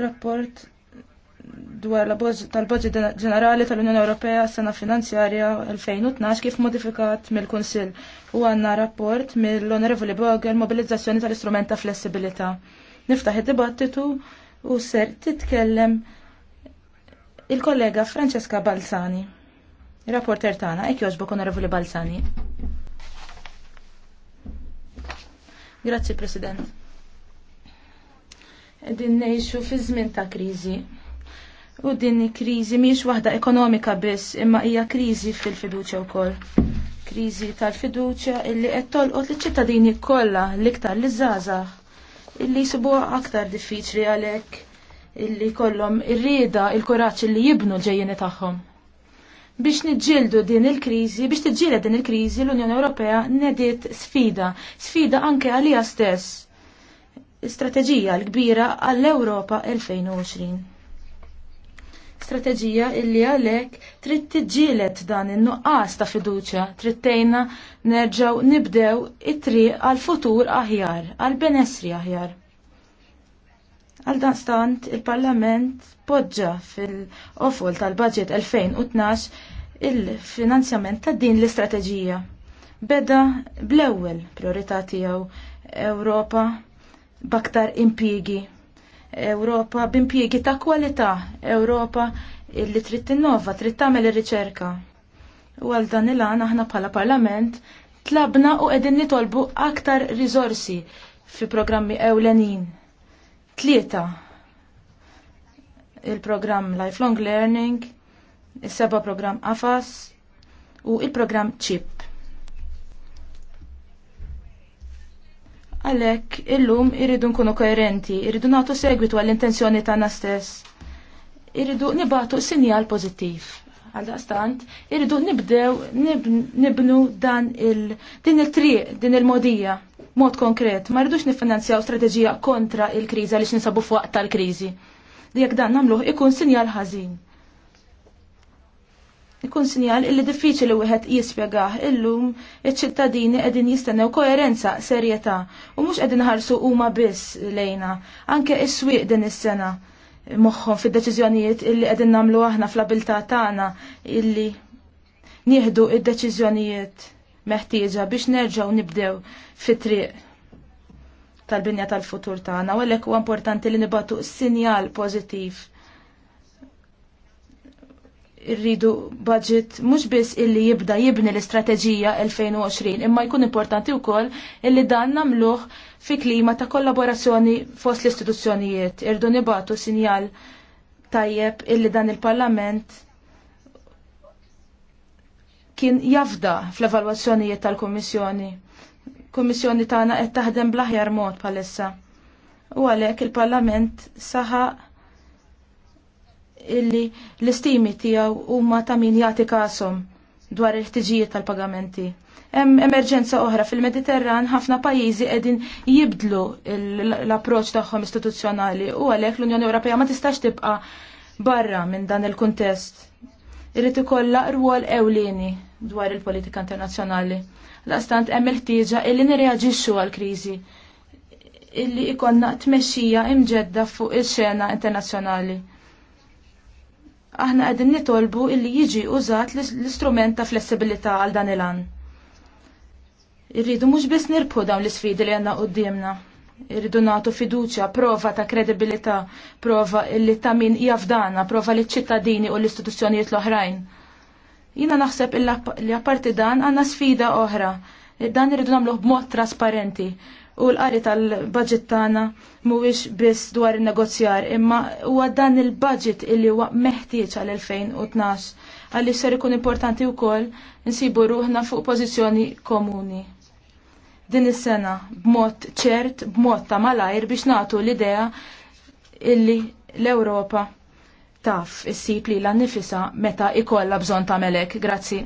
rapport dwar tal-Budget Ġenerali tal-Unjoni Ewropea sena finanzjarja 2012 kif modifikat mill-Kunsill u għanna rapport mill-Onorevoli Bogel mobilizzazzjoni tal-istrument ta' flessibilità. Niftaħ id-dibattitu u ser titkellem il-kollega Francesca Balzani. Rapporter tagħna, ek joġbok Onorevoli Balzani. Grazie President din neħxu fi żmien ta' kriżi. U din kriżi miex waħda ekonomika biss, imma hija kriżi fil-fiduċja wkoll. Kriżi tal-fiduċja illi qed u liċ-ċittadini kollha l-iktar li żgħażagħ illi jsibuha aktar diffiċli għalhekk illi kollhom irrieda il-kuraġġ illi jibnu l-ġejjeni tagħhom. Biex niġġieldu din il-kriżi, biex tiġġieled din il-kriżi l-Unjoni Ewropea nedit sfida, sfida anke għalija stess strateġija l-kbira għall-Ewropa 2020. Strateġija illi għalhekk trid tiġġielet dan in-nuqqas ta' fiduċja trittejna nerġgħu nibdew it-triq għall-futur aħjar, għall-benessri aħjar. Għal dan stant il-Parlament poġġa fil ofol tal-budget 2012 il-finanzjament ta' din l-istrateġija. Beda bl-ewwel priorità tiegħu Ewropa baktar impjiegi. Ewropa b'impjiegi ta' kwalità, Ewropa illi trid tinnova, trid tagħmel ir-riċerka. U għal dan il-għan aħna bħala parlament tlabna u qegħdin nitolbu aktar riżorsi fi programmi ewlenin. Tlieta il-programm Lifelong Learning, is-seba programm AFAS u il-programm CHIP. Għalhekk illum irridu nkunu koerenti, irridu nagħtu segwitu għall-intenzjoni tagħna stess. Irridu nibatu sinjal pożittiv. Għaldaqstant, irridu nibdew nibnu dan il din il-triq, din il-modija, mod konkret, ma rridux nifinanzjaw strateġija kontra il kriza li x'nisabu fuq tal-kriżi. Jekk dan nagħmluh ikun sinjal ħażin ikun sinjal illi diffiċli wieħed jispjegah illum iċ-ċittadini qegħdin jistennew koerenza, serjetà u mhux qegħdin ħarsu huma biss lejna. Anke is-swieq din is-sena moħħhom fid-deċiżjonijiet illi qegħdin nagħmlu aħna fl-abilità tagħna illi nieħdu id-deċiżjonijiet meħtieġa biex nerġgħu nibdew fit-triq tal-binja tal-futur tagħna u għalhekk huwa importanti li nibatu sinjal pożittiv rridu budget mhux biss illi jibda jibni l-istrateġija 2020 imma jkun importanti wkoll illi dan nagħmluh fi klima ta' kollaborazzjoni fost l-istituzzjonijiet irdu nibatu sinjal tajjeb illi dan il-Parlament kien jafda fl-evalwazzjonijiet tal-Kummissjoni. Kummissjoni tagħna qed taħdem bl-aħjar mod bħalissa. U għalhekk il-Parlament saħaq illi l-istimi tiegħu huma ta' min jagħti kasom dwar il-ħtiġijiet tal-pagamenti. Hemm emerġenza oħra fil-Mediterran ħafna pajjiżi qegħdin jibdlu l-approċċ tagħhom istituzzjonali u għalhekk l-Unjoni Ewropea ma tistax tibqa' barra minn dan il-kuntest. Irrid ikollha rwol ewlieni dwar il-politika internazzjonali. Lastant hemm il-ħtieġa illi nirreaġixxu għall-kriżi illi ikonna tmexxija imġedda fuq il-xena internazzjonali aħna qegħdin nitolbu illi jiġi użat l-istrument ta' flessibilità għal dan il għan Irridu mhux biss nirbħu dawn l-isfidi li għanna qudiemna. Irridu nagħtu fiduċja, prova ta' kredibilità, prova illi ta' min jafdana, prova li ċittadini u l-istituzzjonijiet l-oħrajn. Jina naħseb li apparti dan għandna sfida oħra. Dan irridu nagħmluh b'mod trasparenti u l-qari tal-budget tagħna mhuwiex biss dwar in-negozjar imma huwa dan il-budget illi huwa meħtieġ għal 2012 għaliex ser ikun importanti wkoll insibu ruħna fuq pożizzjoni komuni. Din is-sena b'mod ċert, b'mod ta' malajr biex nagħtu l-idea illi l-Ewropa taf issib li l annifisa meta ikolla bżonn ta' melek. Grazzi.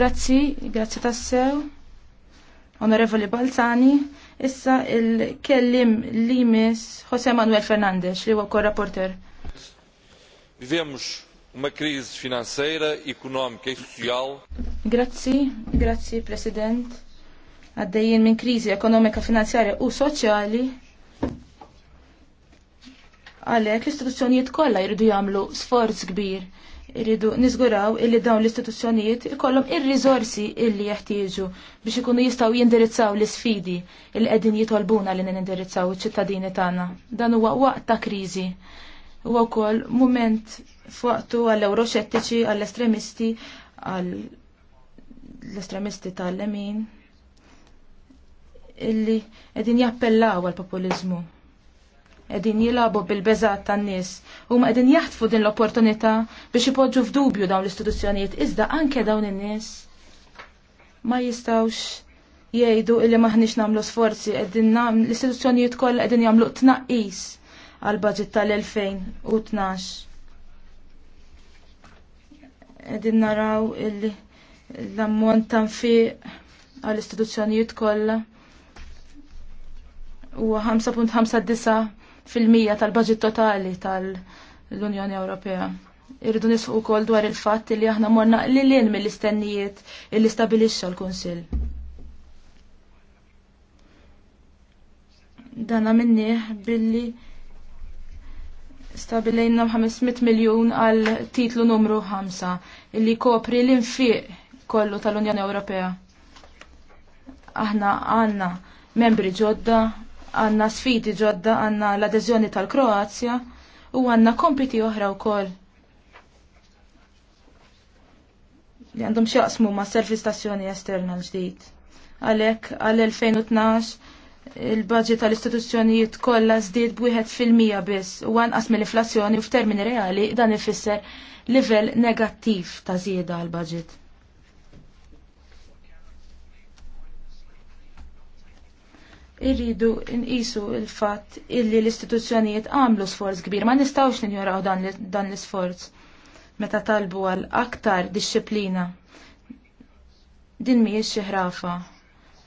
Grazzi, grazzi tassew. Onorevoli Balzani, issa il-kellim li mis José Manuel Fernandez li huwa korraporter. Vivemos uma crise financeira, económica e social. Grazzi, grazzi President. Għaddejjen minn kriżi ekonomika, finanzjarja u soċjali għalek l-istituzzjonijiet kollha jridu jagħmlu sforz kbir Irridu niżguraw illi dawn l-istituzzjonijiet ikollhom ir-riżorsi illi jeħtieġu biex ikunu jistgħu jindirizzaw l-isfidi il qegħdin jitolbuna li nindirizzaw iċ-ċittadini tagħna. Dan huwa waqt ta' kriżi. Huwa wkoll mument f'waqtu għall-euroxettiċi, għall-estremisti, għall-estremisti tal-lemin illi qegħdin jappellaw għall-populiżmu qegħdin jilagħbu bil-beżat tan-nies. Huma qegħdin jaħtfu din l-opportunità biex ipoġġu f'dubju dawn l-istituzzjonijiet iżda anke dawn in-nies ma jistawx jgħidu illi maħniex nagħmlu sforzi qegħdin nam l-istituzzjonijiet kollha qegħdin jagħmlu tnaqqis għal budget tal-2012. Qegħdin naraw illi l-ammont tanfiq għall istituzzjonijiet kollha huwa 5.59 fil-mija tal-budget totali tal-Unjoni Ewropea. Irridu nisfuq ukoll dwar il-fatt li aħna morna lilin mill-istennijiet li stabilixxa l-Kunsill. Danna minnih billi stabilejna 500 miljon għal titlu numru 5 illi kopri l-infiq kollu tal-Unjoni Ewropea. Aħna għanna membri ġodda għanna sfidi ġodda għanna l-adeżjoni tal-Kroazja u għanna kompiti oħra u koll. Li għandhom xaqsmu ma' servistazzjoni esterna l-ġdijt. Għalek, għal-2012 il-budget tal-istituzzjonijiet kollha żdied bwieħed fil-mija biss u għanqas mill-inflazzjoni u f'termini reali dan ifisser livell negattiv ta' żieda għal-budget. irridu nqisu il-fatt illi l-istituzzjonijiet għamlu sforz kbir, ma nistawx ninjoraw dan l-isforz meta talbu għal aktar disċiplina. Din mhijiex xi ħrafa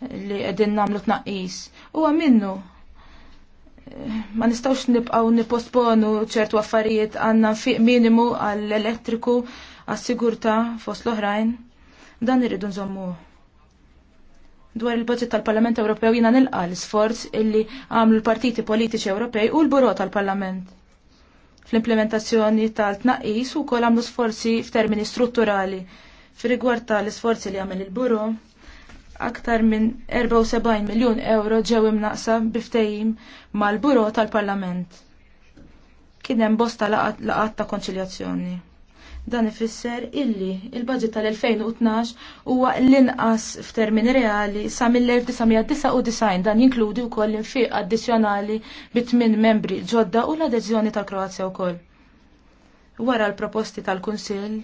li qegħdin nagħmlu tnaqqis. Huwa minnu eh, ma nistawx nibqgħu nipostponu ċertu affarijiet għandna fiq minimu għall-elettriku għas-sigurtà fost l-oħrajn. Dan irridu nżommu. Dwar il-budget tal-Parlament Ewropew jina nilqa l-sforz illi għamlu l-partiti politiċi Ewropej u l-buro tal-Parlament. Fl-implementazzjoni tal-tnaqis u kol għamlu sforzi f'termini strutturali. Fir-rigward tal-sforzi li għamel il-buro, aktar minn 74 miljon euro ġew imnaqsa biftejim mal-buro tal-Parlament. Kien hemm bosta laqat ta' konċiljazzjoni. Dan ifisser illi il-budget tal-2012 huwa l-inqas f'termini reali sa mill-1999 dan jinkludi wkoll l-infiq addizzjonali bi tmien membri ġodda u l-adeżjoni tal-Kroazja wkoll. Wara l-proposti tal-Kunsill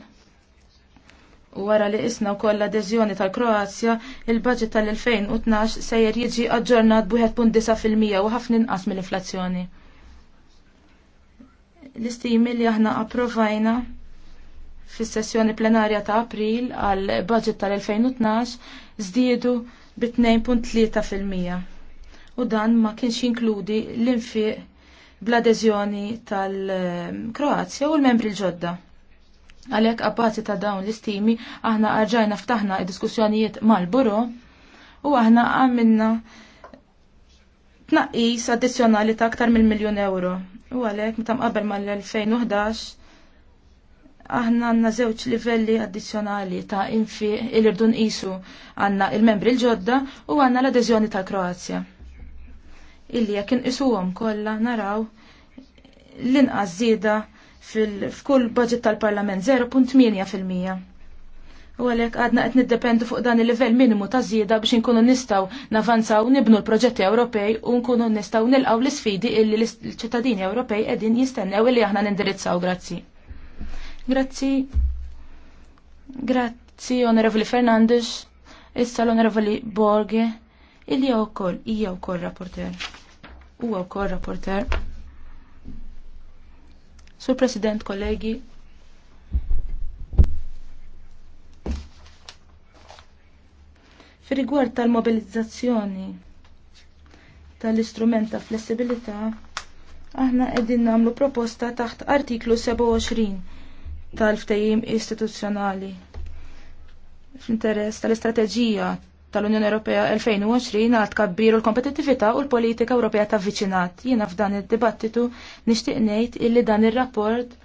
Wara li isna wkoll l-adeżjoni tal-Kroazja, il-budget tal-2012 sejjer jiġi aġġornat b'1.9% u ħafna inqas mill-inflazzjoni. L-istimi li aħna approvajna fis-sessjoni plenarja ta' April għal budget tal-2012 zdiedu bi 2.3%. U dan ma kienx jinkludi l-infiq bl-adeżjoni tal-Kroazja u l-membri l-ġodda. Għalhekk abbażi ta' dawn l-istimi aħna arġajna ftaħna id-diskussjonijiet mal-buro u aħna għamilna tnaqqis addizzjonali ta' aktar mill-miljun euro. U għalhekk meta qabel mal-2011 aħna għanna żewġ livelli addizzjonali ta' infi il-irdun isu għanna il-membri l-ġodda u għanna l adezjoni ta' Kroazja. Illi jekk inqisuhom kollha naraw l-inqas żieda f'kull budget tal-Parlament 0.8%. U għalek għadna qed niddependu fuq dan il-livell minimu ta' żieda biex inkunu nistgħu navanzaw nibnu l-proġetti Ewropej u nkunu nistgħu nilqgħu l-isfidi illi l-ċittadini Ewropej qegħdin jistennew illi aħna nindirizzaw grazzi. Grazzi. Grazzi, Onorevoli Fernandez. Issa l-Onorevoli Borghe. Ilja u koll, ija u koll rapporter. U u koll rapporter. Sur President, kollegi. fir riguard tal-mobilizzazzjoni tal-istrument ta' flessibilità, aħna qegħdin nagħmlu proposta taħt artiklu 27 tal-ftejim istituzzjonali fl-interess tal-istrateġija tal-Unjoni Ewropea 2020 għal tkabbiru l-kompetittività u l-politika Ewropea ta' viċinat. Jiena f'dan id-dibattitu nixtieq ngħid illi dan ir-rapport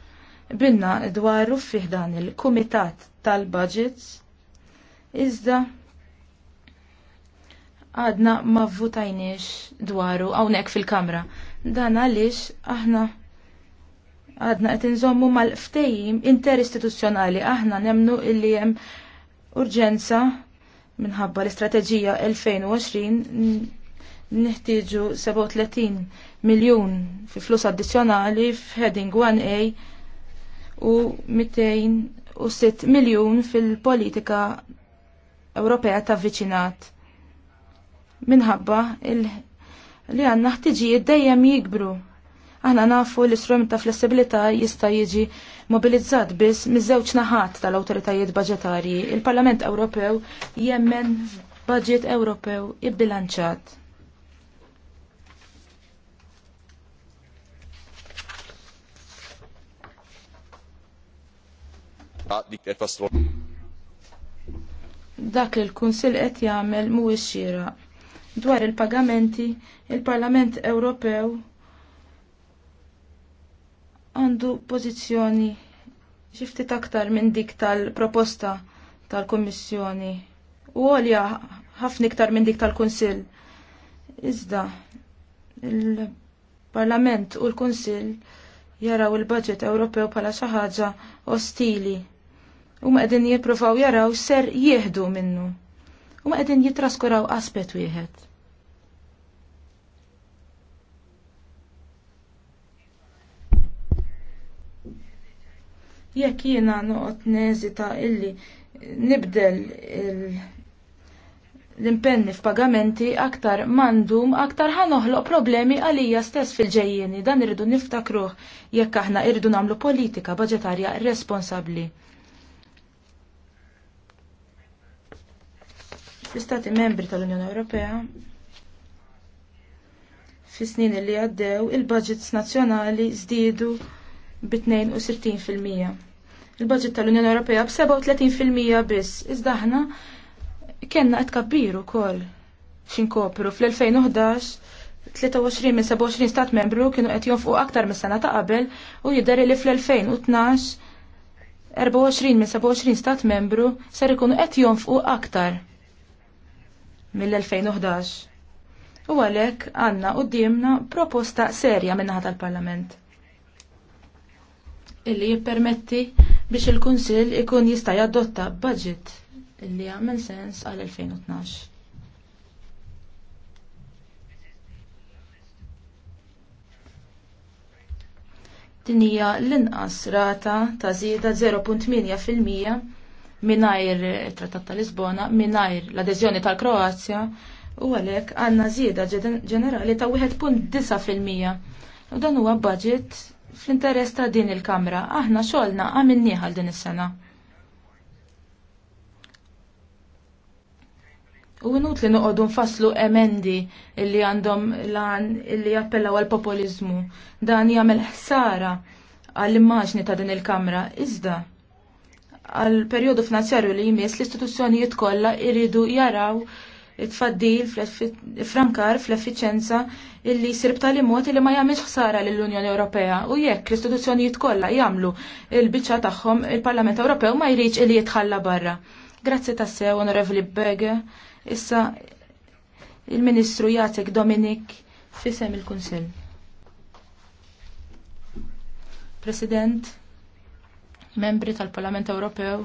binna dwaru fih dan il-Kumitat tal-Budgets iżda għadna ma vvutajniex dwaru hawnhekk fil-Kamra. Dan għaliex aħna għadna qed inżommu mal-ftejim interistituzzjonali aħna nemnu illi jem urġenza minħabba l-istrateġija 2020 niħtieġu 37 miljun fi flus addizzjonali f'heading 1A u 206 miljun fil-politika Ewropea ta' viċinat. Minħabba li għanna ħtiġijiet dejjem jikbru Aħna nafu li istrument ta' flessibilità jista' jiġi mobilizzat biss miż-żewġ naħat tal-awtoritajiet baġetarji Il-Parlament Ewropew jemmen budget Ewropew ibbilanċat. Dak li l-Kunsil qed jagħmel mhuwiex xieraq. Dwar il-pagamenti, il-Parlament Ewropew għandu pożizzjoni xiftit aktar minn dik tal-proposta tal komissjoni u għolja ħafna iktar minn dik tal-Kunsill. Iżda, il-Parlament u l-Kunsill jaraw il-budget Ewropew bħala xi ħaġa ostili u ma qegħdin jippruvaw jaraw ser jieħdu minnu u ma qegħdin jitraskuraw aspett wieħed. Jekk jiena noqgħod neżita illi nibdel l-impenni f'pagamenti aktar mandum aktar ħanoħloq problemi għalija stess fil ġejjieni dan irridu niftakruh jekk aħna irridu nagħmlu politika budġetarja responsabbli. L-Istati membri tal-Unjoni Ewropea fis-snin li għaddew il-budgets nazzjonali żdiedu bi 62 fil-mija il-budget tal-Unjoni Ewropea b-37% biss. Iżda aħna kellna qed kabbiru wkoll xinkopru fl-2011 23 minn 27 stat membru kienu qed jonfqu aktar mis sena ta' qabel u jidher li fl-2012 24 minn 27 stat membru ser ikunu qed jonfqu aktar mill-2011. U għalhekk għandna qudiemna proposta serja minnaħa tal-Parlament illi jippermetti biex il-Kunsill ikun jista' jadotta budget li għamil sens għal 2012. Din hija l-inqas rata ta' żieda 0.8% mingħajr it-Trattat ta' Lisbona, mingħajr l-adeżjoni tal-Kroazja u għalhekk għandna żieda ġenerali ta' 1.9%. U dan huwa budget fl-interess ta' din il-Kamra. Aħna xogħolna għamilniħal din is-sena. U inut li noqogħdu nfasslu emendi illi għandhom lan illi jappellaw għal populizmu. Dan jagħmel ħsara għall-immaġni ta' din il-Kamra iżda għal perjodu finanzjarju li jmiss l-istituzzjonijiet kollha jridu jaraw it-tfaddil frankar fl-effiċenza illi jsir b'tali mod li ma jagħmilx ħsara lill-Unjoni Ewropea u jekk l-istituzzjonijiet kollha jagħmlu il-biċċa tagħhom il-Parlament Ewropew ma jridx illi jitħalla barra. Grazzi tassew, Onorevoli Bege. Issa il-Ministru Jacek Dominik fisem il-Kunsill. President, membri tal-Parlament Ewropew,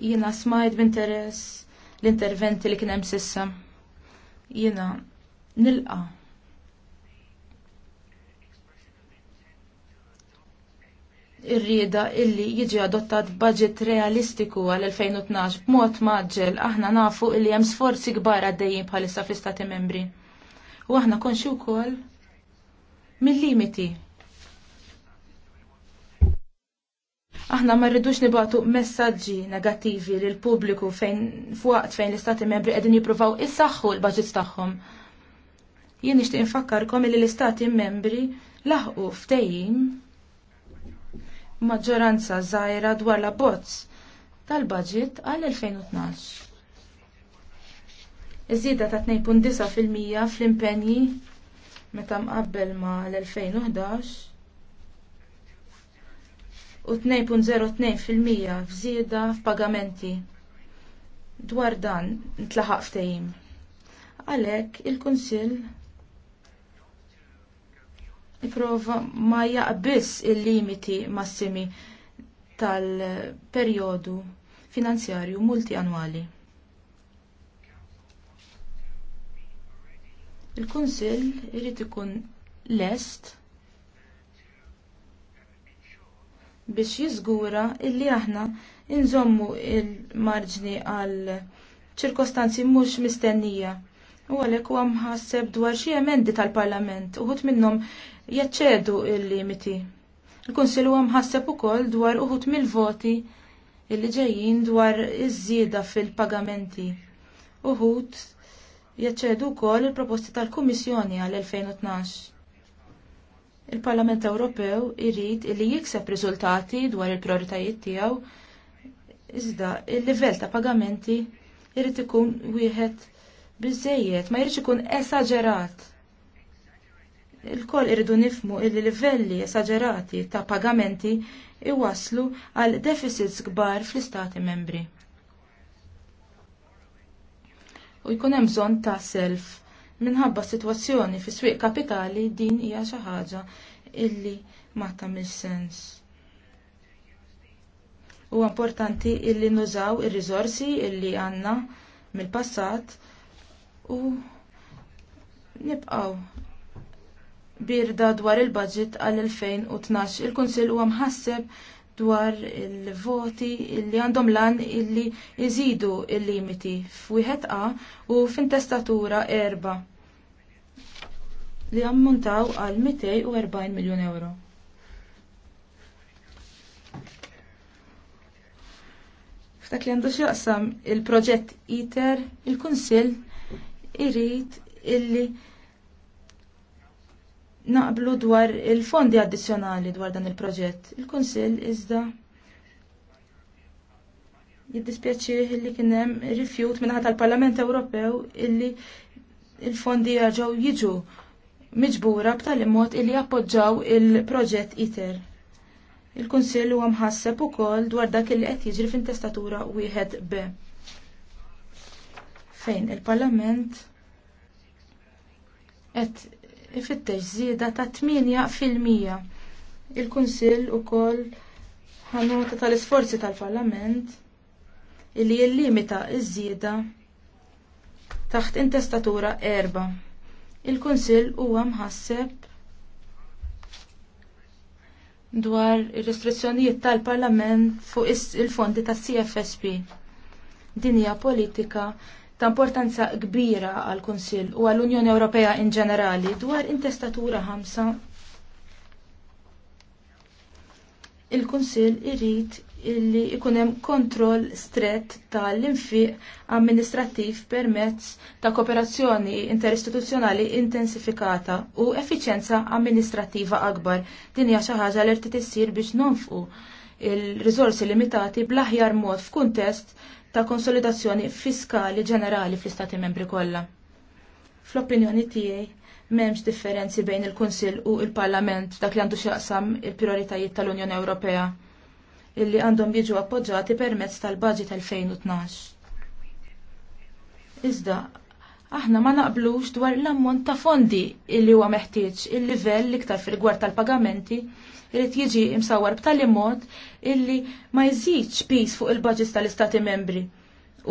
jiena smajt b'interess l-interventi li kien hemm sissa. Jiena nilqa. Ir-rieda illi jiġi adottat budget realistiku għal 2012 b'mod maġġel aħna nafu illi hemm sforzi kbar għaddejjin bħalissa fl-istati membri. U aħna konxi wkoll mill-limiti Aħna ma rridux nibatu messaġġi negattivi lil pubbliku fejn fuqt fejn l-istati membri qegħdin jippruvaw issaħħu l-baġit tagħhom. Jien nixtieq infakkarkom li l-istati membri laħqu ftehim maġġoranza żgħira dwar l-abbozz tal-baġit għal 2012. Iżida ta' 2.9% fl-impenji meta mqabbel ma l-2011 u 2.02% f'żieda f'pagamenti. Dwar dan ntlaħaq ftehim. Għalhekk il-Kunsill iprova ma jaqbiss il-limiti massimi tal-perjodu finanzjarju multianwali. Il-Kunsill irid ikun lest biex jiżgura illi aħna inżommu il-marġni għal ċirkostanzi mhux mistennija. U għalhekk huwa mħasseb dwar xi emendi tal-Parlament uħud minnhom jaċċedu il-limiti. Il-Kunsill huwa mħasseb ukoll dwar uħud mill-voti illi ġejjin dwar iż-żieda fil-pagamenti. Uħud jaċċedu wkoll il-proposti tal-Kummissjoni għal 2012. Il-Parlament Ewropew irrid li jikseb riżultati dwar il-prioritajiet tiegħu iżda il-livell ta' pagamenti irrid ikun wieħed biżejjed, ma jridx ikun esaġerat. Il-koll irridu nifmu li livelli esaġerati ta' pagamenti iwaslu għal deficits kbar fl-istati membri. U jkun hemm bżonn ta' self minħabba situazzjoni fi swieq kapitali din hija xi ħaġa illi ma tagħmilx sens. Huwa importanti illi nużaw ir-riżorsi illi għandna mill-passat u nibqaw birda dwar il-budget għal-2012. Il-Kunsill huwa mħasseb dwar il-voti illi għandhom lan illi iżidu il-limiti f'wieħed A u f'intestatura erba li ammontaw għal 240 miljon euro. F'dak li għandu x'jaqsam il-proġett ITER, il-Kunsill irid illi naqblu dwar il-fondi addizzjonali dwar dan il-proġett. Il-Kunsill iżda jiddispjaċi li kien hemm rifjut minnaħat tal-Parlament Ewropew illi il-fondi jaġgħu jiġu miġbura b'tali mod illi appoġġaw il-proġett ITER. Il-Kunsill huwa mħasseb ukoll dwar dak illi qed jiġri f'intestatura wieħed B. Fejn il-Parlament qed ifittex żieda ta' 8%. fil-Mija. Il-Kunsill ukoll ħanota tal-isforzi tal-Parlament illi jillimita iż-żieda taħt intestatura erba. Il-Kunsill huwa mħasseb dwar ir-restrizzjonijiet tal-Parlament fuq il-fondi tas-CFSP. Din hija politika ta' importanza kbira għal kunsill u għall unjoni Ewropea in ġenerali dwar intestatura ħamsa. Il-Kunsill irrid illi ikun hemm kontroll strett tal-infiq amministrattiv permezz ta' kooperazzjoni interistituzzjonali intensifikata u effiċjenza amministrativa akbar. Din hija xi ħaġa li rtid issir biex nonfqu il-riżorsi limitati bl-aħjar mod f'kuntest ta' konsolidazzjoni fiskali ġenerali fl-Istati membri kollha. Fl-opinjoni tiegħi m'hemmx differenzi bejn il-Kunsill u il-Parlament dak li għandu x'jaqsam il-prijoritajiet tal-Unjoni Ewropea illi għandhom jiġu appoġġjati permezz tal-Baġit 2012. Iżda, aħna ma naqblux dwar l-ammont ta' fondi illi huwa meħtieġ il-livell iktar fil-gwar tal-pagamenti irid jiġi imsawar b'tali mod illi ma jżidx pis fuq il-budgets tal-istati membri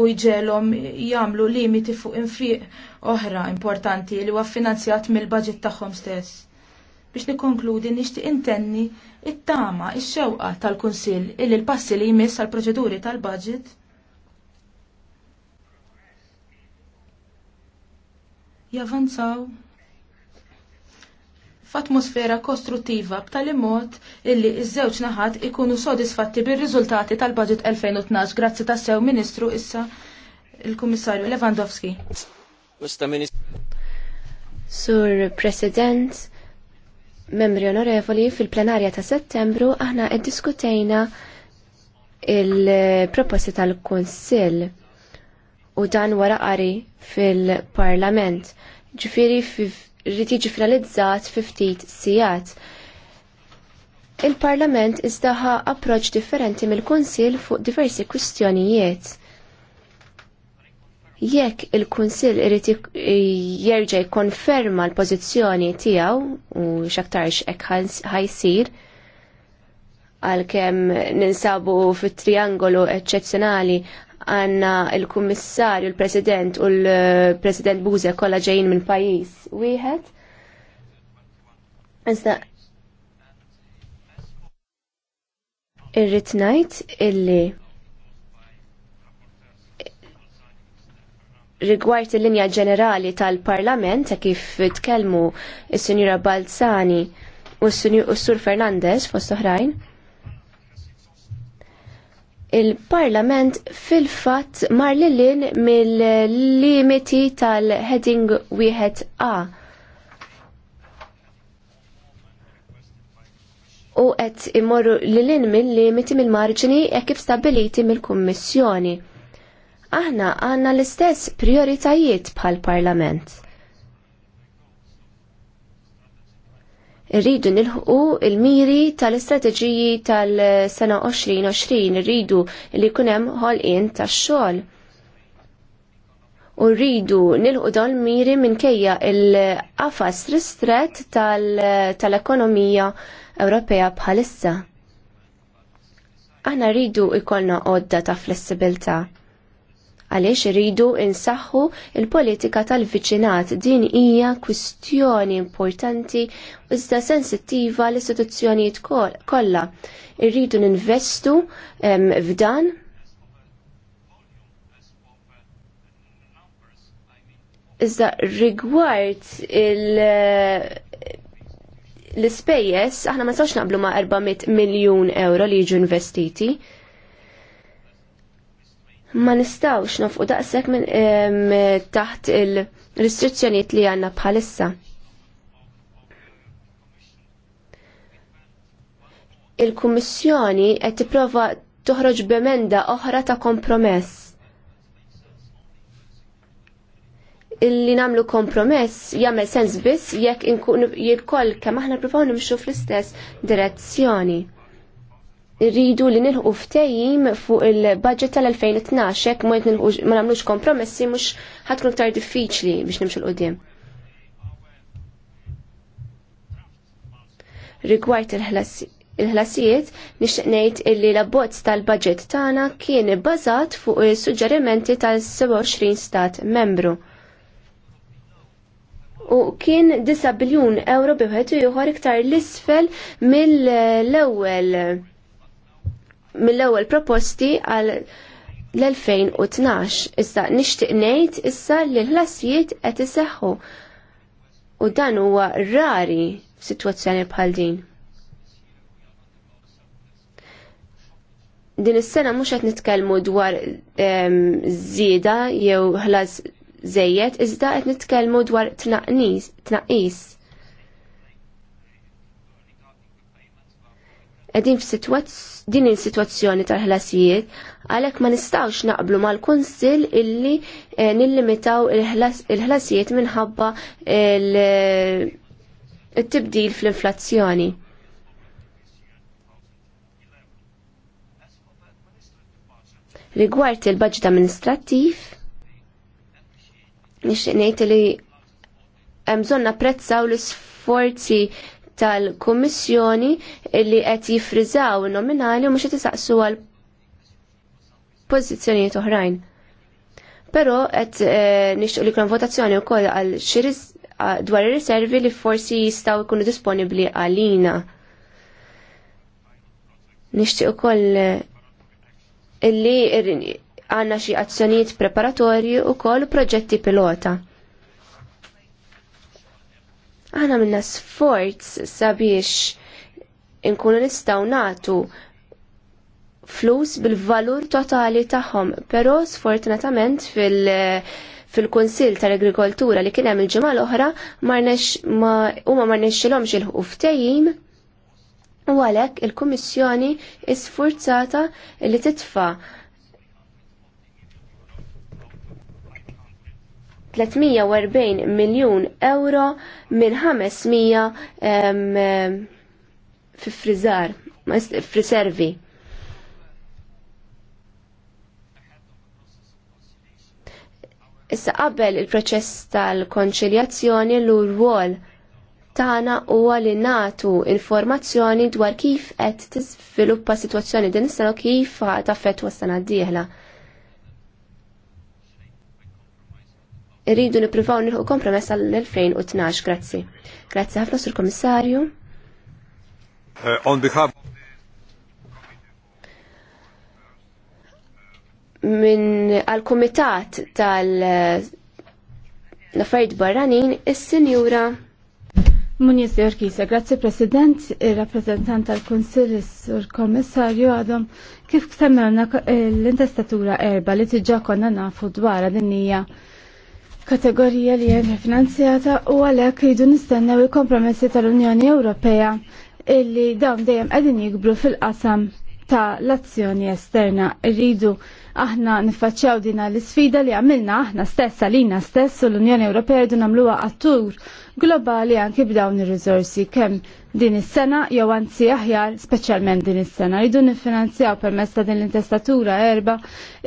u jġelhom jagħmlu limiti fuq infriq oħra importanti li huwa finanzjat mill-budget tagħhom stess. Biex nikkonkludi nixtieq intenni it-tama x xewqa tal-Kunsill illi l-passi li jmiss għall proċeduri tal-budget javanzaw f'atmosfera kostruttiva b'tali mod illi iż-żewġ naħat ikunu sodisfatti bir-riżultati tal-Budget 2012 grazzi tas-sew Ministru issa il-Kummissarju Lewandowski. Sur President, membri onorevoli, fil-plenarja ta' settembru aħna iddiskutejna il-proposti tal-Kunsill u dan wara qari fil-Parlament. Ġifiri rrid jiġi finalizzat fi ftit sigħat. Il-Parlament iżdaħa approċċ differenti mill-Kunsill fuq diversi kwistjonijiet. Jekk il-Kunsill irid jerġa' jkonferma l-pożizzjoni tiegħu u x'aktarx hekk ħajsir, għalkemm ninsabu fit triangolu eċċezzjonali għanna il-kummissarju, il-president u l-president Buze kolla ġejjin minn pajis wieħed. Iżda irrid ngħid illi rigward il-linja ġenerali tal-Parlament ta' kif tkellmu il sinjura Balzani u s-Sur Fernandez fost oħrajn, il-Parlament fil-fatt mar lilin mill-limiti tal-heading wieħed A. U qed immorru lilin mill-limiti mill-marġini e kif stabiliti mill-Kummissjoni. Aħna għandna l-istess prioritajiet bħal-Parlament. Irridu nilħu il-miri tal-istrateġiji tal-sena 2020, irridu li kunem ħolqien tax-xogħol. U rridu nilħu dan miri kejja il-qafas ristret tal-ekonomija Ewropea bħalissa. Aħna rridu ikolna għodda ta' flessibilta' għaliex iridu insaħħu il-politika tal-viċinat. Din hija kwistjoni importanti iżda sensittiva l-istituzzjonijiet kollha. Irridu ninvestu f'dan Iżda rigward il- l-spejjes, aħna ma nistgħux naqblu ma' 400 miljun euro li jiġu investiti ma nistawx nofqu daqshekk minn taħt il-restrizzjonijiet li għandna bħalissa. Il-Kummissjoni qed tipprova toħroġ b'emenda oħra ta' kompromess. Illi namlu kompromess jagħmel sens biss jekk jkoll kemm aħna ppruvaw nimxu fl-istess direzzjoni rridu li nilħu ftehim fuq il-budget tal-2012, hekk ma nagħmlux kompromessi mhux ħatkun aktar diffiċli biex nimxu l-qudiem. Rigward il-ħlasijiet, nixtieq ngħid illi l-abbozz tal-budget tagħna kien ibbażat fuq is-suġġerimenti tal-27 stat membru u kien 9 biljun euro biħet ieħor iktar l-isfel mill-ewwel mill-ewwel proposti għal l-2012. Issa nixtieq ngħid issa li l-ħlasijiet qed iseħħu u dan huwa rari f'sitwazzjoni bħal din. Din is-sena mhux qed nitkellmu dwar żieda jew ħlas żejjed, iżda qed nitkellmu dwar tnaqqis. Edin din il-situazzjoni tal-ħlasijiet, għalek ma nistawx naqblu mal-Kunsil illi eh, nillimitaw il-ħlasijiet minħabba il-tibdil fl-inflazzjoni. Rigward il-budget amministrattiv, nixtieq ngħid li hemm bżonn napprezzaw l-isforzi tal-Kummissjoni li qed jifriżaw nominali u mhux qed isaqsu għal pożizzjonijiet oħrajn. Però qed eh, nixtieq li kien votazzjoni wkoll għal xi dwar ir-riservi li forsi jistgħu jkunu disponibbli għalina. Nixtieq ukoll eh, illi għandna xi azzjonijiet preparatorji u koll proġetti pilota. Aħna minna sforz sabiex inkunu nistaw natu flus bil-valur totali tagħhom, però sfortunatament fil- fil-Konsil tal-Agrikoltura li kien hemm il-ġimgħa l-oħra ma huma ma rnexxilhomx il ftejjim u għalhekk il-Kummissjoni isfurzata li titfa' 340 miljun euro minn 500 um, fi frizzar, friservi. Issa qabel il-proċess tal-konċiljazzjoni l urwol tagħna huwa li nagħtu informazzjoni dwar kif qed tiżviluppa sitwazzjoni din is-sena kif taffettwa s-sena d-dieħla. irridu nippruvaw nieħu kompromess għall-2012, grazzi. Grazzi ħafna sur komissarju. Uh, on behalf minn għal kumitat tal affarijiet barranin is-sinjura Muniz Jorkisa, grazzi President, il-rappresentant tal-Konsil, sur kommissarju għadhom kif ktemmelna eh, l-intestatura erba li t konna nafu dwar din hija kategorija li hemm finanzjata u għalhekk jridu nistennew il-kompromessi tal-Unjoni Ewropea illi dawn dejjem qegħdin jikbru fil-qasam ta' l-azzjoni esterna rridu aħna niffaċċjaw dina l-isfida li għamilna aħna stess għalina stess u l-Unjoni Ewropea rridu nagħmluha attur globali anki b'dawn ir-riżorsi kemm din is-sena jew anzi aħjar speċjalment din is-sena. Rridu niffinanzjaw permezz ta' din l-intestatura erba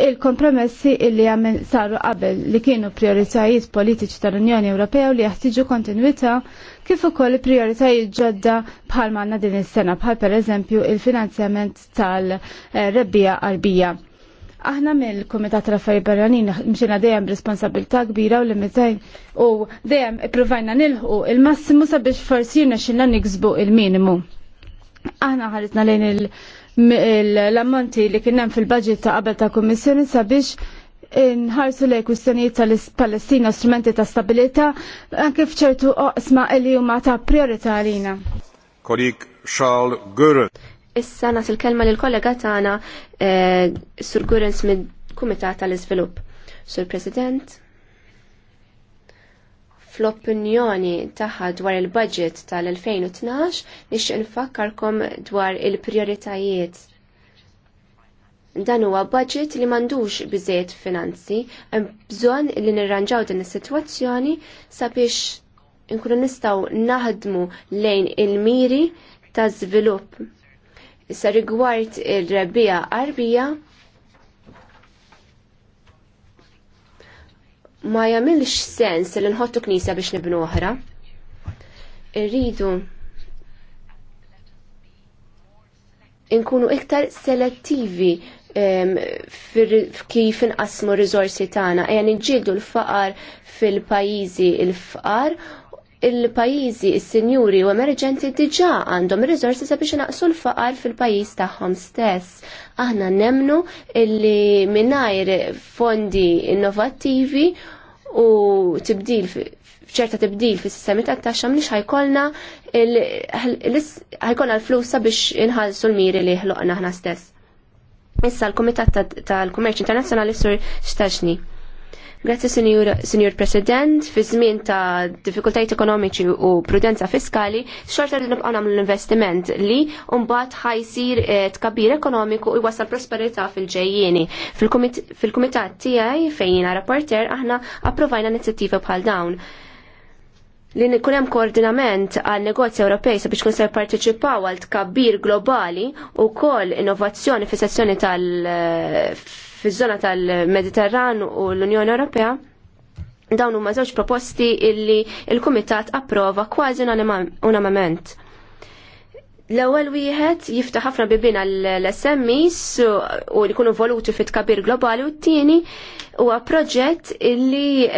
il-kompromessi illi għamil saru qabel li kienu prioritajiet politiċi tal-Unjoni Ewropea u li jaħtiġu kontinwità kif ukoll prioritajiet ġodda bħal manna din is-sena bħal pereżempju il-finanzjament tal-rebbija qalbija. Aħna mill-Kumitat tal-Affarijiet Barranin mxina dejjem responsabilità kbira u limitajn u dejjem ippruvajna nilħu il-massimu sabiex forsi xinna niksbu il-minimu. Aħna ħaritna lejn l-ammonti li kien hemm fil-budget ta' qabel ta' kummissjoni sabiex nħarsu lejn kwistjonijiet tal-Palestina strumenti ta' stabilità anke f'ċertu oqsma li huma ta' prijorità għalina. Kolik Charles Gurren. Issa nas il-kelma l kollega tagħna eh, Sur Gurens mid-Kumitat tal-Iżvilupp. Sur President, fl-opinjoni tagħha dwar il-budget tal-2012 nix nfakkarkom dwar il-prioritajiet dan huwa budget li m'għandux biżejjed finanzi, hemm bżonn li nirranġaw din is-sitwazzjoni sabiex nkunu nistgħu naħdmu lejn il-miri ta' żvilupp Issa rigward il-rebbija qarbija ma jagħmilx sens li nħottu knisja biex nibnu oħra. Irridu inkunu iktar selettivi kif inqasmu r-rizorsi tagħna, ejja niġġieldu l-faqar fil-pajjiżi l-faqar il-pajizi, il senjuri u emerġenti diġa għandhom il-rizorsi sabiex naqsu l-faqar fil-pajiz tagħhom stess. Aħna nemnu illi minnajr fondi innovativi u tibdil ċerta tibdil fis sistemi ta' taxxa mniex ħajkolna ħajkolna l-flus sabiex inħallsu l-miri li ħloqna aħna stess. Issa l-Kumitat tal-Kummerċ Internazzjonali sur xtaġni. Grazzi, Signor President. Fi żmien ta' diffikultajiet ekonomiċi u prudenza fiskali, xorta li nibqa' nagħmlu l-investiment li mbagħad ħajsir eh, tkabbir ekonomiku u jwassal prosperità fil-ġejjieni. Fil-kumitat tiegħi fejn rapporter aħna approvajna inizjattivi bħal dawn li nkun hemm koordinament għal negozji Ewropej sabiex kun se jipparteċipaw għal tkabbir globali u koll innovazzjoni fis-sessjoni tal- fiż-żona tal-Mediterran u l-Unjoni Ewropea dawn huma żewġ proposti illi l kumitat approva kważi unanimament. L-ewwel wieħed jiftaħ ħafna bibien għall-SMEs u li jkunu voluti fit kabir globali u t-tieni huwa proġett illi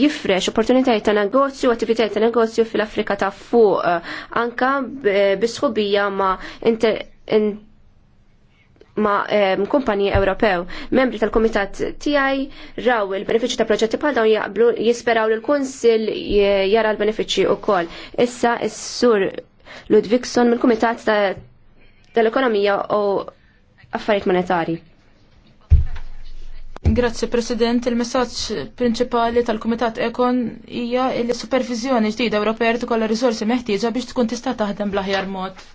jifrex opportunitajiet ta' negozju u attivitajiet ta' negozju fil-Afrika ta' fuq eh, anka eh, bisħubija ma' ma' um, kumpani Ewropew. Membri tal-Komitat tiegħi raw il-benefiċċji ta' proġetti bħal dawn jaqblu jisperaw li l-Kunsill jara l-benefiċċji ukoll. Issa s sur Ludvigson mill-Kumitat tal-Ekonomija u Affarijiet Monetari. Grazzi President, il-messaġġ prinċipali tal-Kumitat Ekon hija li supervizjoni ġdida Ewropea tkollha riżorsi meħtieġa biex tkun tista' taħdem bl-aħjar mod.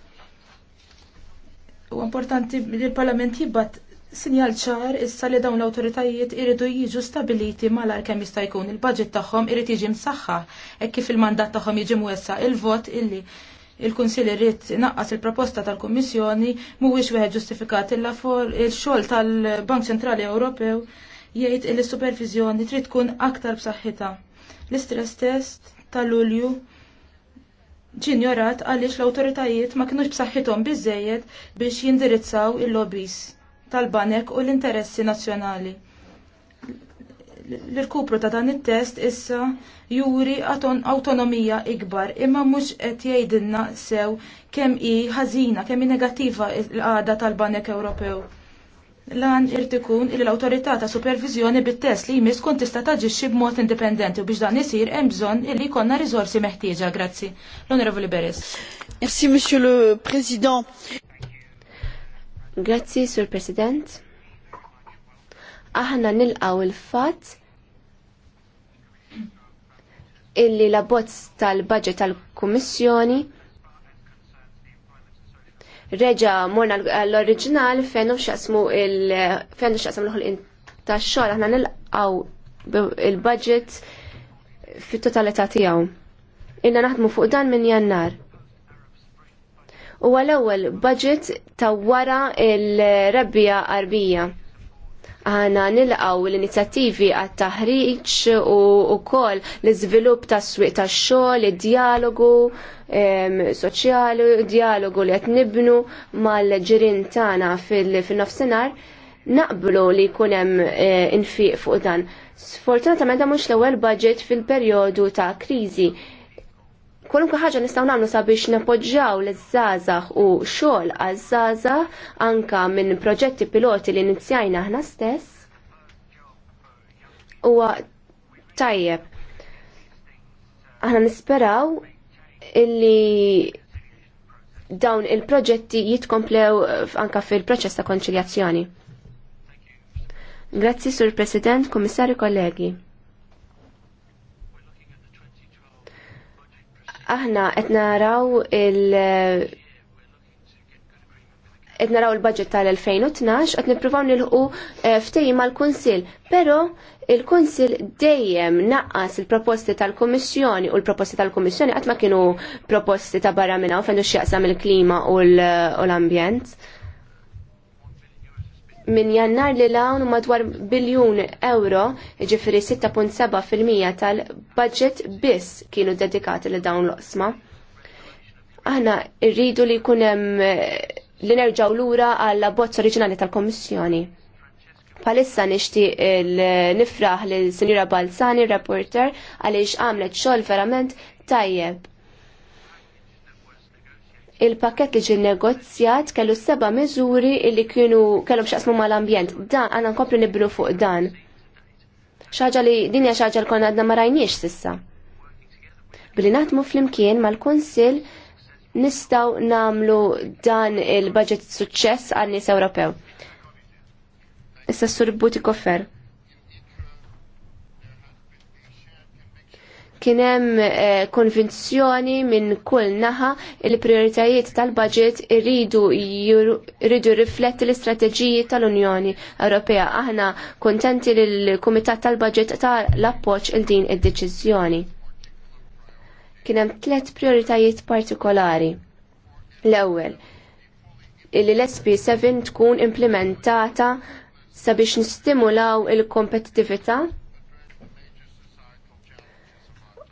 U importanti li l-Parlament jibbat sinjal ċar issa li dawn l-autoritajiet iridu jiġu stabiliti malar kemm jista' jkun il-budget tagħhom irid jiġi msaħħa hekk kif il-mandat tagħhom jiġi mwessa il-vot illi il-Kunsill irid naqqas il-proposta tal-Kummissjoni mhuwiex wieħed ġustifikat illa for il-xogħol tal-Bank Ċentrali Ewropew jgħid li s-supervizjoni trid tkun aktar b'saħħitha. L-istress test tal-Lulju ġinjorat għaliex l-autoritajiet ma kienux b'saħħithom biżejjed biex jindirizzaw il-lobbies tal-banek u l-interessi nazzjonali. L-irkupru ta' dan it-test issa juri autonomija ikbar imma mhux qed jgħidilna sew kemm hi ħażina, kemm hi negattiva l-qagħda tal-Banek Ewropew. Lan irid ikun il l-awtorità ta' supervizjoni bit-test li jmiss kun tista' taġixxi b'mod indipendenti u biex dan isir hemm bżonn illi jkollna riżorsi meħtieġa. Grazzi. L-Onorevoli Beres. Merci, Monsieur le Président. Grazzi, Sur President. Aħna nilqaw il-fatt illi la bozz tal-budget tal-Kummissjoni reġa morna l-oriġinal fejn xasmu il-fejn xasmu l-ħolqin ta' xogħol aħna nilqaw il-budget fit-totalità tiegħu. Inna naħdmu fuq dan minn jannar. U għal-ewwel budget ta' wara il-rebbija qarbija. Għana nilqaw l-inizjattivi għat taħriġ u wkoll l-iżvilupp tas swieq tax-xogħol, id-dialogu soċjali, dialogu li qed nibnu mal-ġirien tagħna fil-nofsinhar naqblu li jkun hemm eh, infiq fuq dan. Sfortunatament mhux l-ewwel budget fil-perjodu ta' kriżi Kwalunkwe ħaġa nistgħu nagħmlu sabiex napoġġjaw l żazax u xogħol għaż żaza anka minn proġetti piloti li inizjajna aħna stess. Huwa tajjeb. Aħna nisperaw illi dawn il-proġetti jitkomplew anka fil-proċess ta' konċiljazzjoni. Grazzi, Sur President, Komissari, kollegi. aħna qed naraw il- qed naraw il-budget tal-2012 qed nippruvaw nilħu eh, ftehim mal-Kunsill, però il-Kunsill dejjem naqqas il-proposti tal-Kummissjoni u l-proposti tal-Kummissjoni qatt ma kienu proposti ta' barra minn hawn fejn x'jaqsam il-klima u l-ambjent minn jannar li lawn madwar biljun euro, ġifiri 6.7% tal-budget biss kienu dedikati li dawn l-osma. Aħna rridu li kunem li nerġaw lura għall bozz oriġinali tal komissjoni Palissa nishti nifraħ l-Sinjura Balzani, reporter, għaliex għamlet xol verament tajjeb il-pakket li ġin negozjat kellu seba miżuri li kienu kellhom x'qasmu mal-ambjent. Dan għandna nkomplu nibnu fuq dan. Xaġa li dinja hija xaġa li konna għadna ma rajniex sissa. Billi naħdmu flimkien mal-Kunsill nistgħu namlu dan il-budget suċċess għan nies Ewropew. Issa s-surbuti Koffer. Kien hemm eh, konvinzjoni minn kull naħa il prioritajiet tal-budget irridu jridu rifletti l-istrateġiji tal-Unjoni Ewropea. Aħna kontenti li l-Kumitat tal-Budget tal budget ta' l appoġġ il din id-deċiżjoni. Kien hemm tliet prioritajiet partikolari. L-ewwel, li l-SP7 tkun implementata sabiex nistimulaw il kompetitivita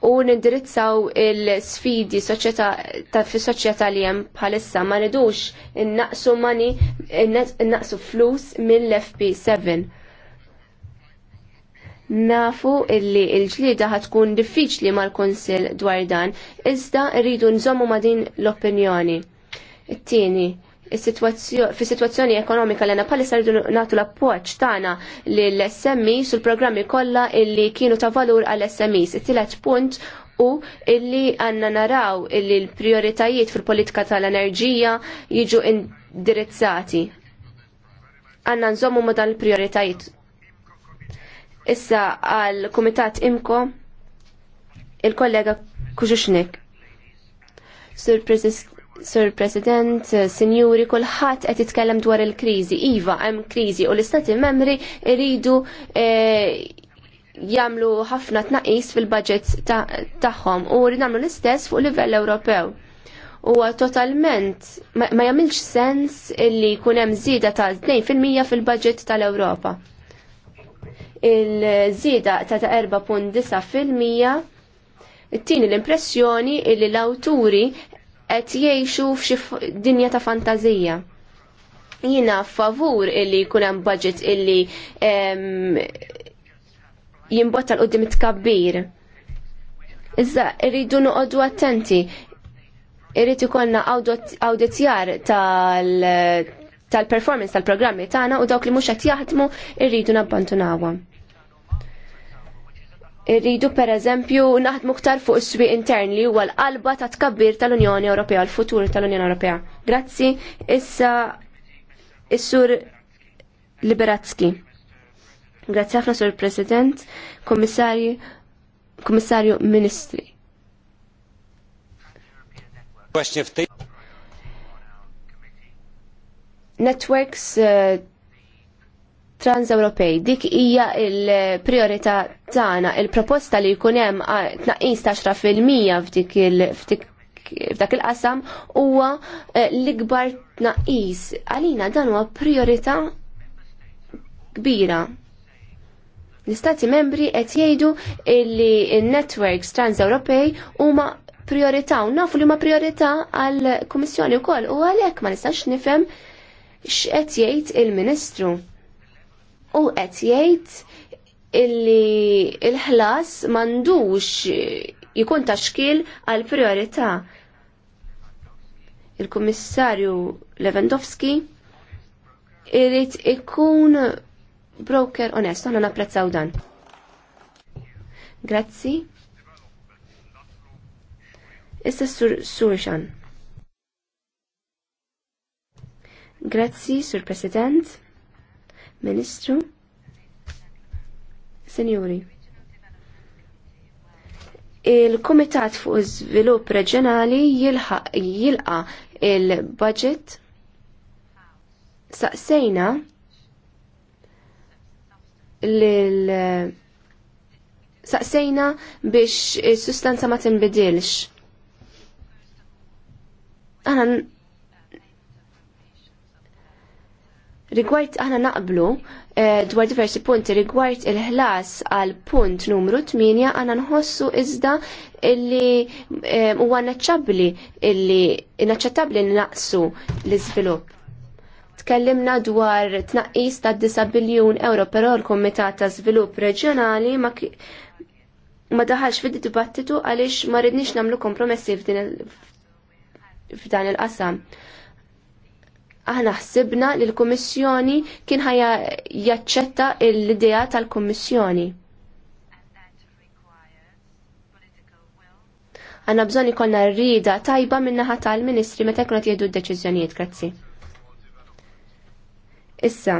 u nindirizzaw il-sfidi fis-soċjetà li hemm bħalissa ma nidux innaqsu mani innaqsu flus mill-FP7. Nafu illi il-ġlida ħatkun diffiċli mal konsil dwar dan, iżda rridu nżommu ma din l-opinjoni. It-tieni, Fis-sitwazzjoni ekonomika l-għana pali sardu nagħtu l appoċ tagħna lill-SMI sul-programmi kollha illi kienu ta' valur għall-SMIs. it punt u illi għanna naraw illi l-prioritajiet fil-politika tal-enerġija jiġu indirizzati. Għanna nżommu ma dan l-prioritajiet. Issa għal komitat imko il-kollega Kuġuxnik. Sur Sur President, Sinjuri, kulħadd qed jitkellem dwar il-kriżi. Iva, hemm kriżi u l-Istati membri iridu e, jagħmlu ħafna tnaqqis fil-budgets tagħhom u rridu nagħmlu l-istess fuq livell Ewropew. Huwa totalment ma jagħmilx sens illi jkun hemm żieda ta' 2% fil-budget tal-Ewropa. Il-żieda ta' 4.9 fil-mija l-impressjoni li l-awturi qed jgħixu f'xi dinja ta' fantazija. Jiena favur illi jkun hemm budget illi jimbotta l qudiem tkabbir. Iżda rridu noqogħdu attenti. Irrid ikollna awditjar tal-performance tal-programmi tagħna u dawk li mhux qed jaħdmu rridu nabbantunawhom. Irridu per eżempju naħdmu ktar fuq is-swieq intern li huwa l-qalba ta' tkabbir tal-Unjoni Ewropea, l-futur tal-Unjoni Ewropea. Grazzi, issa is-sur Liberatski. Grazzi ħafna sur President, Kommissarju, Kommissarju Ministri. Networks uh, trans-Ewropej. Dik hija il-priorità tagħna, il-proposta li jkun hemm tnaqqis ta' 10% f'dik il f'dak il-qasam huwa eh, l-ikbar tnaqqis. Għalina dan huwa priorità kbira. L-Istati membri qed jgħidu li n-networks trans-Ewropej huma priorità u nafu li huma priorità għall kummissjoni wkoll u għalhekk ma nistax nifhem x'qed jgħid il-Ministru u qed jgħid illi l ħlas m'għandux jkun ta' xkil għal priorità. Il-Kummissarju Lewandowski irid ikun broker onest, aħna napprezzaw dan. Grazzi. Issa sur Surxan. Grazzi, Sur President. Ministru, Senjuri, il-Komitat fuq Iżvilupp Reġjonali jilqa il-budget saqsejna lil saqsejna biex is-sustanza ma tinbidilx. Aħna Rigward aħna naqblu eh, dwar diversi punti rigward il-ħlas għal punt numru 8 aħna nħossu iżda illi eh, huwa naċċabbli illi naċċettabli naqsu l-iżvilupp. Tkellimna dwar tnaqqis ta' 9 biljun euro però l-Kumitat ta' Żvilupp Reġjonali ma ma daħalx fid-dibattitu għaliex ma rridniex nagħmlu kompromessi f'dan il-qasam. il qasam aħna ħsibna li l-Kummissjoni kien ħajja jaċċetta l-idea tal-Kummissjoni. Għanna bżon ikolna rrida tajba minnaħa tal-Ministri meta jkunu jieħdu d-deċiżjonijiet, grazzi. Issa,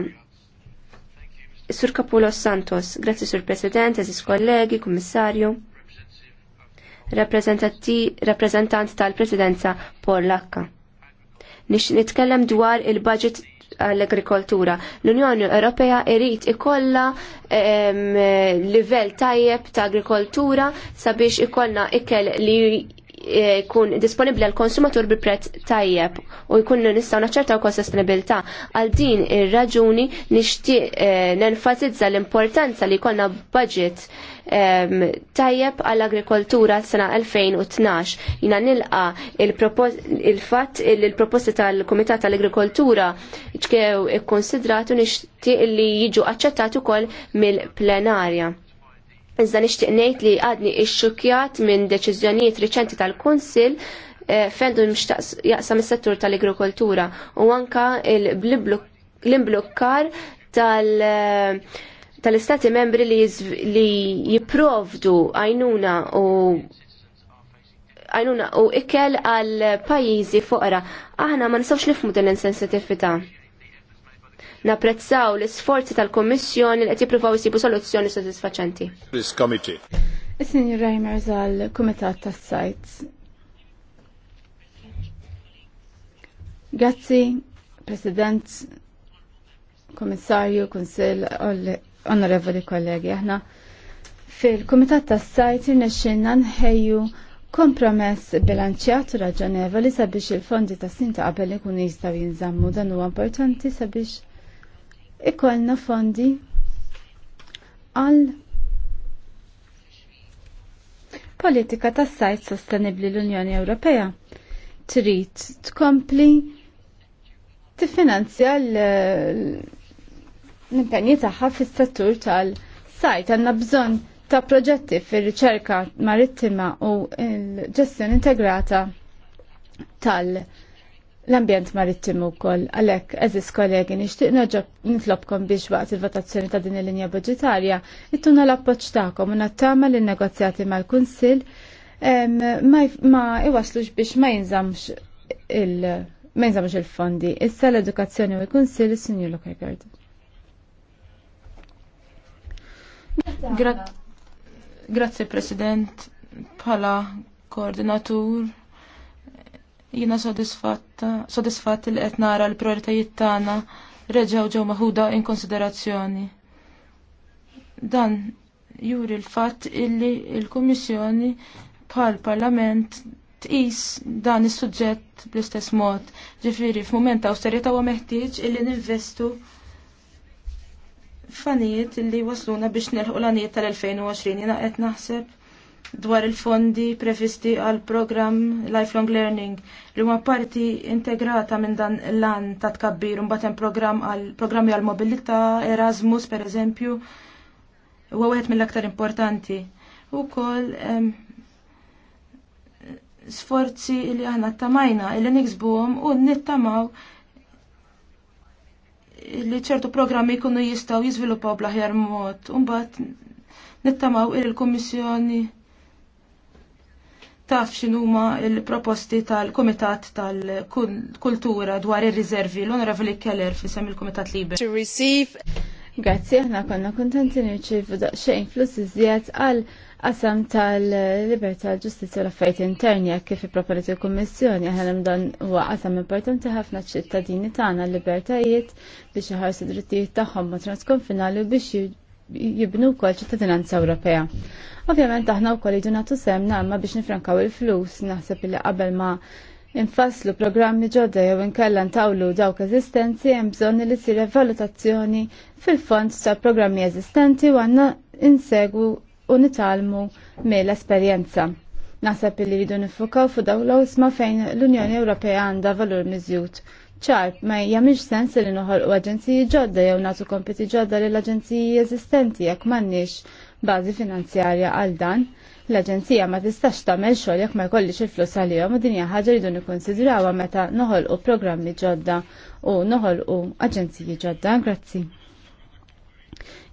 Sur Capulo Santos, grazzi Sur President, eżis kollegi, Kummissarju, rappresentant tal-Presidenza Porlakka nix nitkellem dwar il-budget għall-agrikoltura. L-Unjoni Ewropea irrit ikolla livell tajjeb ta' agrikoltura sabiex ikollna ikkel li jkun e, disponibli għal konsumatur bi prezz tajjeb u jkun nistgħu naċċertaw kol sostenibilità. Għal din ir-raġuni nixtieq e, nenfasizza l-importanza li jkollna budget tajjeb għall-agrikoltura sena 2012. Jina nilqa il-fatt il-proposti tal-Komitat tal-Agrikoltura ġkew ikkonsidratu nixtieq li jiġu aċċettati ukoll mill-plenarja. Iżda nixtieq ngħid li għadni xxukjat minn deċiżjonijiet riċenti tal-Kunsill eh, fendu jaqsam is-settur tal-agrikoltura u anka l-imblukkar tal- tal-istati membri li, li jiprovdu għajnuna u għajnuna u ikkel għal pajizi fuqra. Aħna ma nistawx nifmu din l-insensitivita. Napprezzaw l isforzi tal-Kommissjoni li qed jippruvaw isibu soluzzjoni sodisfaċenti. Is-Sinjur Reimer għal-Kumitat tas-Sajts. Grazzi, President, Komissarju, Konsil, onorevoli kollegi, aħna fil-Kumitat tas sajt irnexxinna nħejju kompromess bilanċjat u raġonevoli sabiex il-fondi tas sinta qabel ikun jistgħu jinżammu dan huwa importanti sabiex ikollna fondi għal politika tas sajt sostenibli l-Unjoni Ewropea trid tkompli tiffinanzja l l-impenji tagħha fis-settur tal-sajt għandna bżonn ta' proġetti fir-riċerka marittima u l-ġestjoni integrata tal-ambjent marittimu wkoll. Għalhekk eżis kollegi nixtieq noġob nitlobkom biex waqt il-votazzjoni ta' din il-linja budġetarja jittuna l-appoġġ tagħkom u nattama lin negozjati mal-Kunsill ma iwaslux biex ma jinżamx il- ma jinżamx il-fondi. Issa l-edukazzjoni u l-Kunsill is-Sinjur Lockhart. Grazzi President, bħala koordinatur, jina sodisfatt li qed nara l-prioritajiet tagħna reġgħu ġew maħuda in konsiderazzjoni. Dan juri l-fatt illi il-Kummissjoni bħal Parlament tqis dan is-suġġett bl-istess mod. Ġifieri f'mument awsterjetaw meħtieġ illi ninvestu fanijiet li wasluna biex nilħu l-għaniet tal-2020 jena qed naħseb dwar il-fondi previsti għal programm Lifelong Learning li huma parti integrata minn dan l-an ta' tkabbir mbagħad program għal programmi għal mobilità Erasmus per eżempju huwa wieħed mill-aktar importanti. Ukoll sforzi li aħna tamajna il-li niksbuhom u nittamaw li ċertu programmi jkunu jistaw jizviluppaw blaħjar mod. Umbat nittamaw ir il-Kommissjoni taf x'inhuma il-proposti tal-Kumitat tal-Kultura dwar ir rizervi l-Onorevoli Keller fisem il-Kumitat Liber. Grazzi, aħna konna kontenti nirċivu daqsxejn flus iżjed għal qasam tal-libertà l-ġustizja u l-affarijiet interni jekk kif ipproponiet il-Kummissjoni għal dan huwa qasam importanti ħafna ċittadini tagħna l-libertajiet biex iħarsu drittijiet tagħhom ma' transkonfinali biex jibnu wkoll ċittadinanza Ewropea. Ovvjament aħna wkoll idu nagħtu semna imma biex nifrankaw il-flus naħseb li qabel ma' infaslu programmi ġodda jew inkella ntawlu dawk eżistenti hemm bżonn li ssir valutazzjoni fil-fond ta' programmi eżistenti u għandna insegwu u nitalmu mill-esperjenza. Naħseb li jridu nifukaw fu dawk l awsma fejn l-Unjoni Ewropea għandha valur miżjud. ċar, ma jagħmilx sens li noħolqu aġenziji ġodda jew nagħtu kompeti ġodda lill aġenziji eżistenti jekk m'għandniex bażi finanzjarja għal dan L-Aġenzija ma tistax tagħmel xogħol jekk ma jkollix il-flus għalihom u din hija ħaġa jridu nikkonsidrawha meta noħolqu programmi ġodda u noħolqu aġenziji ġodda. Grazzi.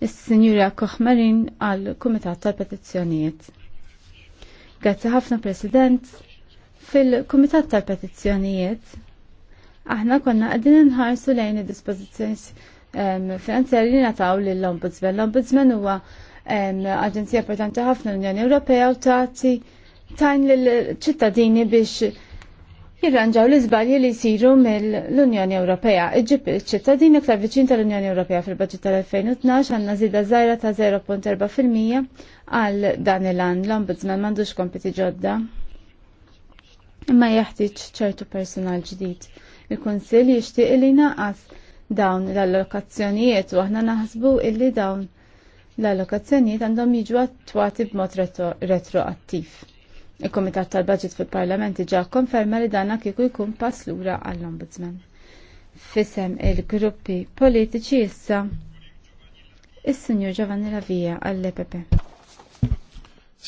Is-Sinjura Koħmarin għall Kumitat tal-Petizzjonijiet. Grazzi ħafna President. Fil-Kumitat tal-Petizzjonijiet aħna konna qegħdin inħarsu lejn id-dispożizzjoni ehm, finanzjarji li nataw lill ombudsman L-Ombudsman huwa aġenzija importanti ħafna l-Unjoni Ewropea u tagħti tajn l ċittadini biex jirranġaw l-iżbalji li jsiru mill-Unjoni Ewropea. Iġib ċittadini aktar viċin tal-Unjoni Ewropea fil-budget tal-2012 għandna zida żgħira ta' 0.4% għal dan il-għan l-Ombudsman m'għandux kompiti ġodda imma jeħtieġ ċertu personal ġdid. Il-Kunsill jixtieq li naqas dawn l-allokazzjonijiet u aħna naħsbu illi dawn l-allokazzjonijiet għandhom jiġu attwati b'mod retroattiv. Il-Komitat tal-Budget fil-Parlament ġa konferma li danna kieku jkun pass lura għall-Ombudsman. Fisem il-gruppi politiċi issa il-Signor Giovanni Lavia għall-EPP.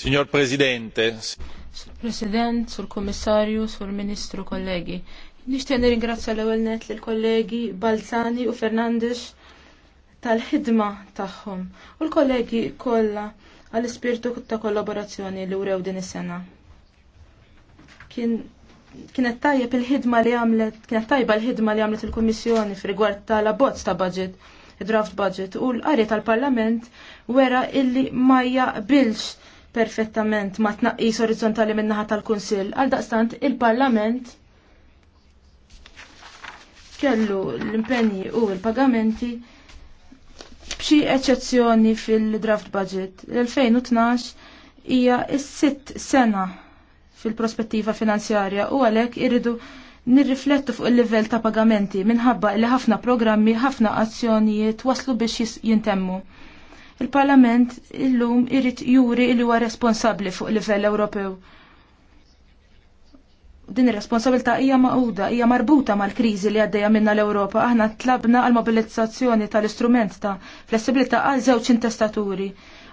Signor Presidente, Sur President, Sur Komissarju, Sur Ministru, kollegi. Nishtiq nirringrazzja l-ewwel net lill kollegi Balzani u Fernandes tal-ħidma tagħhom u l-kollegi kollha għall-ispirtu ta' kollaborazzjoni li wrew din is-sena. kienet tajjeb il-ħidma li għamlet, kienet tajba l-ħidma li għamlet il-Kummissjoni f'rigward tal-abbozz ta' budget, draft budget, u l-qari tal-Parlament wera illi ma jaqbilx perfettament ma tnaqqis orizzontali minnaħa tal-Kunsill. Għal daqstant il-Parlament kellu l-impenji u l-pagamenti b'xi eċċezzjoni fil-draft budget. L-2012 hija s-sitt sena fil-prospettiva finanzjarja u għalhekk irridu nirriflettu fuq il-livell ta' pagamenti minħabba li ħafna programmi, ħafna azzjonijiet waslu biex jintemmu. Il-Parlament illum irrid juri li huwa responsabbli fuq livell Ewropew din ir-responsabilità hija maquda, hija marbuta mal-kriżi li għaddejja minna l-Ewropa. Aħna tlabna għal mobilizzazzjoni tal-istrument ta' flessibilità għal żewġ intestaturi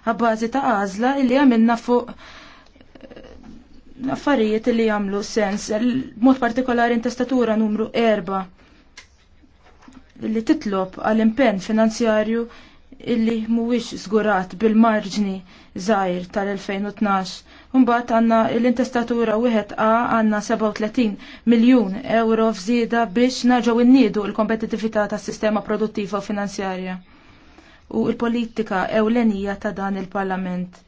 għabbażi ta' għażla li għamilna fuq eh, affarijiet li jagħmlu sens. Mod partikolari intestatura numru erba' li titlob għal impenn finanzjarju illi mhuwiex żgurat bil-marġni żgħir tal-2012 Mbagħad għandna l-intestatura wieħed A għandna 37 miljun euro f'żieda biex narġgħu nniedu l-kompetitività tas-sistema produttiva u finanzjarja. U l-politika ewlenija ta' dan il-Parlament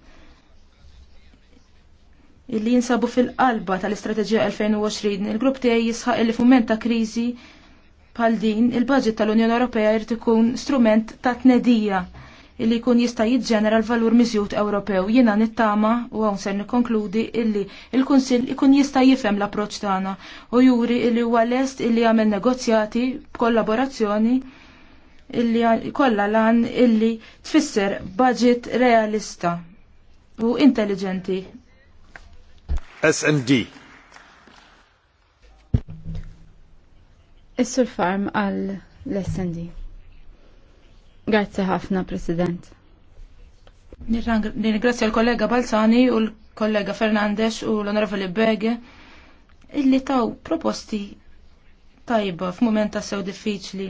illi jinsabu fil-qalba tal-istrateġija 2020, il-grupp tiegħi jisħaq li fument ta' kriżi bħal din, il-budget tal-Unjoni Ewropea jrid ikun strument ta' tnedija illi jkun jista' jiġġenera l-valur miżjud Ewropew. Jiena nittama u hawn ser nikkonkludi illi il-Kunsill ikun jista' jifhem l-approċċ tagħna u juri illi huwa lest illi jagħmel negozjati b'kollaborazzjoni illi kollha lan illi tfisser budget realista u intelligenti. SND. Is-sulfarm għal l-SND. Grazzi ħafna, President. Nirringrazzja l-kollega Balzani u l-kollega Fernandez u l-onorevoli Bege illi taw proposti tajba f'mument ta' sew diffiċli.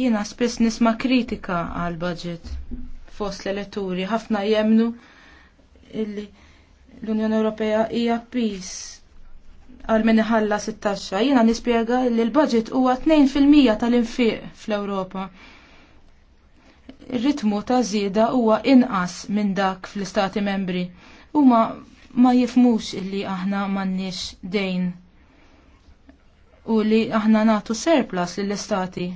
Jiena spiss nisma' kritika għal budget fost l-elettori ħafna jemnu illi l-Unjoni Ewropea hija pis għal min iħalla 16. Jiena nispjega li l-budget huwa 2% tal-infiq fl-Ewropa. fl ewropa ir-ritmu ta' żieda huwa inqas minn dak fl-istati membri. Huma ma jifmux illi aħna m'għandniex dejn u li aħna nagħtu surplus lill-istati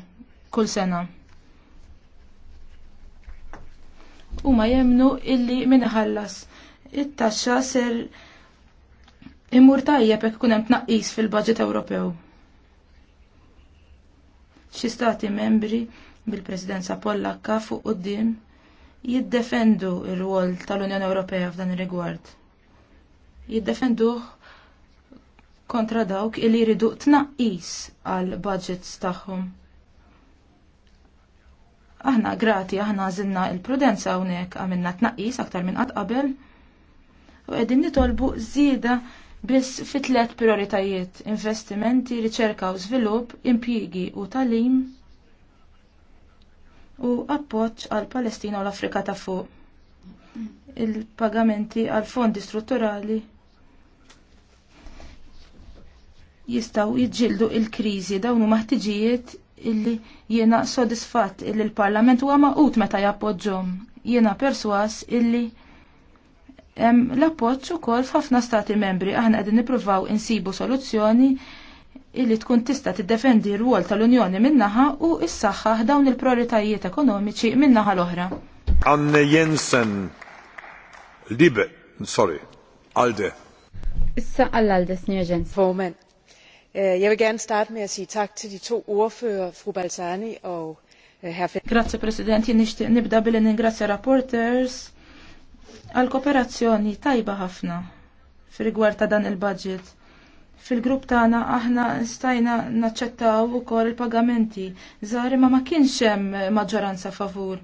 kull sena. Huma jemnu illi minħallas it-taxxa ser imur tajjeb jekk ikun hemm tnaqqis fil-budget Ewropew. Xi stati membri bil-Presidenza Pollakka fuq quddiem jiddefendu r-rwol tal-Unjoni Ewropea f'dan ir-rigward. Jiddefenduh kontra dawk li jridu tnaqqis għal budgets tagħhom. Aħna grati, aħna għażilna l prudenza hawnhekk għamilna tnaqqis aktar minn qatt qabel u qegħdin nitolbu żieda biss fit tliet prioritajiet: investimenti, riċerka u żvilupp, impjiegi u talim u appoġġ għal Palestina u l-Afrika ta' fuq. Il-pagamenti għal fondi strutturali jistaw jiġġildu il-kriżi dawn huma ħtiġijiet illi jiena sodisfatt illi l-Parlament huwa maqut meta jappoġġhom. Jiena perswas illi hemm l-appoġġ ukoll f'ħafna stati membri aħna qegħdin nippruvaw insibu soluzzjoni illi tkun tista' tiddefendi r-rwol tal-Unjoni minnaħa u issaħħaħ dawn il-prioritajiet ekonomiċi minnaħa l-oħra. Anne Jensen, Libe, sorry, Alde. Issa għall-Alde, Sr. Jensen. Formen. Eh, jeg vil gerne starte med at sige tak til de to ordfører, fru Balzani og ħafin. Eh, Grazie President, jien nixtieq nibda billi ningrazzja rapporters għal kooperazzjoni tajba ħafna fir rigward ta' dan il-budget. Fil-grupp tagħna aħna stajna naċċettaw ukoll il-pagamenti żgħar ma ma kienx hemm maġġoranza favur.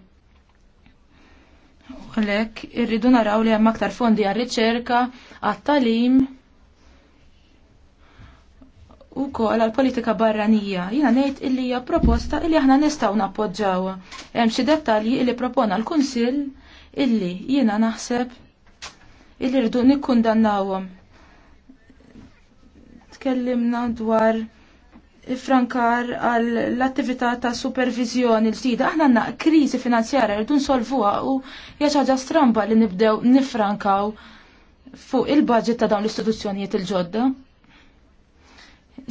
Għalhekk irridu naraw li hemm aktar fondi għar-riċerka, għat-talim u kol għal-politika barranija. Jina ngħid illi hija proposta illi aħna nistgħu nappoġġawha. Hemm xi dettalji illi propona l-Kunsill illi jiena naħseb illi rridu nikkundannawhom tkellimna dwar frankar għal l-attività ta' supervizjoni l-ġdida. Aħna għanna krizi finanzjarja rridu nsolvuha u jaċaġa stramba li nibdew nifrankaw fuq il-budget ta' dawn l-istituzzjonijiet il-ġodda.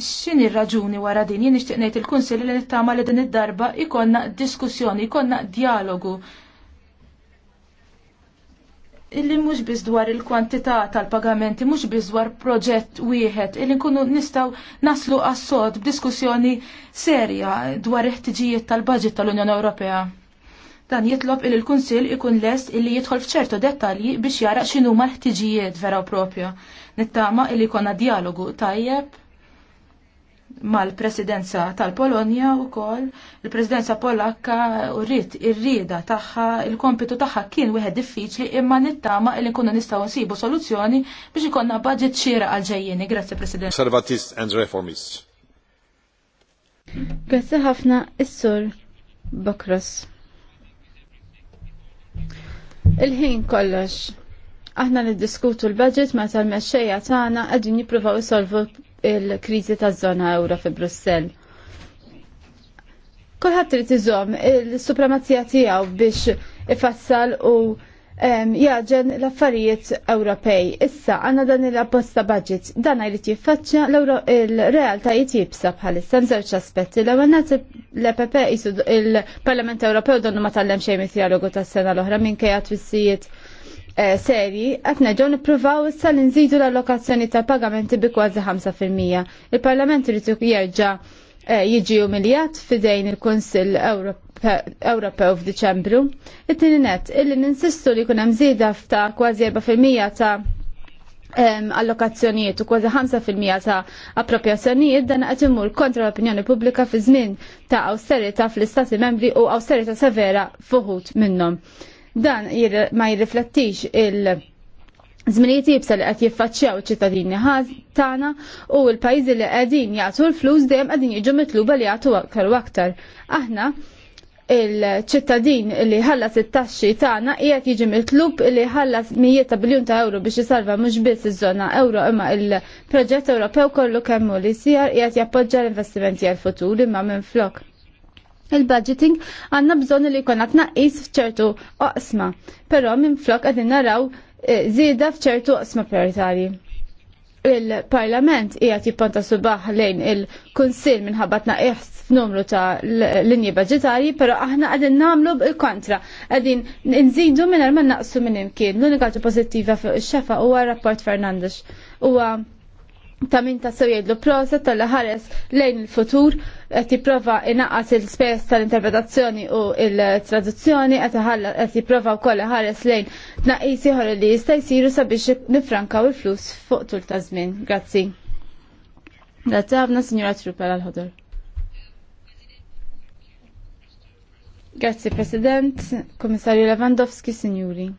X'inhi r-raġuni wara din jien nixtieq ngħid il-Kunsill li nittama li din id-darba ikonna diskussjoni, ikonna dialogu illi mhux biss dwar il-kwantità tal-pagamenti, mhux biss dwar proġett wieħed, illi nkunu nistgħu naslu għas-sod b'diskussjoni serja dwar il-ħtiġijiet tal-baġit tal-Unjoni Ewropea. Dan jitlob il kunsil kunsill ikun lest illi jidħol f'ċertu dettalji biex jara x'inhuma l-ħtiġijiet vera u propja. Nittama illi jkollna dialogu tajjeb mal-presidenza tal-Polonja u kol, il-presidenza polakka u rrit ir-rida taħħa, il-kompitu taħħa kien wieħed diffiċli imma nittama il nkunu nistaw nsibu soluzzjoni biex ikonna budget xira għal-ġejjeni. Grazie, President. Conservatist and Reformist. Grazie ħafna, is-sur Bakros. Il-ħin kollox. Aħna niddiskutu l-budget ma tal-mexxejja tagħna qegħdin jippruvaw isolvu l-kriżi taż-żona Ewro fi Brussell. Kulħadd trid iżomm il-supremazija tiegħu biex ifassal u jaġen l-affarijiet Ewropej. Issa għandna dan il-apposta budget dan jrid jiffaċċja l-realtà jitjibsa bħalissa żewġ aspetti. L-ewwel l-EPP isu il-Parlament Ewropew donnu ma tallem xejn mit-dialogu tas-sena l-oħra minkejja twissijiet Eh, serji qed ġon nippruvaw issa li nżidu l-allokazzjoni tal-pagamenti bi kważi 5%. Il-Parlament irid jerġa' eh, jiġi umiljat fidejn il-Kunsill Ewropew f'Diċembru. It-tieni net illi ninsistu li jkun hemm f'ta' ta' kważi 4% ta' allokazzjonijiet u kważi 5% ta' appropjazzjonijiet dan qed imur kontra l-opinjoni pubblika fi żmien ta' austerita fl-Istati membri u austerita severa fuħut minnhom. Dan ma jirriflettix il- Zmini jibsa li għat jiffaċċjaw ċittadini tagħna u l-pajzi li qegħdin jagħtu l-flus dejjem qegħdin jiġu mitluba li jagħtu aktar u għaktar. Aħna il-ċittadin li ħallas it-taxxi tagħna qiegħed jiġi mitlub li ħallas mijiet ta' biljun ta' euro biex jisalva mhux biss iż-żona euro imma il-proġett Ewropew kollu kemmu li jsir qiegħed jappoġġa l-investimenti għal-futur imma minn flok il-budgeting għanna bżon li jkun għatna is fċertu oqsma, pero minn flok għadin naraw eh, zida fċertu oqsma prioritari. Il-parlament ijat jipponta subaħ lejn il-konsil minnħabatna iħs f'numru ta' linji budgetari, pero aħna għadin namlu bil-kontra, għadin nżidu minn ma naqsu minn imkien. L-unika pozittiva fuq il-xefa huwa rapport Fernandes. Huwa ta' min ta' sew jgħidlu proset tal ħares lejn il-futur qed jipprova inaqqas il-spess tal-interpretazzjoni u il-traduzzjoni qed qed jipprova wkoll ħares lejn tnaqqis ieħor li jista' jsiru sabiex nifrankaw il-flus fuq tul ta' żmien. Grazzi. Grazzi għavna signora Trupel għal-ħodur. Grazzi President, Komissarju Lewandowski, Signori.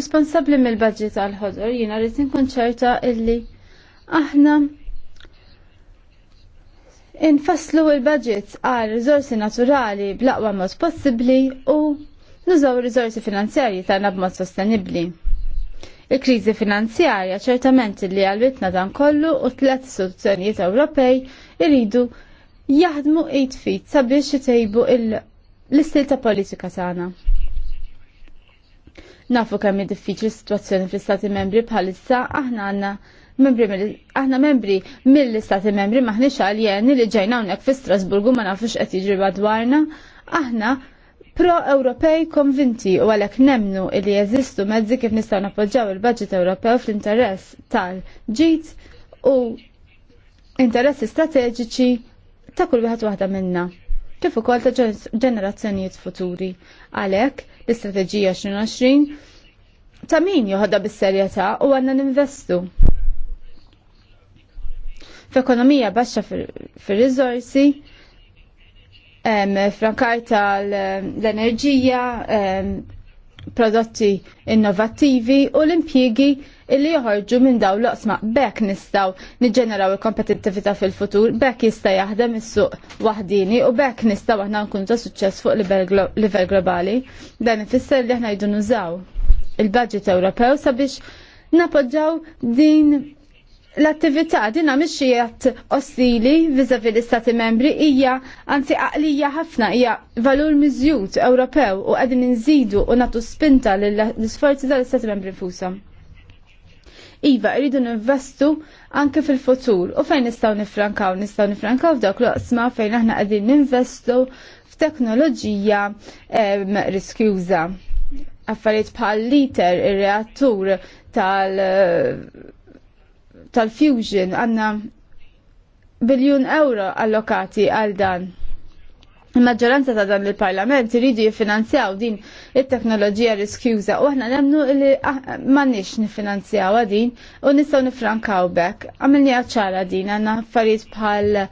responsabbli mill-budget għal ħodur jiena rrid inkun ċerta illi aħna infaslu il-budget għal rizorsi naturali blaqwa mod possibbli u nużaw rizorsi finanzjarji tagħna b'mod sostenibbli. Il-kriżi finanzjarja ċertament li għalbitna dan kollu u tliet istituzzjonijiet Ewropej iridu jaħdmu 8 fit sabiex jitejbu l-istil ta' politika tagħna. Nafu kemm diffiċli situazzjoni fl-Istati membri bħalissa aħna għandna membri aħna membri mill-Istati membri maħniex għaljeni li ġejna hawnhekk fi Strasburgu ma nafux qed jiġri madwarna. Aħna pro-Ewropej konvinti u għalhekk nemnu li jeżistu mezzi kif nistgħu nappoġġjaw il-budget Ewropew fl-interess tal-ġit u interessi strateġiċi ta' kull wieħed waħda minna kif ukoll ta' ġenerazzjonijiet futuri. Għalhekk l-istrateġija 2020 ta' min joħodha bis-serjetà u għandna ninvestu. F'ekonomija baxxa fir-riżorsi, frankajta tal-enerġija, prodotti innovattivi u l-impjiegi illi joħorġu minn daw loqsma bekk nistaw niġġeneraw il-kompetittività fil-futur, bekk jista' jaħdem is-suq waħdini u bekk nistaw aħna nkun ta' suċċess fuq livell globali. Dan ifisser li aħna jdu nużaw il-budget Ewropew sabiex napoġġaw din l-attività dinna mixijat ostili vizavi l-istati membri hija anzi għaqlija ħafna hija valur mizjut Ewropew u għadin nżidu u natu spinta l-sforzi tal-istati membri fusa. Iva, rridu ninvestu anke fil-futur u fejn nistaw nifrankaw, nistaw nifrankaw f'dak l-oqsma fejn aħna għadin ninvestu f'teknoloġija riskjuża. Affarijiet bħal liter ir-reattur tal- tal-fusion għanna biljun euro allokati għal dan. Il-maġġoranza ta' dan il-parlament iridu jiffinanzjaw din it-teknoloġija riskjuża u aħna nemnu li ah, m'għandniex nifinanzjaw din u nistgħu nifrankaw bekk. Għamilni ċara din għandna affarijiet bħal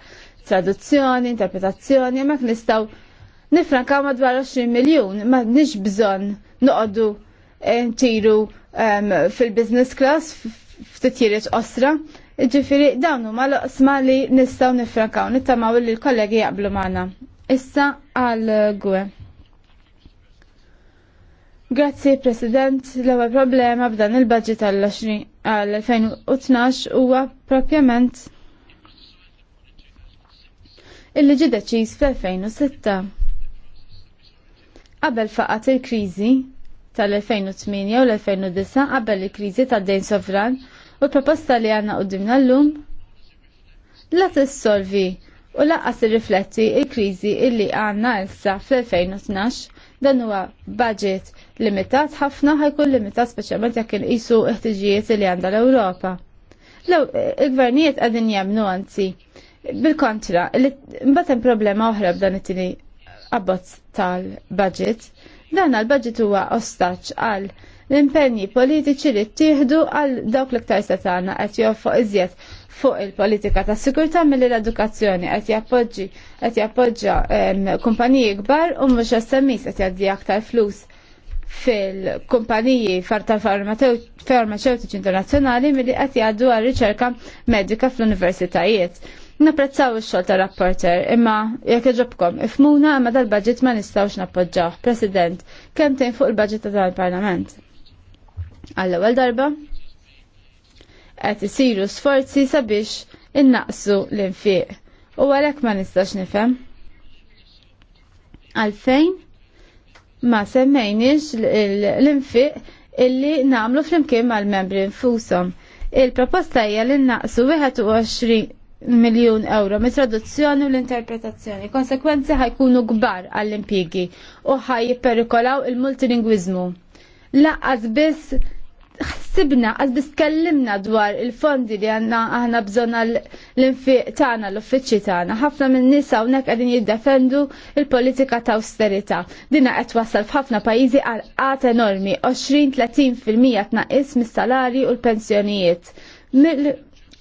traduzzjoni, interpretazzjoni, mek nistgħu nifrankaw madwar 20 miljun, ma nix bżonn noqogħdu eh, ntiru fil-business class ftit jiret osra, ġifiri dawn huma l-oqsma li nistgħu nifrankaw nittamaw li l-kollegi jaqblu maħna. Issa għal gwe. Grazzi President, l-ewwel problema b'dan il-budget għal 2012 huwa propjament illi ġi deċiż fl-2006. Qabel faqat il-kriżi, tal-2008 u l-2009 qabel il-kriżi tad-dejn sovran u l-proposta li għanna dimna l-lum la solvi u laqqas irrifletti il-kriżi illi għanna issa fl-2012 dan huwa budget limitat ħafna ħajkun limitat speċjalment jekk inqisu ħtiġijiet li għandha l-Ewropa. Il-gvernijiet għadin jemnu anzi Bil-kontra, mbagħad hemm problema oħra b'dan it-tieni abbozz tal-budget Dan għal-budget huwa ostaċ għal l-impenji politiċi li ttieħdu għal dawk l-iktar setana qed joffoq iżjed fuq il-politika ta' sigurtà milli l-edukazzjoni qed jappoġġi qed jappoġġa kumpaniji kbar u mhux SMEs qed jgħaddi aktar flus fil-kumpaniji farmaceutiċi internazzjonali milli qed jgħaddu għal riċerka medika fl-universitajiet. Napprezzaw ix-xogħol ta' rapporter, imma jekk iġobkom, ifmuna imma dal-budget ma nistgħux nappoġġaw. President, kemm tejn fuq il-budget ta' il parlament Għall-ewwel darba qed isiru sforzi sabiex innaqsu l-infiq. U għalhekk ma nistax nifhem. Għalfejn ma semmejniex l-infiq illi nagħmlu flimkien mal-membri nfushom. Il-proposta hija li naqsu 21 miljun euro mit traduzzjoni u l-interpretazzjoni. Konsekwenzi ħajkunu gbar għall-impjegi u ħaj jipperikolaw il-multilingwizmu. Laqqas biss ħsibna, għazbis biss kellimna dwar il-fondi li għanna aħna bżonna l-infiq tagħna, l-uffiċċji tagħna. Ħafna minn nisa hawnhekk qegħdin jiddefendu il-politika ta' austerita. Dina qed wasal f'ħafna pajjiżi għal qat enormi, 20-30% tnaqqis mis-salari u l-pensjonijiet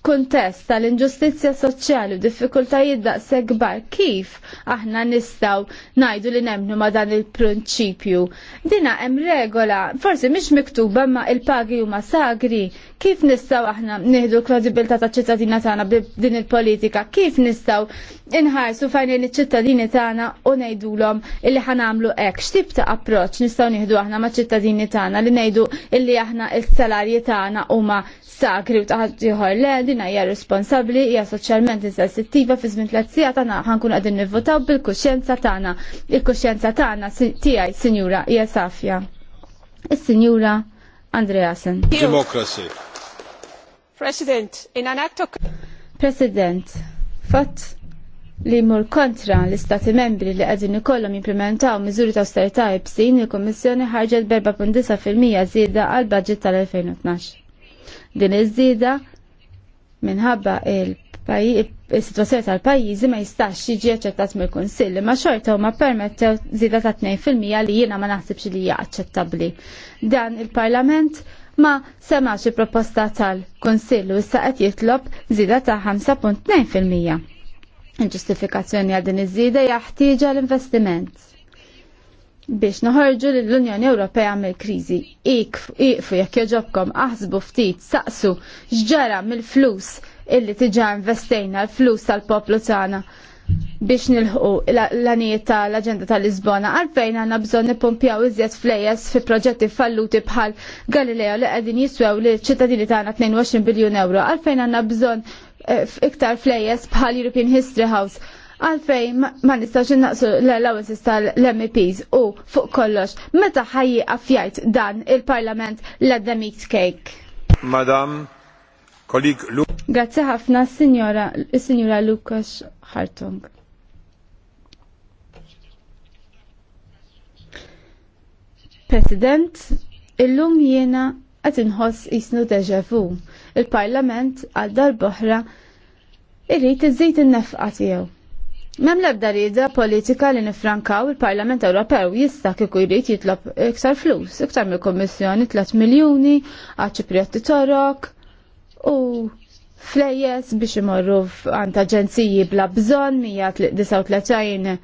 kuntest tal-inġustizja soċjali u diffikultajiet daqshekk kbar kif aħna nistgħu ngħidu li nemnu ma' dan il-prinċipju. Dina hemm regola, forsi mhix miktuba ma' il-pagi huma sagri, kif nistgħu aħna nieħdu l-kredibilità taċ-ċittadina tagħna din il-politika, kif nistgħu inħarsu fajn li ċittadini tagħna u ngħidulhom illi ħanamlu hekk. X'tip ta' approċċ nistgħu nieħdu aħna maċ-ċittadini tagħna li ngħidu illi aħna s-salarji tagħna huma sakri u taħat ieħor le din hija responsabbli hija soċjalment insensittiva fi żmien tliet sigħat tagħna ħankun qegħdin nivvotaw bil-kuxjenza tagħna. Il-kuxjenza tagħna tiegħi sinjura hija safja. Is-Sinjura Andreasen. Democracy. President, in an act of... President, fatt li jmur kontra l-istati membri li għadin ikollhom jimplementaw miżuri ta' austerità e bsin il-Kummissjoni ħarġet b'4.9% żieda għal budget tal-2012. Din iż-żieda minħabba il-situazzjoni tal-pajjiżi ma jistax jiġi aċċettat mill-Kunsill ma xorta huma permettew żieda ta' 2% li jiena ma naħsibx li hija aċċettabbli. Dan il-Parlament ma semax il-proposta tal u issa qed jitlob żieda ta' 5.2%. Il-ġustifikazzjoni għal din iż-żieda jaħtieġa l-investiment biex noħorġu l-Unjoni Ewropea mill-kriżi. Iqfu jekk joġobkom aħsbu ftit saqsu x'ġara mill-flus illi tiġa investejna l-flus tal-poplu tagħna biex nilħu l-għaniet tal aġenda tal-Lisbona għalfejn għanna bżon nipompjaw iżjed flejes fi proġetti falluti bħal Galileo li għedin jiswew li ċittadini tagħna 22 biljun euro għalfejn għanna bżon Eh, iktar flejes bħal European History House għalfej ma nistax naqsu l-allowances tal-MEPs u fuq kollox, meta ħajji affjajt dan il-parlament l meat cake? Madam, kolik Lu. Grazie ħafna, signora, signora Lukas Hartung. President, illum jena qed inħoss jisnu deja vu. Il-Parlament għal darb'oħra irrid iżżid il nefqa tiegħu. Mem l-ebda rieda politika li nifrankaw il-Parlament Ewropew jista' kieku jrid jitlob iktar flus, iktar mill-Kommissjoni 3 miljuni għal Ċipriotti Torok u flejjes biex imorru għant aġenziji bla bżonn 139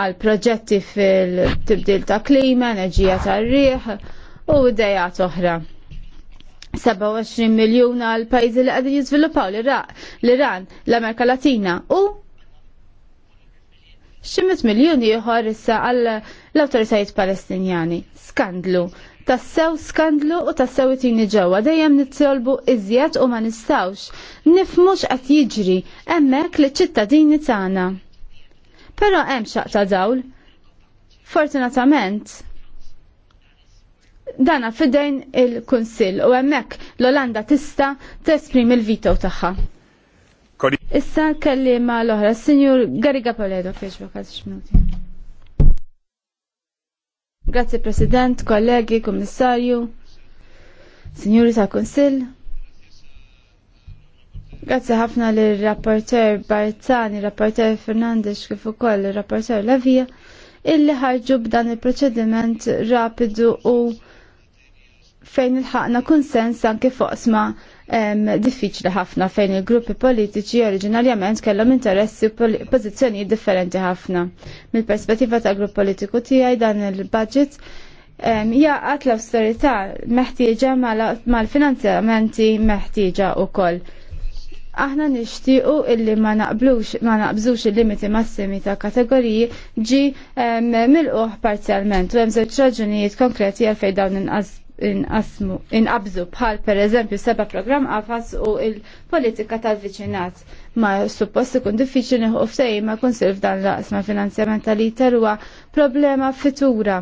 għal proġetti fil-tibdil ta' klima, enerġija tar rriħ u idejat oħra. 27 miljon għal pajjiżi li qegħdin jiżviluppaw l-Iran, l-Amerika Latina u ximmet miljon ieħor issa għal l-awtoritajiet Palestinjani. Skandlu. Tassew skandlu u tassew it-tini ġewwa dejjem nitsolbu iżjed u ma nistawx. Nifmux qed jiġri hemmhekk li ċittadini tagħna. Però hemm ta' dawl. Fortunatament, dana fidejn il-Kunsill u hemmhekk l-Olanda tista' t-esprim il-vito tagħha. Issa kelli ma l-oħra, Sinjur Gariga Poledo, kieġba kazix minuti. Grazie President, kollegi, Kommissarju, Sinjuri ta' Kunsill. Grazie ħafna l rapporter Barzani, rapporter Fernandez, kif ukoll il-rapporter Lavija, illi ħarġu b'dan il-proċediment rapidu u fejn il-ħakna konsens anke foqsma diffiċli ħafna fejn il-gruppi politiċi oriġinarjament kellhom interessi u pożizzjonijiet differenti ħafna. Mill-perspettiva tal grupp politiku tiegħi dan il-budget jaqat l awsterità meħtieġa mal-finanzjamenti meħtieġa wkoll. Aħna nixtiequ illi ma naqblux ma naqbżux il-limiti massimi ta' kategoriji ġi milquħ parzjalment u hemm żewġ raġunijiet konkreti għal fejn dawn inqas inqasmu inqabżu bħal pereżempju seba' programm għafas u il-politika tal-viċinat ma suppost ikun diffiċli nieħu ftehim ma sirf f'dan l-qasma finanzjament tal-iter huwa problema fitura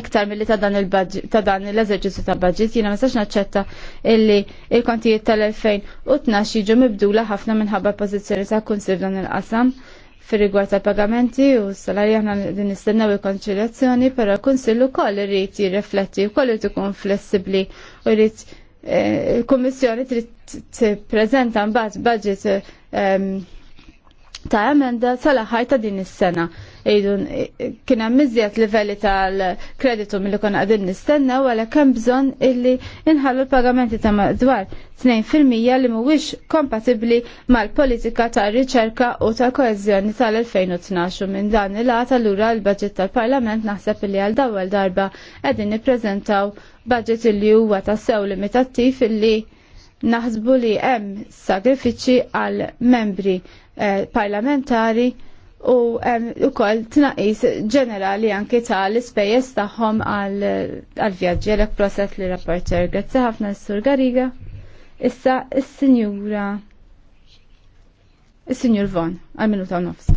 iktar mill-li ta' dan l-eżerġizzju ta' budget jiena ma sax naċċetta illi il-kontijiet tal-2012 jiġu mibdula ħafna minħabba pożizzjoni ta' kunsil dan il-qasam fir-rigward tal-pagamenti u s aħna din nistennew il-konċiljazzjoni, però l-Kunsill ukoll irid jirrifletti wkoll irid ikun flessibbli u irid eh, il-Kummissjoni trid tippreżenta mbagħad budget ehm, ta' emenda sal-aħħar ta' din is-sena kien hemm iżjed livelli tal-kreditu milli kon qegħdin nistennew għalhekk hemm bżonn illi inħallu l-pagamenti ta' madwar 2% li mhuwiex kompatibbli mal-politika ta' riċerka u ta' koeżjoni tal-2012 minn dan il-għat allura l-budget tal-Parlament naħseb li għal dawel darba qegħdin nippreżentaw budget illi huwa ta' sew limitattiv illi naħsbu li hemm sagrifiċċji għal membri eh, parlamentari u ukoll tnaqis ġenerali anke ta' l ispejjeż tagħhom għall-vjaġġi l proset li rapporter. Grazzi ħafna s-Sur Gariga. Issa is-Sinjura is-Sinjur Von għal-minuta nofs.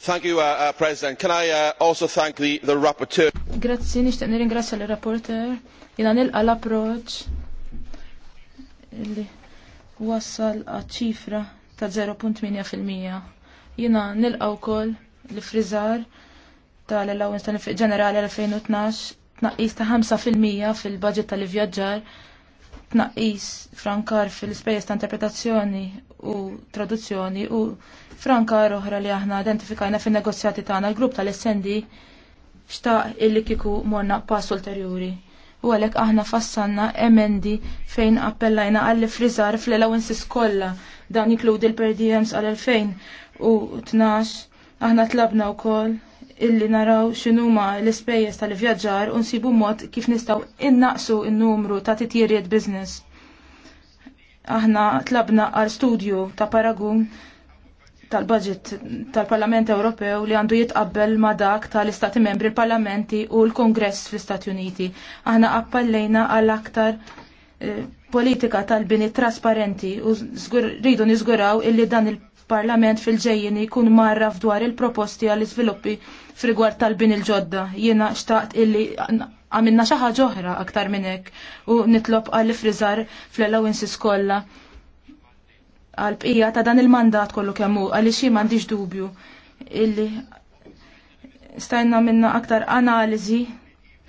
Thank you, uh, uh, President. Can I uh, also thank the, the rapporteur? Grazzi, nixtieq nirringrazzja l rapporteur jina nilqa l-approċ li wassal għad ċifra ta' 0.8%. Jina nilqaw kol li frizar tal-allowance ta' nifiq ġenerali 2012 tnaqqis ta' 5% fil-budget tal-ivjaġġar tnaqqis frankar fil-spejjeż ta' interpretazzjoni u traduzzjoni u frankar oħra li aħna identifikajna fin-negozjati tagħna l-grupp tal-SND xtaq illi kiku morna pass ulterjuri. U għalek aħna fassanna emendi fejn appellajna għalli frizar fl-allowances kollha dan jikludi l-per diems għal 2000 u tnax aħna tlabna wkoll illi naraw x'inhuma l-ispejjeż tal-ivvjaġġar u nsibu mod kif nistgħu innaqsu n-numru ta' titjiriet business. Aħna tlabna għal studju ta' paragun tal-budget tal-Parlament Ewropew li għandu jitqabbel ma' dak tal-Istati Membri l-Parlamenti u l-Kongress fl-Istati Uniti. Aħna appallejna għal aktar eh, politika tal-bini trasparenti u rridu niżguraw illi dan il parlament fil ġejjien jkun marra f'dwar il-proposti għall iżviluppi f'rigward tal-bin il-ġodda. Jiena xtaqt illi għamilna xi ħaġa oħra aktar minn hekk u nitlob għall frizar fl-allowances kollha għal bqija ta' dan il-mandat kollu kemm hu għaliex jien m'għandix dubju illi stajna minna aktar analiżi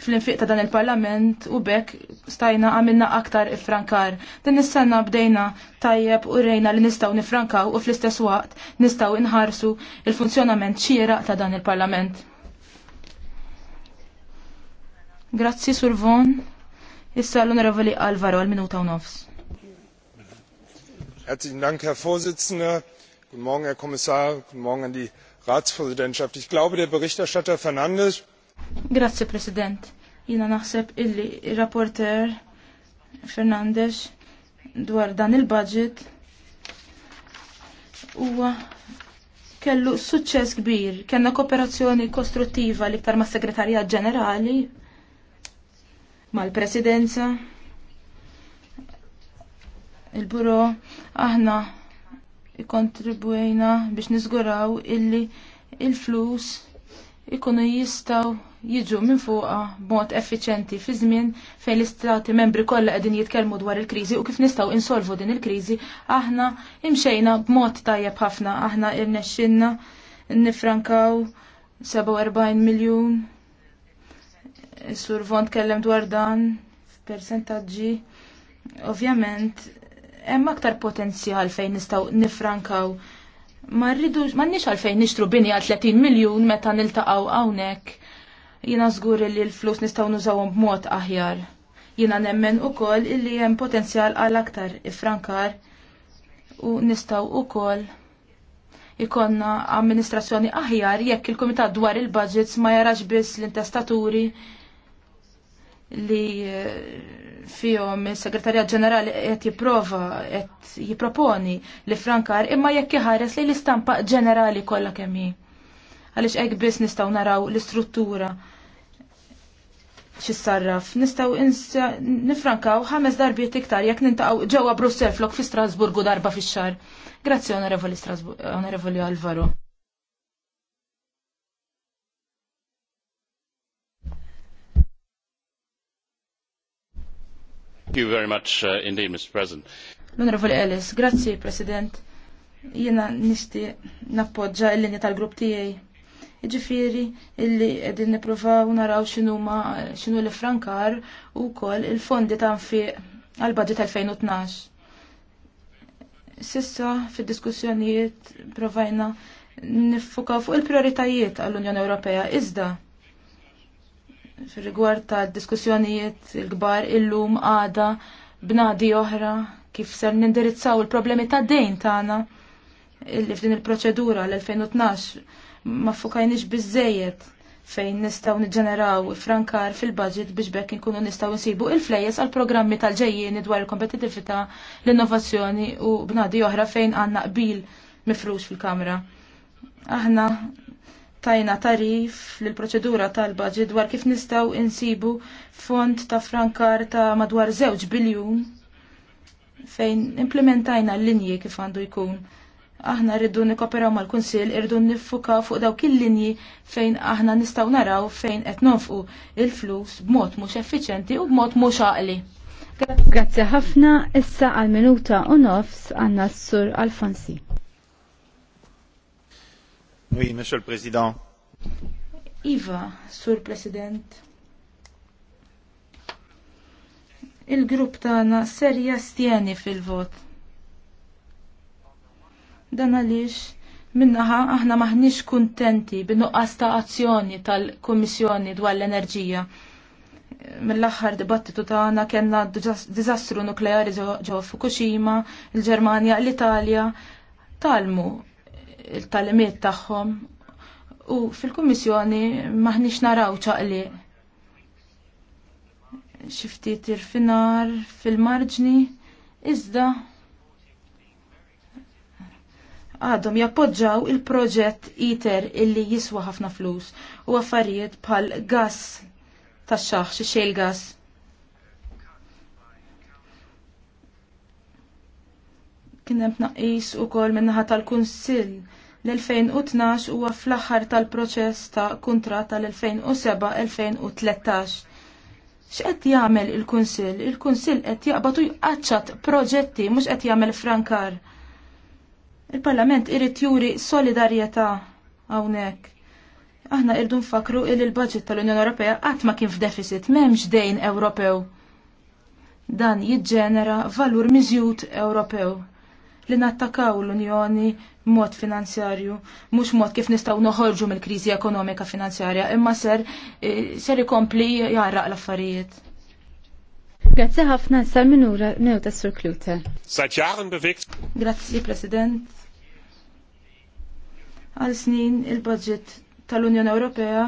fl-infiq ta' dan il-parlament u bekk stajna għamilna aktar ifrankar. Din is bdejna tajjeb u rejna li nistgħu nifrankaw u fl-istess waqt nistgħu inħarsu il-funzjonament xieraq ta' dan il-parlament. Grazzi Survon. Issa l-Onorevoli Alvaro l minuta u nofs. Herzlichen Dank, Herr Vorsitzender. Guten Morgen, Herr Kommissar. Guten Morgen an die Ratspräsidentschaft. Ich glaube, der Berichterstatter Fernandes Grazzi, President. Jina naħseb illi il-rapporter Fernandez dwar dan il-budget huwa kellu suċċess kbir, kellna kooperazzjoni kostruttiva liktar ma' segretarja ġenerali, mal-presidenza, il-buro, aħna kontribujna biex nizguraw illi il-flus ikunu jistaw jiġu minn fuqa b'mod effiċenti fi żmien fejn l-istati membri kollha qegħdin jitkellmu dwar il-kriżi u kif nistgħu insolvu din il-kriżi aħna imxejna b'mod tajjeb ħafna aħna rnexxinna nifrankaw 47 miljun. Sur Vont kellem dwar dan f'persentaġġi. Ovvjament hemm aktar potenzjal fejn nistgħu nifrankaw ma rridux ma nix għalfejn nixtru bini għal 30 miljun meta niltaqgħu hawnhekk Jina zgur li l-flus nistgħu nużawhom b'mod aħjar. Jina nemmen ukoll illi hemm potenzjal għal aktar ifrankar u nistgħu kol ikonna amministrazzjoni aħjar jekk il komitat dwar il-budgets ma jarax biss l-intestaturi li eh, fihom il-Segretarjat Ġenerali qed jipprova qed jipproponi li frankar imma jekk iħares li l-istampa ġenerali kollha kemm hi. Għaliex hekk biss nistgħu naraw l-istruttura xissarraf, nistaw nifrankaw ħames darbiet iktar jekk nintaqgħu ġewwa Brussell flok fi Strasburgu darba fix-xar. Grazzi onorevoli onorevoli Alvaro. Thank you very much uh, indeed, Mr. President. L-Onorevoli Ellis, grazzi, President. Jena nishti nappoġġa l-linja tal-grupp tiegħi Ġifiri, illi għedin niprofaw naraw xinu xinu li frankar u kol il-fondi ta' nfiq għal-budget 2012. Sissa, fid diskussjonijiet provajna nifuka fuq il-prioritajiet għall-Unjoni Ewropea, iżda fil-rigward ta' diskussjonijiet il-gbar illum għada bnadi oħra kif ser nindirizzaw il-problemi ta' dejn tagħna illi f'din il-proċedura l-2012 ma fukajniex biżejjed fejn nistaw niġġeneraw frankar fil-budget biex bekk nkunu nistaw nsibu il flejes għal programmi tal-ġejjieni dwar il-kompetitività, l-innovazzjoni u bnadi oħra fejn għanna qbil mifrux fil-kamra. Aħna tajna tarif l proċedura tal-budget dwar kif nistaw nsibu fond ta' frankar ta' madwar 2 biljun fejn implementajna l-linji kif għandu jkun aħna rridu nikoperaw mal-Kunsill, irridu nifuka fuq dawk il-linji fejn aħna nistaw naraw fejn qed nonfqu il-flus b'mod mhux effiċenti u b'mod mhux għaqli. Grazzi ħafna, issa għal minuta u nofs għanna s-sur Alfonsi. Oui, Monsieur le Président. Iva, Sur President. Il-grupp tagħna serja stjeni fil-vot Dan għaliex minnaħa aħna maħniex kuntenti bin-nuqqas ta' azzjoni tal-Kummissjoni dwar l-enerġija. Mill-aħħar dibattitu tagħna kellna diżastru nukleari ġo Fukushima, il-Ġermanja, l-Italja talmu il-talimiet tagħhom u fil-Kummissjoni maħniex naraw ċaqli xiftit ir-finar fil-marġni iżda għadhom jappoġġaw il-proġett ITER illi jiswa ħafna flus u affarijiet bħal gas tax xaħx xejl gas. Kien hemm tnaqqis ukoll min-naħa tal-Kunsill l-2012 huwa fl-aħħar tal-proċess ta' kuntratt tal-2007-2013 x'qed jagħmel il-Kunsill? Il-Kunsill qed jaqbad u jqaċċat proġetti mhux qed jagħmel frankar. Il-Parlament irrit juri solidarjetà hawnhekk. Aħna irdu nfakru il il-budget tal-Unjoni Ewropea qatt ma kien f'deficit m'hemmx dejn Ewropew. Dan jiġġenera valur miżjud Ewropew li nattakaw l-Unjoni mod finanzjarju, mhux mod kif nistgħu noħorġu mill-kriżi ekonomika finanzjarja, imma ser e, ser ikompli jarraq l-affarijiet. Grazzi ħafna sal minura new Sur Klute. Grazzi President għal snin il-budget tal-Unjoni Ewropea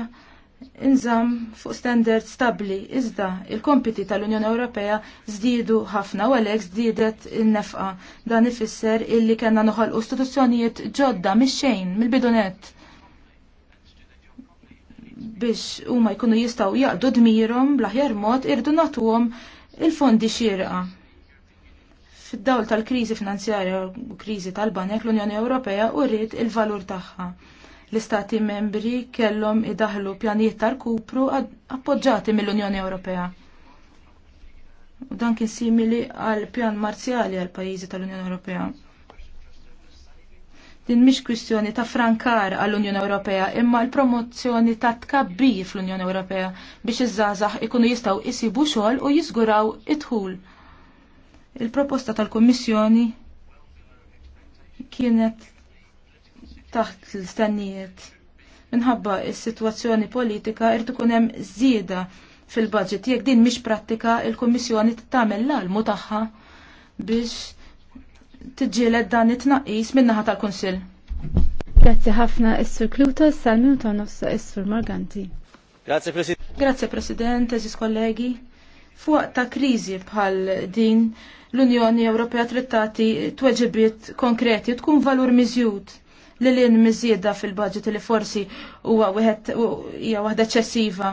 inżam fuq standard stabli, iżda il-kompiti tal-Unjoni Ewropea zdidu ħafna u għalhekk zdidet in-nefqa. Dan ifisser illi kellna noħolqu istituzzjonijiet ġodda misċejn, mil mill-bidunet biex huma jkunu jistgħu jaqdu dmirhom bl-aħjar mod irdu nagħtuhom il-fondi xierqa Fid-dawl tal-kriżi finanzjarja u kriżi tal-banek l-Unjoni Ewropea rrid il-valur tagħha. L-istati membri kellhom idaħlu pjanijiet tal-kupru appoġġati mill-Unjoni Ewropea. U dan kien simili għal pjan marzjali għal pajjiżi tal-Unjoni Ewropea din mhix kwistjoni ta' frankar għall-Unjoni Ewropea imma l-promozzjoni ta' tkabbi fl-Unjoni Ewropea biex iż-żgħażagħ ikunu jistgħu jsibu xogħol u jiżguraw idħul. Il-proposta tal-Kummissjoni kienet taħt l-istennijiet. Minħabba il sitwazzjoni politika irtu kunem hemm żieda fil-budget. Jekk din mhix prattika, il-Kummissjoni tagħmel l-almu tagħha biex tiġġieled dan it-tnaqqis min-naħa tal-Kunsill. Grazzi ħafna is Kluto, sal-minuta nofsa is Marganti. Morganti. Grazzi President. Grazie President, eżis kollegi. Fuq ta' kriżi bħal din l-Unjoni Ewropea trittati tagħti tweġibiet konkreti tkun valur miżjud li lin miżjieda fil-budget li forsi huwa wieħed hija waħda eċċessiva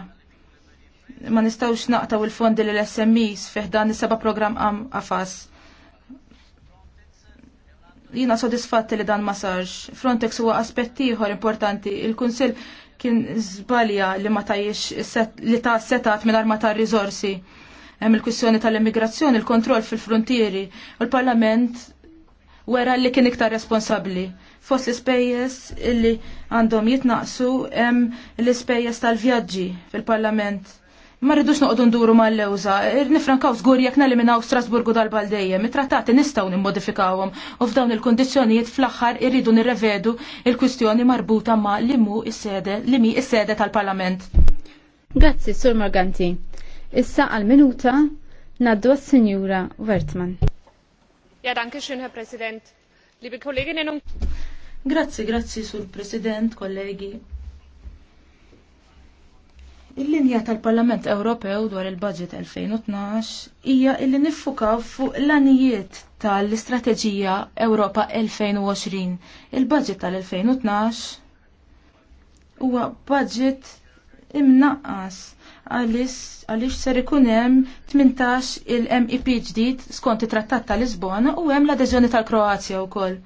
ma nistawx naqtaw il-fondi l smis fiħdan is-seba program għam għafas. Jina sodisfatti li dan ma sarx. Frontex huwa aspett ieħor importanti. Il-Kunsill kien żbalja li ma tajiex li ta' setat minn ma ta' riżorsi. Hemm il kwissjoni tal-immigrazzjoni, il-kontroll fil-frontieri, u l-Parlament wera li kien iktar responsabbli. Fost l-ispejjeż li għandhom jitnaqsu hemm l-ispejjeż tal-vjaġġi fil-Parlament. Ma rridux noqogħdu nduru mal-lewża, nifrankaw żgur jekk neliminaw Strasburgu dal-baldejjem, it-trattati nistgħu nimmodifikawhom u f'dawn il-kundizzjonijiet fl-aħħar irridu nirrevedu il-kwistjoni marbuta ma' limu is-sede, limi is-sede tal-Parlament. Grazzi, Sur Morganti. Issa għal-minuta naddu għas-Sinjura Wertman. Ja, danke xin, Herr President. Liebe Kolleginnen und Grazzi, grazzi sur President, kollegi. Il-linja tal-Parlament Ewropew dwar il-Budget 2012 hija illi niffukaw fuq l-anijiet tal-Istrateġija Ewropa 2020. Il-Budget tal-2012 huwa budget imnaqqas għaliex ser ikun hemm 18 il-MEP ġdid skont it-Trattat ta' Lisbona u hemm l-adeżjoni tal-Kroazja wkoll.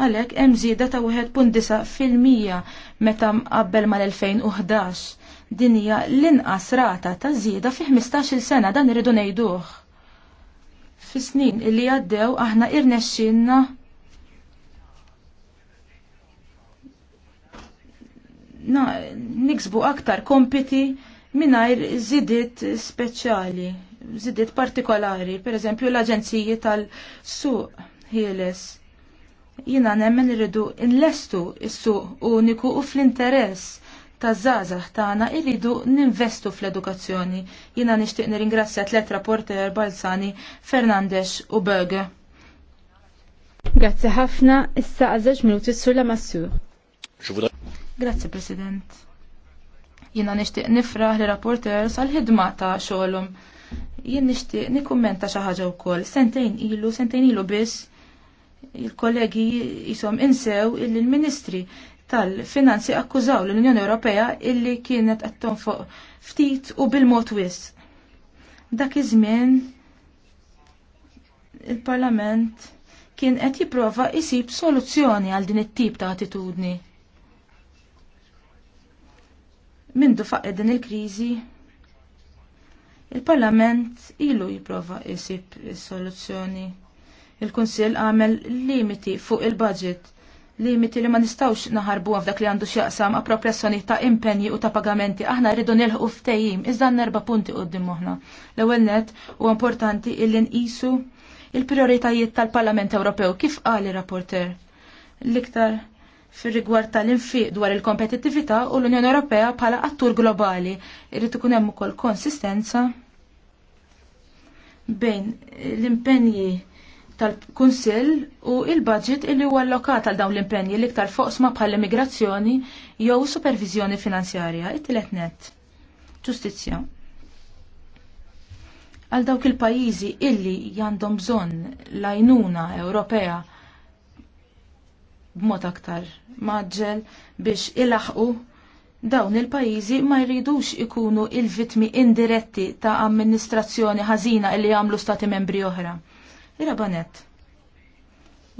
Għalhekk hemm żieda ta' 1.9 fil-mija meta qabel mal-2011. Din hija l-inqas rata ta' żieda fi 15-il sena dan irridu ngħiduh. Fi snin illi għaddew aħna irnexxinna na, niksbu aktar kompiti minajr zidiet speċjali, zidiet partikolari, per eżempju l-Aġenziji tal-Suq ħieles. Jina nemmen irridu inlestu s-suq uniku u fl-interess ta' zazax tagħna irridu ninvestu fl-edukazzjoni. Jina nixtieq nirringrazzja tliet rapporter Balzani, Fernandez u Berge. Grazzi ħafna, issa għal minuti s-sulla Massur. Grazzi President. Jiena nixtieq nifraħ li rapporters għal ħidma ta' xogħolhom. Jien nixtieq nikkummenta xi ħaġa wkoll. Sentejn ilu, sentejn ilu biss il-kollegi jisom insew il ministri tal-Finanzi akkużaw l-Unjoni Ewropea illi kienet qed fuq ftit u bil-mod wis. Dak iż-żmien il-Parlament kien qed jipprova jsib soluzzjoni għal din it-tip ta' attitudni. Mindu faqed din il-kriżi, il-Parlament ilu jipprova jisib is-soluzzjoni. Il-Kunsill għamel limiti fuq il-budget, limiti li ma nistawx naħarbu għafdak li għandu x'jaqsam appropriazzjoni ta' impenji u ta' pagamenti. Aħna rridu nilħu ftejim. iżda nerba' punti u moħħna. L-ewwel net huwa importanti illi nqisu il-prioritajiet tal-Parlament Ewropew kif għali rapporter L-iktar fir-rigward tal-infiq dwar il-kompetittività u l-Unjoni Ewropea bħala attur globali. Irrid ikun hemm ukoll konsistenza bejn l-impenji tal-Kunsill u il-budget illi huwa allokat għal dawn l-impenji l-iktar foqsma bħal immigrazzjoni jew supervizjoni finanzjarja. It-tielet net. Ġustizzja. Għal dawk il-pajjiżi illi għandhom bżonn l-għajnuna Ewropea b'mod aktar maġġel biex ilaħqu dawn il-pajjiżi ma jridux ikunu il-vitmi indiretti ta' amministrazzjoni ħażina li jagħmlu stati membri oħra. Irabanet.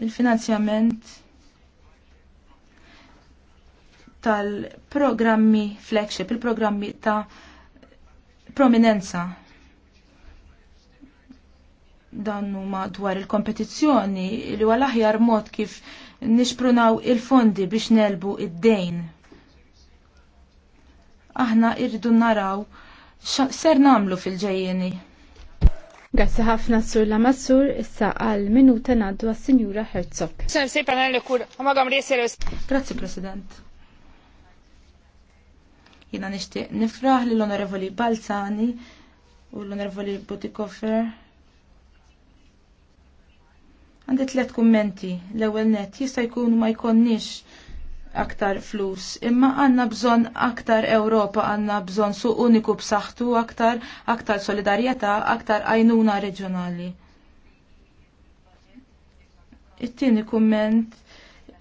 Il-finanzjament tal-programmi flagship, il-programmi ta' prominenza dan huma dwar il-kompetizzjoni li huwa l-aħjar mod kif nixprunaw il-fondi biex nelbu id-dejn. Aħna irridu naraw ser namlu fil-ġejjeni. Grazzi ħafna sur la massur issa għal minuta naddu għas sinjura Herzog. Grazzi President. Jina nishtiq nifraħ li l-Onorevoli Balzani u l-Onorevoli Butikoffer Għandi tlet kummenti. L-ewwel net jista' jkun ma jkonniex aktar flus, imma għandna bżonn aktar Ewropa, għandna bżonn suq uniku b'saħħtu aktar, aktar solidarjetà, aktar għajnuna reġjonali. It-tieni kumment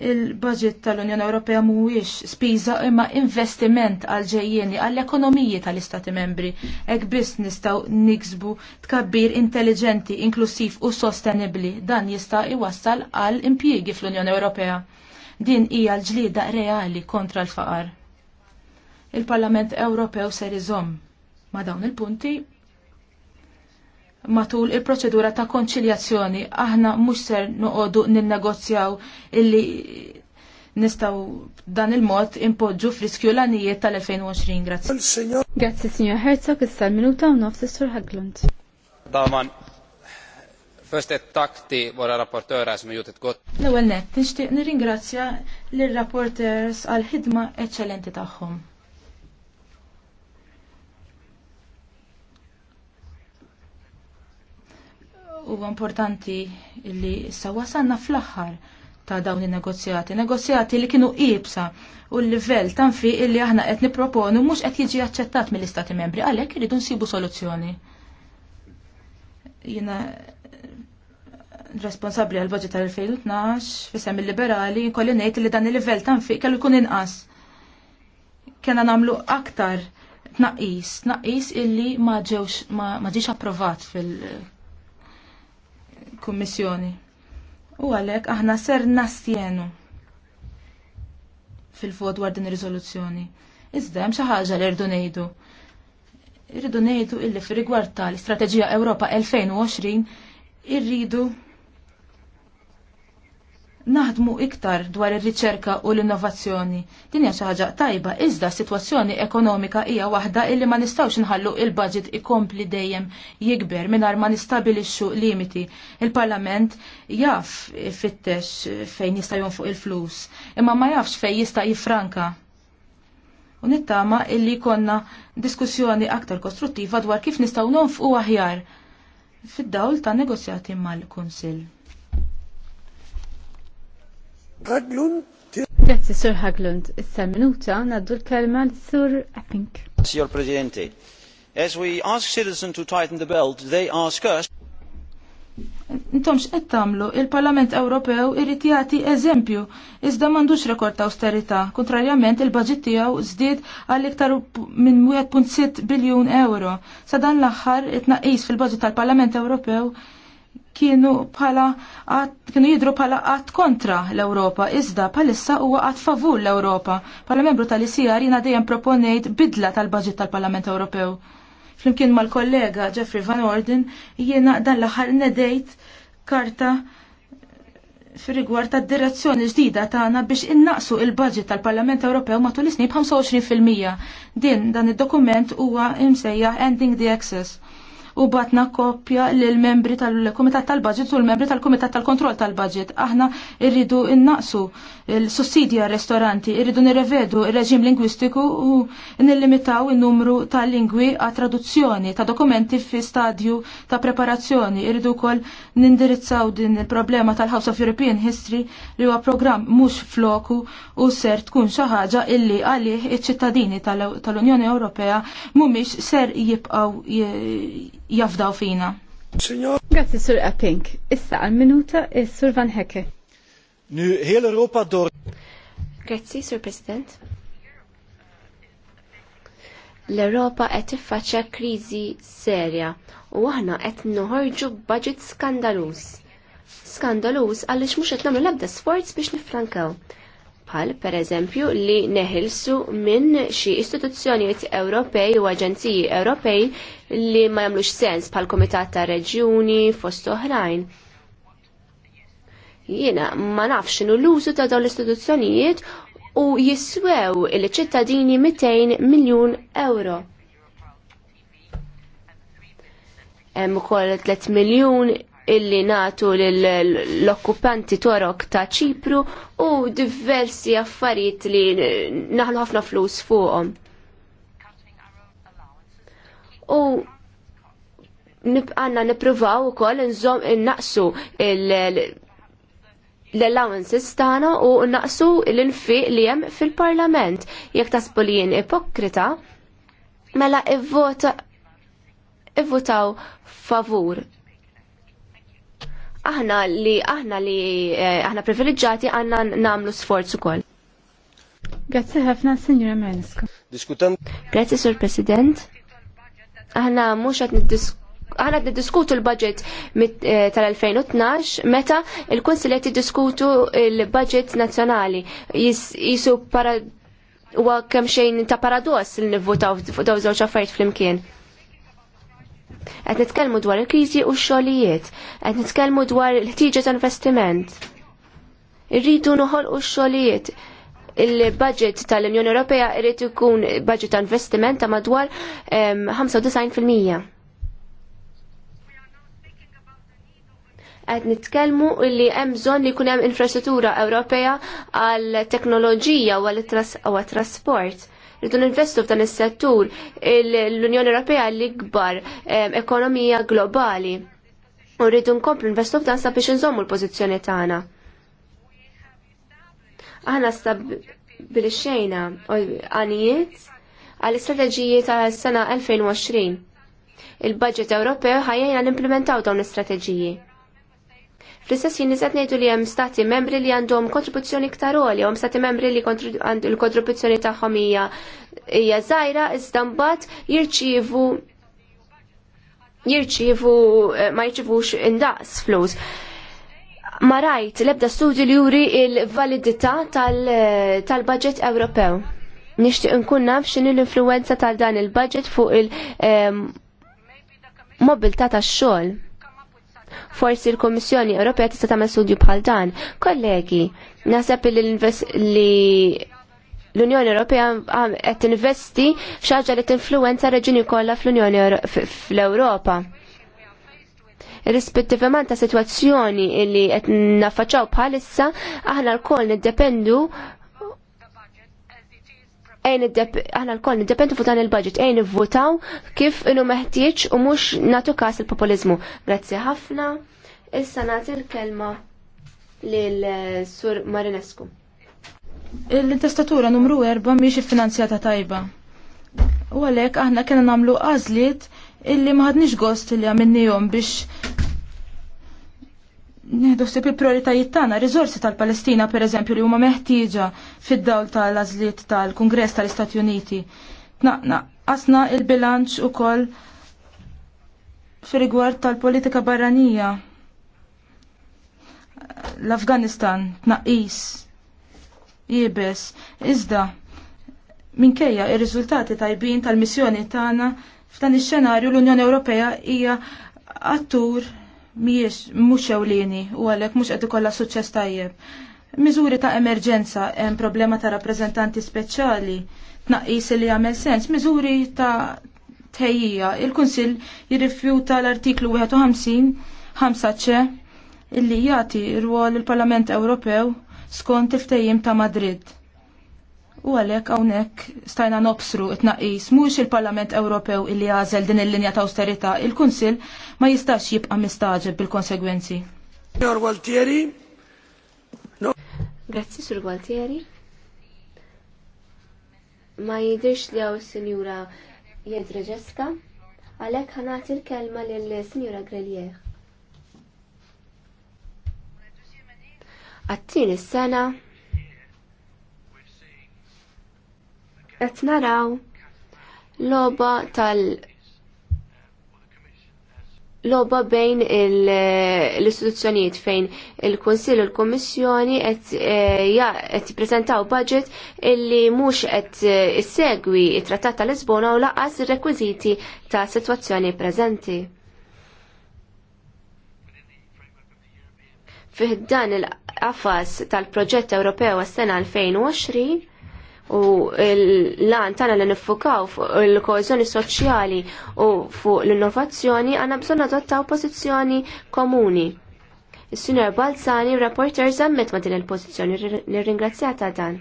il-budget tal-Unjoni Ewropea mhuwiex spiża imma investiment għal ġejjieni għall ekonomiji tal-Istati Membri. Hekk biss nistgħu niksbu tkabbir intelligenti, inklusiv u sostenibbli. Dan jista' iwassal għal impjiegi fl-Unjoni Ewropea. Din hija l-ġlieda reali kontra l-faqar. Il-Parlament Ewropew ser iżomm ma' dawn il-punti matul il-proċedura ta' konċiljazzjoni. Aħna mhux ser noqogħdu ninnegozjaw illi nistaw dan il-mod impoġġu friskju l-anijiet tal-2020. Grazie. Grazzi, signor Herzog, issa l-minuta u nofs sur Haglund. Daman, First et takti wara rapportera għazmi jutit gott. L-ewel net, nishtiq nirringrazzja l-rapporters għal-ħidma eccellenti tagħhom. huwa importanti li issa wasanna fl-aħħar ta' dawn in-negozjati, negozjati li kienu qibsa u l-livell ta' nfiq illi aħna qed nipproponu mhux qed jiġi aċċettat mill-Istati Membri għalhekk iridu nsibu soluzzjoni. Jiena responsabbli għal budget tal-2012 fisem il-liberali jkolli ngħid li dan il-livell tan fi kellu jkun inqas. Kena nagħmlu aktar tnaqqis, tnaqqis illi ma ġewx ma ġiex approvat fil kummissjoni U għalhekk aħna ser nastjenu fil-vot dwar din ir-riżoluzzjoni. Iżda hemm xi ħaġa li rridu ngħidu. Irridu ngħidu illi fir-rigward tal-Istrateġija Ewropa 2020 irridu naħdmu iktar dwar ir-riċerka u l-innovazzjoni. Din hija xi ħaġa tajba iżda s-sitwazzjoni ekonomika hija waħda illi ma nistgħux nħallu il-budget ikompli dejjem jikber mingħajr ma nistabilixxu limiti. Il-Parlament jaf fittex fejn jista' jonfuq il-flus, imma ma jafx fejn jista' jifranka. U nittama illi konna diskussjoni aktar kostruttiva dwar kif nistgħu nonfqu aħjar fid-dawl ta' negozjati mal-Kunsill. Grazie, Sur Haglund. Issa minuta naddu l-kelma l-Sur Epping. Signor Presidente, as we ask citizens to tighten the belt, they ask us... Intomx ettamlu, il-Parlament Ewropew irid eżempju iżda mandux rekord ta' austerita, Kontrarjament il budget tiegħu żdied għal iktar minn 1.6 biljun euro. Sa dan l-aħħar it fil budget tal-Parlament Ewropew kienu bħala kienu jidru bħala qatt kontra l-Ewropa, iżda bħalissa huwa qatt favur l-Ewropa. Pala membru tal-ICR jiena dejjem proponejt bidla tal budget tal-Parlament Ewropew. Flimkien mal-kollega Jeffrey Van Orden jiena dan l nedejt karta fir rigward tad direzzjoni ġdida tagħna biex innaqsu il-budget tal-Parlament Ewropew matul isni b'25%. Din dan id-dokument huwa imsejjaħ Ending the Access u batna kopja l-membri tal-Komitat tal-Budget u l-membri tal-Komitat tal-Kontroll tal-Budget. Aħna irridu innaqsu l-sussidja restoranti, irridu nirrevedu il-reġim lingwistiku u nillimitaw il-numru tal-lingwi għat traduzzjoni ta' dokumenti fi stadju ta' preparazzjoni. Irridu kol nindirizzaw din il-problema tal-House of European History li huwa program mhux floku u ser tkun xi ħaġa illi għalih iċ-ċittadini tal-Unjoni Ewropea mhumiex ser jibqgħu jafdaw fina. Grazzi Sur Appink. Issa għal-minuta eh, is-Sur Van Hecke. Nu heel Europa door. Grazzi Sur President. L-Europa qed tiffaċċja kriżi serja u aħna qed noħorġu budget skandaluż. Skandaluż għaliex mhux qed nagħmlu l-ebda sforz biex nifrankaw bħal per eżempju li neħilsu minn xi istituzzjonijiet Ewropej u aġenziji Ewropej li ma jagħmlux sens bħal Komitat ta' Reġjuni fost oħrajn. Jiena ma nafx x'inhu l-użu ta' dawn l-istituzzjonijiet u jiswew il-ċittadini 200 miljun euro. Hemm ukoll 3 miljun illi natu l-okkupanti torok ta' ċipru u diversi affarijiet li naħlu ħafna flus fuqhom. U għanna nipruvaw u koll naqsu l-allowances tagħna u naqsu l-infiq li hemm fil-parlament. Jekk tasbu li jien ipokrita, mela ivvotaw favur aħna li aħna li eh, aħna privileġġati għandna nagħmlu sforz ukoll. Grazzi ħafna Sinjura Menska. Diskutant. Grazzi Sur President. Aħna mhux qed niddiskutu aħna diskutu l-budget eh, tal-2012 meta il-Kunsil qed diskutu l-budget nazzjonali jisu para u kemm xejn ta' paradoss li nivvutaw fuq daw żewġ affarijiet flimkien. Qed nitkellmu dwar il-kriżi u x-xogħlijiet, qed nitkellmu dwar il ħtieġa ta' investiment. Irridu noħolqu x-xogħlijiet. Il-budget tal-Unjoni Ewropea irid ikun budget ta' investiment ta' madwar 95%. qed nitkellmu li hemm bżonn li jkun hemm infrastruttura Ewropea għal teknoloġija u għal trasport rridu ninvestu f'dan is-settur l-Unjoni Ewropea li kbar ekonomija globali. U rridu nkomplu investu f'dan sabiex inżommu l-pożizzjoni tagħna. Aħna stabilixxejna għanijiet għall-istrateġiji tas-sena 2020. Il-budget Ewropew ħajjejna nimplementaw dawn l-istrateġiji Fl-istess jien niżed ngħidu li hemm stati membri li għandhom kontribuzzjoni iktar għolja, hemm stati membri li l-kontribuzzjoni tagħhom hija hija żgħira iżda mbagħad jirċievu jirċievu eh, ma jirċivux indaqs flus ma rajt lebda studju li juri il-validità eh, tal-budget tal Ewropew. Nixtieq nkun naf x'inhi l-influenza tal dan il-budget fuq il-mobilità eh, tax-xogħol. Forsi l-Kommissjoni Ewropea tista' tagħmel studju bħal dan. Kollegi, naħseb li l-Unjoni Ewropea qed tinvesti xaġa li tinfluwenza reġuni kollha fl-Unjoni fl-Ewropa. Rispettivament ta' situazzjoni li qed naffaċċaw bħalissa, aħna lkoll niddependu ejn aħna l-koll nid-dependu fuq dan il-budget, ejn votaw kif inu meħtieġ u mhux natu każ il-populizmu. Grazzi ħafna. Issa nagħti l-kelma lil eh, Sur Marinescu. L-intestatura numru 4 mhix iffinanzjata tajba. U għalhekk aħna kena nagħmlu għażliet illi maħadniex gost li għaminnijom biex Nieħdu stib il-prioritajiet tagħna, riżorsi tal-Palestina pereżempju li huma meħtieġa fid-dawl tal-għażliet tal-Kungress tal-Istati Uniti. Naqna qasna il-bilanċ ukoll fir-rigward tal-politika barranija. L-Afganistan tnaqqis jibes, iżda minkejja ir-riżultati tajbin tal-missjoni tagħna f'dan ix-xenarju l-Unjoni Ewropea hija attur mhijiex mhux ewlieni u għalhekk mhux qed kolla suċċess tajjeb. Miżuri ta' emerġenza hemm problema ta' rappreżentanti speċjali, tnaqqis li jagħmel sens, miżuri ta' tejjija. Il-Kunsill jirrifjuta l-artiklu 51 ċe illi jagħti rwol il-Parlament Ewropew skont il-ftejjim ta' Madrid U għalek għawnek stajna nobsru it-naqis, mux il-Parlament Ewropew illi għazel din il-linja ta' austerita, il-Kunsil ma jistax jibqa mistaġeb bil-konsegwenzi. Signor Gualtieri. No. Grazzi, Sur Gualtieri. Ma jidrix li għaw il-Sinjura Jedra Ġeska, għalek ħanati il-kelma l-Sinjura Grelier. Għattini s-sena, qed naraw loba tal loba bejn l-istituzzjonijiet fejn il-Kunsill u l-Kommissjoni eh, qed jippreżentaw budget illi mhux qed eh, issegwi it-Trattat ta' Lisbona u laqas ir-rekwiżiti ta' sitwazzjoni preżenti. Fih dan il-qafas tal-proġett Ewropew għas-sena 2020 u l-lan tana li nifukaw fuq il-kohezjoni soċjali u fuq l-innovazzjoni għanna bżonna dottaw pozizjoni komuni. Is-Sinjor Balzani, rapporter zammet ma din il-pozizjoni, nirringrazzja ringrazzjata dan.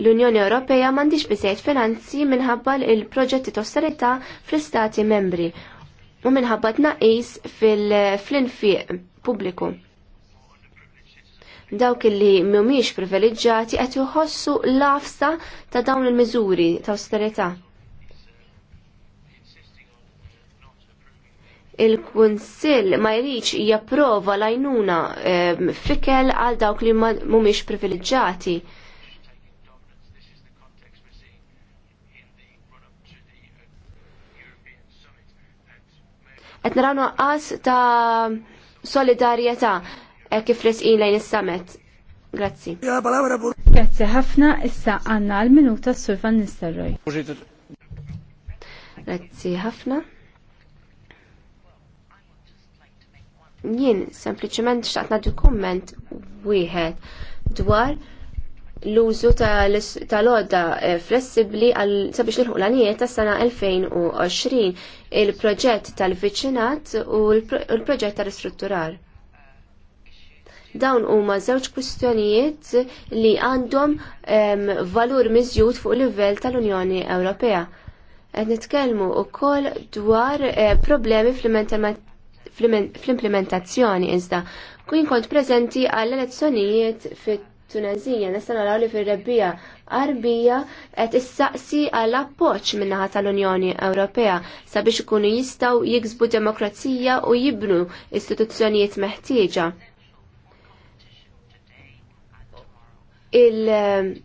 L-Unjoni Ewropea mandiġ biżejt finanzi minħabba il-proġetti t-osterita fl-istati membri u minħabba tnaqis fil-infiq pubbliku dawk li mhumiex privileġġjati qed joħossu l-afsa ta' dawn il-miżuri ta' austerità. Il-Kunsill ma jridx japprova lajnuna ehm, fikel għal dawk li mhumiex privileġġjati. Qed naraw nuqqas ta' solidarjetà E kif resqin lejn is-summit. Grazzi. Grazzi ħafna issa għanna għal minuta s-sur Van Grazzi ħafna. Jien sempliċement xtaqt nagħti komment wieħed dwar l-użu tal-odda eh, flessibli għal sabiex l-għanijiet tas sena 2020 il-proġett tal-viċinat u l-proġett tal-istrutturar. Dawn huma żewġ kwistjonijiet li għandhom valur miżjud fuq livell tal-Unjoni Ewropea. Qed nitkellmu wkoll dwar eh, problemi fl-implementazzjoni iżda. Kun kont preżenti għall-elezzjonijiet fit Tunezija nista' naraw li fir-rebbija qarbija qed issaqsi għal appoġġ min-naħa tal-Unjoni Ewropea sabiex ikunu jistgħu jiksbu demokrazija u jibnu istituzzjonijiet meħtieġa. il-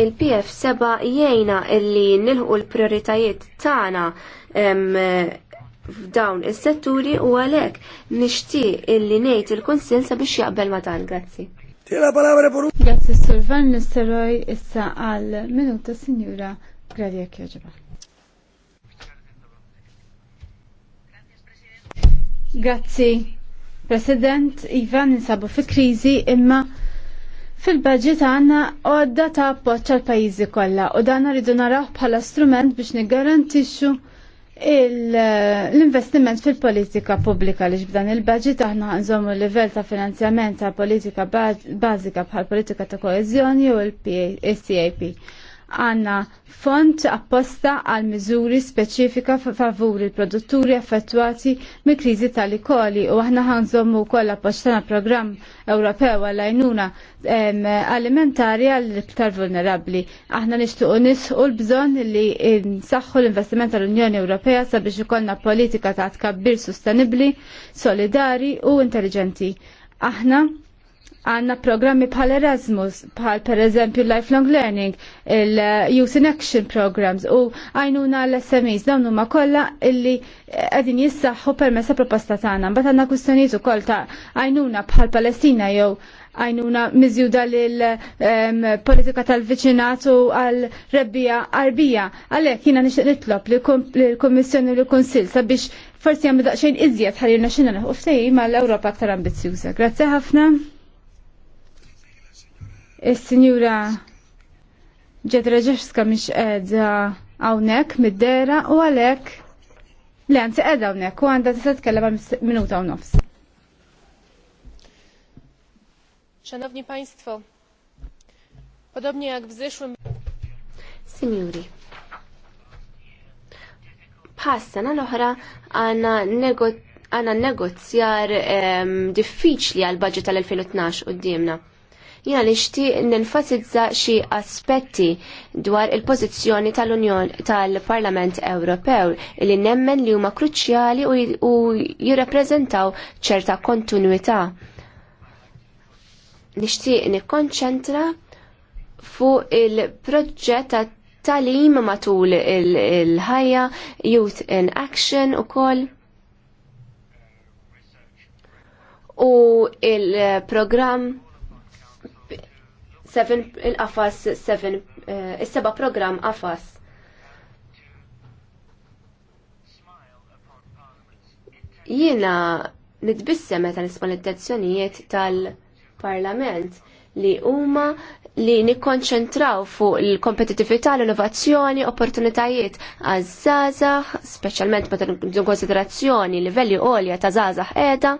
il-PF7 jgħina illi nilħu l-prioritajiet tagħna f'dawn is-setturi u għalhekk nixtieq illi ngħid il-Kunsill sabiex jaqbel ma dan, grazzi. Tira palabra poru. Grazzi Sur Van issa għal minuta Signora Gravia Kjoġba. Grazzi, President, Iva ninsabu fi krizi imma fil-budget għanna għodda ta' appoċċa l pajizi kolla u dan rridu naraw bħala strument biex nigarantixxu l-investiment fil-politika pubblika li ġbdan il-budget aħna nżommu l-livell ta' finanzjament ta' politika bażika bħal politika ta' koezjoni u l-PACAP għanna font apposta għal miżuri speċifika favur il-produtturi affettwati mi krizi tal-ikoli u aħna ħanżommu kolla postana program Ewropew għal-għajnuna alimentari għall-iktar vulnerabli. Aħna nishtuqu nisħu l-bżon li nsaxħu l-investiment tal-Unjoni Ewropea sabiex ikollna politika ta' tkabbir sostenibli, solidari u intelligenti. Aħna għanna programmi bħal Erasmus, bħal per eżempju Lifelong Learning, il-Youth uh, in Action Programs u għajnuna l-SMEs, dawn huma kollha illi uh, għedin jissaħħu permessa proposta tagħna. Mbagħad għandna kwistjonijiet ukoll ta' għajnuna bħal Palestina jew għajnuna miżjuda lil um, politika tal-viċinat u għal rebbija arbija. Għalhekk jiena nixtieq nitlob lill-Kummissjoni u l-Kunsill sabiex forsi għamlu daqsxejn iżjed ħalli xi nagħlqu ftehim mal-Ewropa aktar ambizzjuża. Grazzi ħafna il sinjura Ġedreġevska mhix edha hawnhekk mid-dera u għalhekk Le, għanzi edha unnek, u għanda tista' tkellem minuta u nofs. Szanowni Państwo, podobnie jak w zeszłym... Signori, passa na oħra għana negozjar ehm, diffiċli għal budget tal-2012 u d-diemna. Jina nixtieq nenfasizza xi aspetti dwar il-pożizzjoni tal-Unjon tal-Parlament Ewropew li nemmen li huma kruċjali u jirrappreżentaw ċerta kontinuità. Nixtieq nikkonċentra fuq il-proġett tal talim matul il-ħajja, il Youth in Action u U il-program il-qafas 7, il-seba program qafas. Jiena nitbissem meta nisma l-intenzjonijiet tal-Parlament li huma li nikkonċentraw fuq il-kompetitività, l-innovazzjoni, opportunitajiet għaż-żgħażagħ, speċjalment meta konsiderazzjoni livelli għolja ta' żgħażagħ edha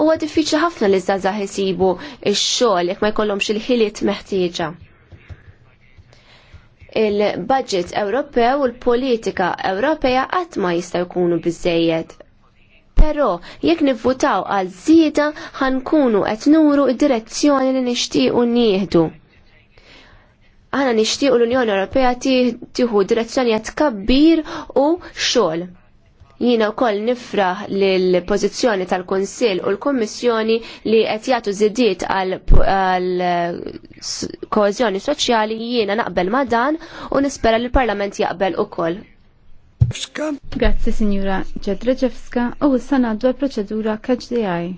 huwa diffiċli ħafna li żgħażagħ isibu x-xogħol jekk ma jkollhomx il-ħiliet meħtieġa il-budget Ewropew u l-politika Ewropea qatt ma jistgħu jkunu biżejjed. Però jekk nivvutaw għal żieda ħankunu qed nuru d-direzzjoni li nixtiequ nieħdu. Aħna nixtiequ l-Unjoni Ewropea tieħu direzzjoni kabbir u xogħol. Jina u koll nifraħ l-pozizjoni tal-Konsil u l-Kommissjoni li qed jagħtu żidiet għal koeżjoni soċjali jiena naqbel ma' dan u nispera li l-Parlament jaqbel ukoll. Grazzi signora Ġedreġevska u issa ngħaddu proċedura KHDI.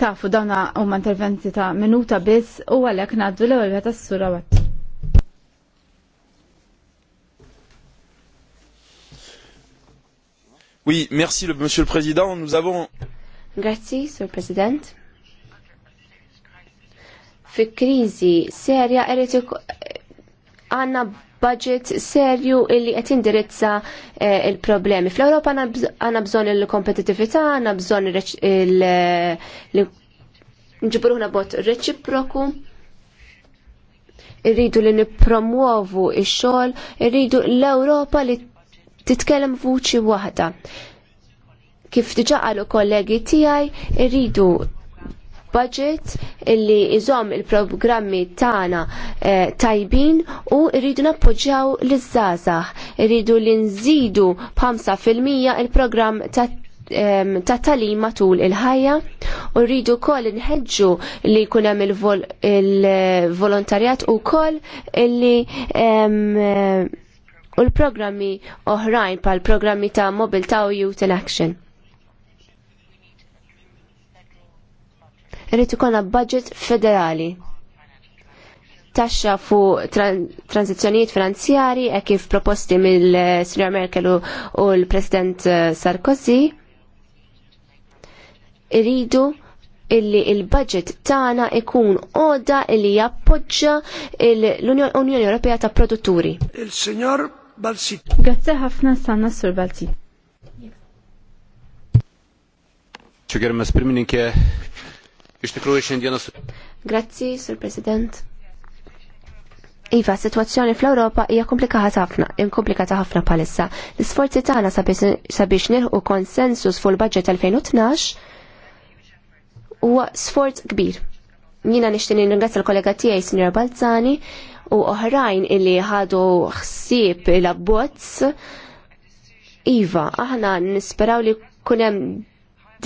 Tafu dawna huma interventi ta' minuta biss u għalhekk ngħaddu l-ewwel tas-sura Oui, merci le, Monsieur le Président. Nous avons. Grazie, Sir President. Fi krizi serja irrid għandna budget serju illi qed indirizza l eh, il-problemi. Fl-Ewropa għandna bżonn il-kompetitività, għandna bżonn il-ġibruħna bot reċiproku irridu li nippromuovu ix-xogħol, irridu l-Ewropa li titkellem vuċi waħda. Kif diġa qalu kollegi tiegħi irridu budget illi iżom il-programmi tagħna eh, tajbin u rridu nappoġġjaw l-żgħażagħ, irridu li nżidu b'5% il-programm ta' ta' talim matul il-ħajja u rridu kol nħedġu li kunem il-volontarjat il eh, u kol li u l-programmi oħrajn pal programmi ta' Mobile u youth in action. Irrid ikolna budget federali. Taxxa fuq tranzizzjonijiet finanzjari e kif proposti mill-Sinjor Merkel u l-President eh, Sarkozy. Iridu illi il-budget tagħna ikun oda illi jappoġġa l-Unjoni Ewropea ta' Produtturi. Il-Sinjor Balsi. Grazie ħafna sanna sur Balzi. Ċugermas pirmininkė, iš tikrųjų šiandienas. Grazzi, sur President. Iva, situazzjoni fl-Europa hija komplikata ħafna, inkomplikata ħafna palissa. L-isforzi tagħna sabiex nilħu konsensus fuq il-budget 2012 huwa sforz kbir. Jiena nixtieq nirringrazzja l-kollega tiegħi Sinjor Balzani u oħrajn illi ħadu ħsieb il bozz Iva, aħna nisperaw li kunem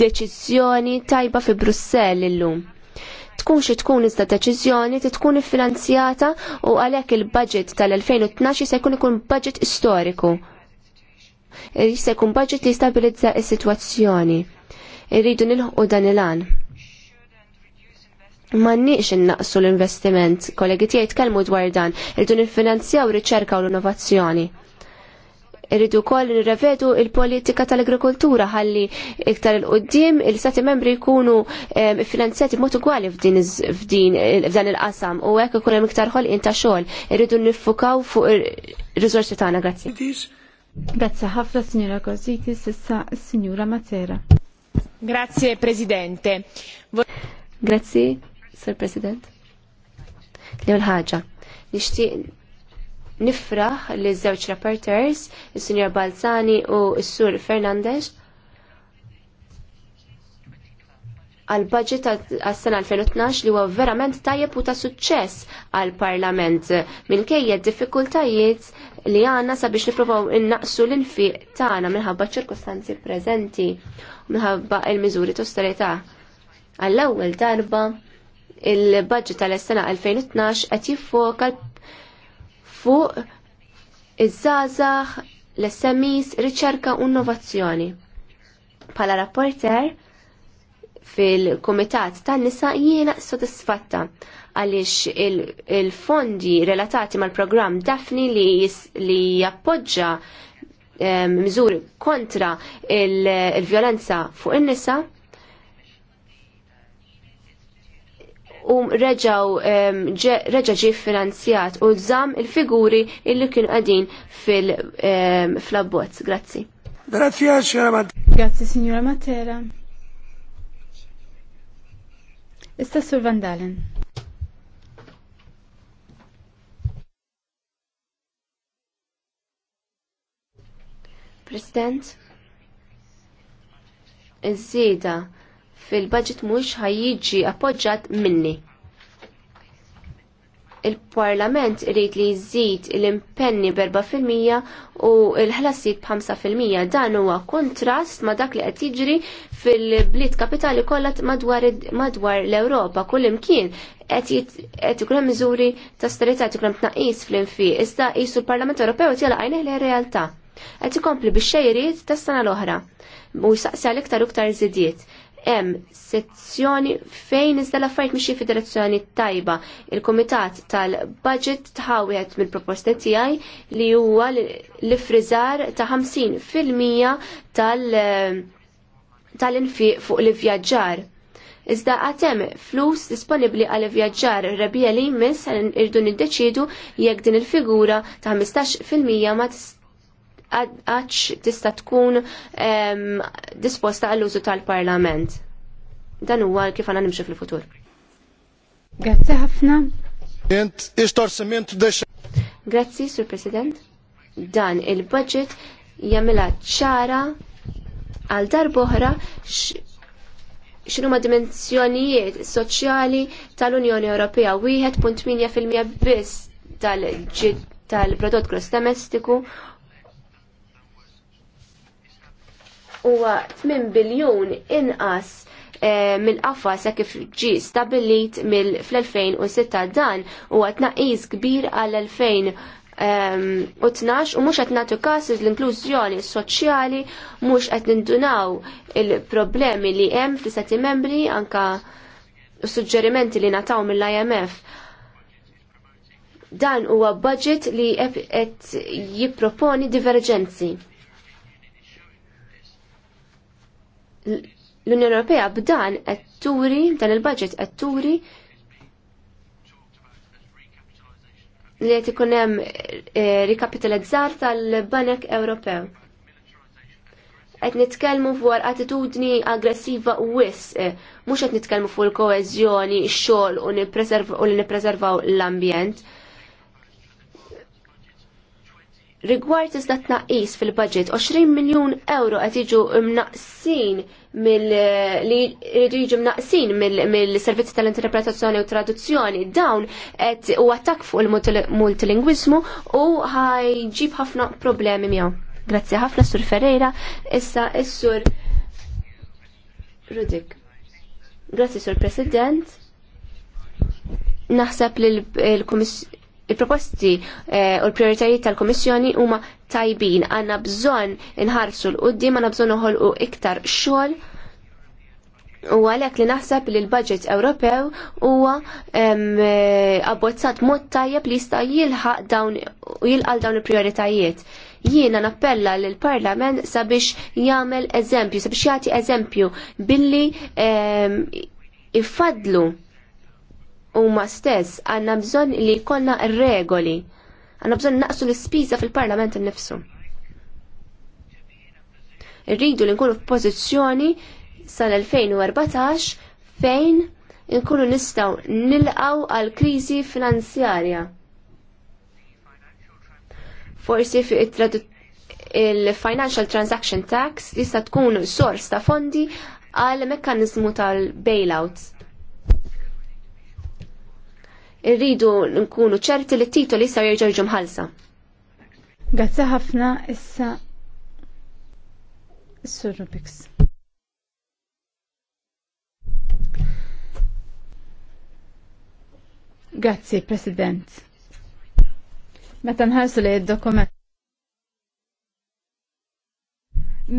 deċizjoni tajba fi Brussell illum. Tkun xi tkun iżda deċiżjoni ti tkun iffinanzjata u għalhekk il-budget tal-2012 se jkun ikun budget istoriku. Se jkun budget li stabilizza is sitwazzjoni Irridu nilħu dan il-an. Ma n innaqsu l-investiment, kollegi tiegħi tkellmu dwar dan, irridu nifinanzjaw riċerka u l-innovazzjoni. Irridu wkoll nirrevedu il-politika tal-agrikoltura ħalli iktar il-qoddim il sati membri jkunu finanzjati mod ugwali f'dan il-qasam u hekk ikun hemm iktar ħolqien ta' xogħol. Irridu niffukaw fuq ir-riżorsi tagħna, grazzi. Grazzi ħafna signora Kozziti, sissa s-Signora Matera. Grazie Presidente. Grazie. Sir President. l ħaġa. Nixtieq nifraħ li żewġ rapporters, is-Sinjor Balzani u s-Sur Fernandez, għal budget għas sena 2012 li huwa verament tajjeb u ta' suċċess għal parlament minkejja diffikultajiet li għanna sabiex niprofaw innaqsu l-infiq tagħna minħabba ċirkostanzi preżenti minħabba il-miżuri ta' austerità. Għall-ewwel darba il-budget tal-sena 2012 qed jiffoka fuq iż-żgħażagħ, l-SMEs, riċerka u innovazzjoni. Pala rapporter fil-Kumitat tan-nisa jiena sodisfatta għaliex il-fondi il relatati mal-programm Dafni li, li jappoġġa miżuri kontra il-vjolenza il fuq in-nisa il u reġaw reġa ġi finanzjat u żamm il-figuri illi kien għadin fil-abbozz. Grazzi. Grazzi, signora Matera. Grazzi, signora Matera. Ista Vandalen. President, iż-żieda fil-budget mhux ħajjiġi appoġġjat minni. Il-Parlament irid li jżid l-impenni b'4% u l-ħlasijiet b'5% dan huwa kontrast ma' dak li qed jiġri fil-bliet kapitali kollha madwar l-Ewropa kull imkien qed ikun hemm miżuri ta' sterità qed ikun tnaqqis fl-infiq, iżda qisu l-Parlament Ewropew tjela għajneh lejn realtà. Qed ikompli bix-xejriet tas-sena l-oħra u jsaqsi għal iktar u iktar żidiet hemm sezzjoni fejn iżda l-affarijiet mixi fid-direzzjoni tajba. Il-Kumitat tal-Budget tħawet mill-proposta tiegħi li huwa l-ifriżar ta' 50 fil-mija eh, tal-infiq fuq l-ivvjaġġar. Iżda għatem flus disponibli għal vjaġġar rebija li jmiss irdu niddeċidu jekk din il-figura ta' 15% ma tistax għax tista' tkun disposta għall-użu tal-Parlament. Dan huwa kif għana nimxu fil-futur. Grazzi ħafna. Grazzi, Sur President. Dan il-budget jagħmilha ċara għal darboħra xinu ma dimensjonijiet soċjali tal-Unjoni Ewropea 1.8% biss tal-prodott gross domestiku huwa 8 biljun inqas eh, mill-qafa sa kif ġi stabilit mill fl-2006 dan huwa tnaqqis kbir għal 2012 ehm, u mhux qed nagħtu każ l-inklużjoni soċjali mhux qed nindunaw il-problemi li hemm fl sati membri anka suġġerimenti li nataw mill-IMF dan huwa budget li qed jipproponi diverġenzi. l-Unjoni Ewropea b'dan qed turi, dan il-budget qed turi li qed ikun hemm eh, rikapitalizzar tal-Banek Ewropew. Qed nitkellmu fuq attitudni aggressiva u wiss, eh, mhux qed nitkellmu fuq il-koeżjoni, x-xogħol u li nippreservaw l-ambjent. Rigward iżda tnaqqis fil-budget 20 miljun euro qed jiġu mnaqsin mill li jiġu mnaqsin mill-servizzi tal-interpretazzjoni u traduzzjoni dawn qed u attak fuq il-multilingwiżmu u ħajġib ħafna problemi miegħu. Grazzi ħafna Sur Ferreira, issa is-Sur Rudik. Grazzi Sur President. Naħseb li l-Kummissjoni il-proposti eh, u l-prioritajiet tal-Komissjoni huma tajbin. Għanna bżonn inħarsu l-qoddim, għanna bżonn u iktar xogħol u għalek li naħseb li l-budget Ewropew huwa eh, abbozzat mod tajjeb li jista' jilħaq dawn jilqal dawn il-prioritajiet. Jiena nappella l parlament sabiex jagħmel eżempju, sabiex jagħti eżempju billi ifadlu huma stess għandna bżonn li jkollna regoli. Għandna bżonn naqsu l-ispiża fil-Parlament innifsu. Irridu li nkunu f'pożizzjoni sal-2014 fejn nkunu nistgħu nilqaw għal kriżi finanzjarja. Forsi fi il-Financial Transaction Tax jista' tkun sors ta' fondi għal mekkaniżmu tal-bailouts irridu nkunu ċerti li t-titoli jistgħu jerġgħu ħalsa. Grazzi ħafna issa s Rubiks. Grazzi, President. Meta nħarsu li id-dokument.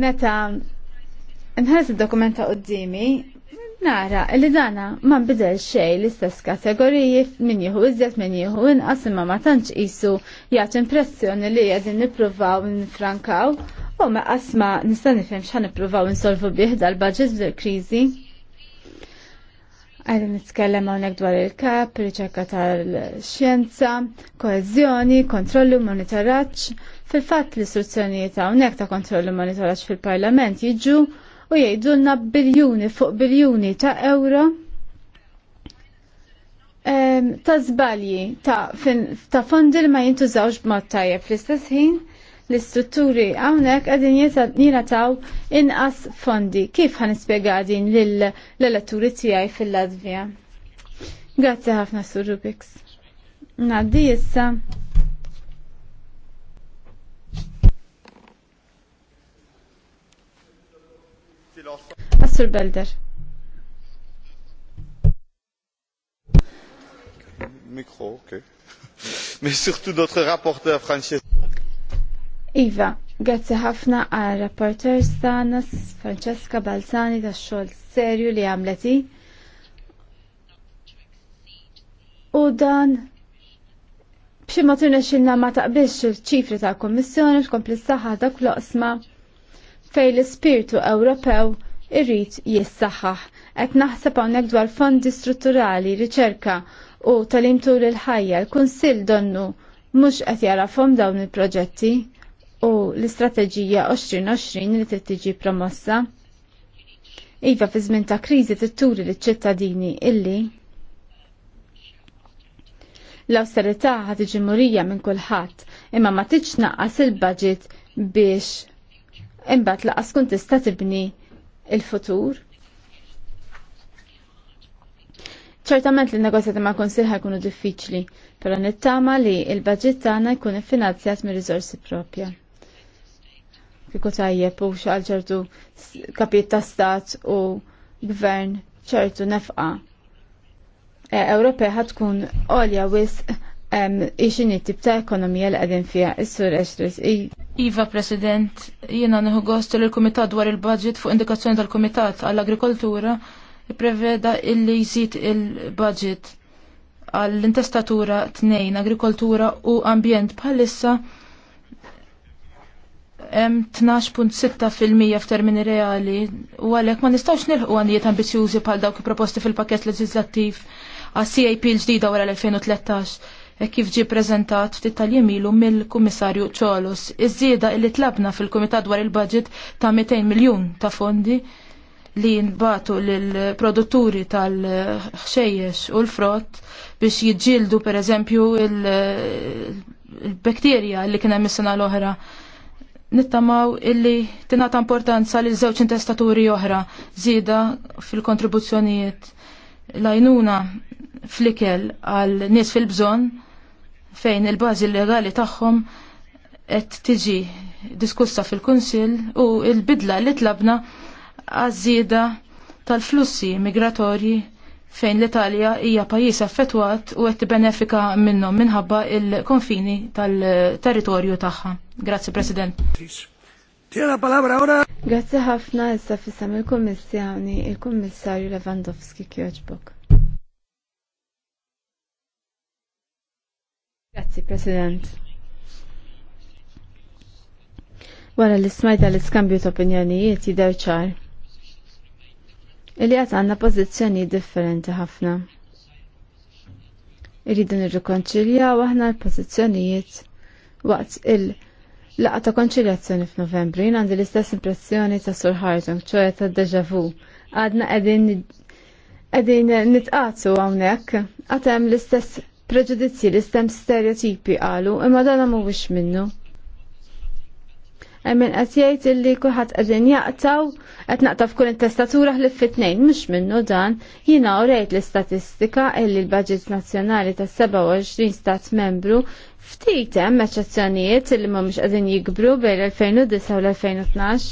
Meta nħarsu id-dokument ta' qoddimi, Nara, li dana ma nbidel xej l-istess kategoriji min jieħu iżjed minn jieħu inqas imma ma tantx qisu jagħti impressjoni li qegħdin nippruvaw nfrankaw u ma qasma nista' nifhem x'ħan nippruvaw insolvu bih dal-budget bil-kriżi. Għadin nitkellem hawnhekk dwar il-kap, riċerka tal-xjenza, koeżjoni, kontrollu monitoraġġ. Fil-fatt l-istruzzjonijiet hawnhekk ta' kontrollu monitoraġġ fil-Parlament jiġu u jgħidulna biljuni fuq biljuni ta' euro ta' zbalji ta' fondi li ma jintużawx b'mod tajjeb fl-istess ħin l-istrutturi hawnhekk qegħdin jingħataw inqas fondi. Kif nispjega din l-elettori tiegħi fil-Latvija? Grazzi ħafna, Sur Rubiks. Naddi jissa. Sur Belder. Mikro, ok. Mais surtout notre rapporteur Francesca. Iva, grazie ħafna għal rapporteur Stanas Francesca Balzani da xogħol serju li għamleti. U dan b'xi ma turna xilna ma taqbilx il-ċifri ta' kommissjoni tkompli s-saħħa kloqsma fej l-ispirtu Ewropew irrid jissaħħaħ. Qed naħseb hawnhekk dwar fondi strutturali, riċerka u talim tul il-ħajja. l kunsill donnu mhux qed jarafhom dawn il-proġetti u l-istrateġija 2020 li trid tiġi promossa. Iva fi żmien ta' kriżi titturi liċ-ċittadini illi l awsterità ħad tiġi murija minn kulħadd, imma ma tiġ naqqas il-budget biex imbagħad laqas kun tista' tibni il-futur. ċertament li negozjati ma' konsilħa jkunu diffiċli, pero nittama li il-budget tagħna jkun iffinanzjat mir riżorsi propja. Kieku tajjeb u għal ċertu kapiet ta' stat u gvern ċertu nefqa. E, Ewropea tkun olja wisq ixini tip ta' ekonomija l għedin fija, is-sur eċtris, Iva, President, jiena neħu gost l kumitat dwar il-budget fuq indikazzjoni tal-Kumitat għall-Agrikoltura preveda illi jżid il-budget għall-intestatura tnejn agrikoltura u ambjent bħalissa hemm 12.6% f'termini reali u għalhekk ma nistgħux nilħu għanijiet ambizjużi bħal dawk proposti fil-pakett leġislattiv għas CAP l-ġdida wara l-2013 E kif ġie prezentat ftit tal mill-Kummissarju Ċolus. Iż-żieda li tlabna fil-Kumitat dwar il-budget ta' 200 miljun ta' fondi li jinbatu l-produtturi tal-ħxejjex u l-frott biex jiġġieldu pereżempju il-bakterja li kien hemm is-sena l-oħra nittamaw illi tinata importanza li żewġ intestaturi oħra zida fil-kontribuzzjonijiet lajnuna flikel għal nies fil-bżon fejn il-bażi legali tagħhom qed tiġi diskussa fil-Kunsill u l-bidla li tlabna għażieda tal-flussi migratorji fejn l-Italja hija pajjiż affettwat u qed tibbenefika minnhom minħabba il-konfini tal-territorju tagħha. Grazzi President. Tiena palabra ora. Grazzi ħafna issa fissam il-Kummissjoni, il-Kummissarju Lewandowski Kjoġbok. Grazzi, President. Wara li smajta li skambju ta' opinjonijiet jidher ċar. Illi għat għanna pozizjoni differenti ħafna. Irridu nirrikonċiljaw aħna l-pozizjonijiet waqt il- Laqa ta' konċiljazzjoni f'Novembru jien għandi l-istess impressjoni ta' Sur Hartung, ċoja ta' deja vu. Għadna qegħdin qegħdin nitqatu hawnhekk, għatem l-istess preġudizzji li stem stereotipi għalu imma dana mhuwiex minnu. Emmen qed jgħid illi kulħadd qegħdin jaqtaw qed naqtaf kull intestatura ħlif fit-tnejn mhux minnu dan jiena rejt l-istatistika illi l-budget nazzjonali tas-27 stat membru ftit hemm eċċezzjonijiet illi mhumiex qegħdin jikbru bejn l-2009 u l-2012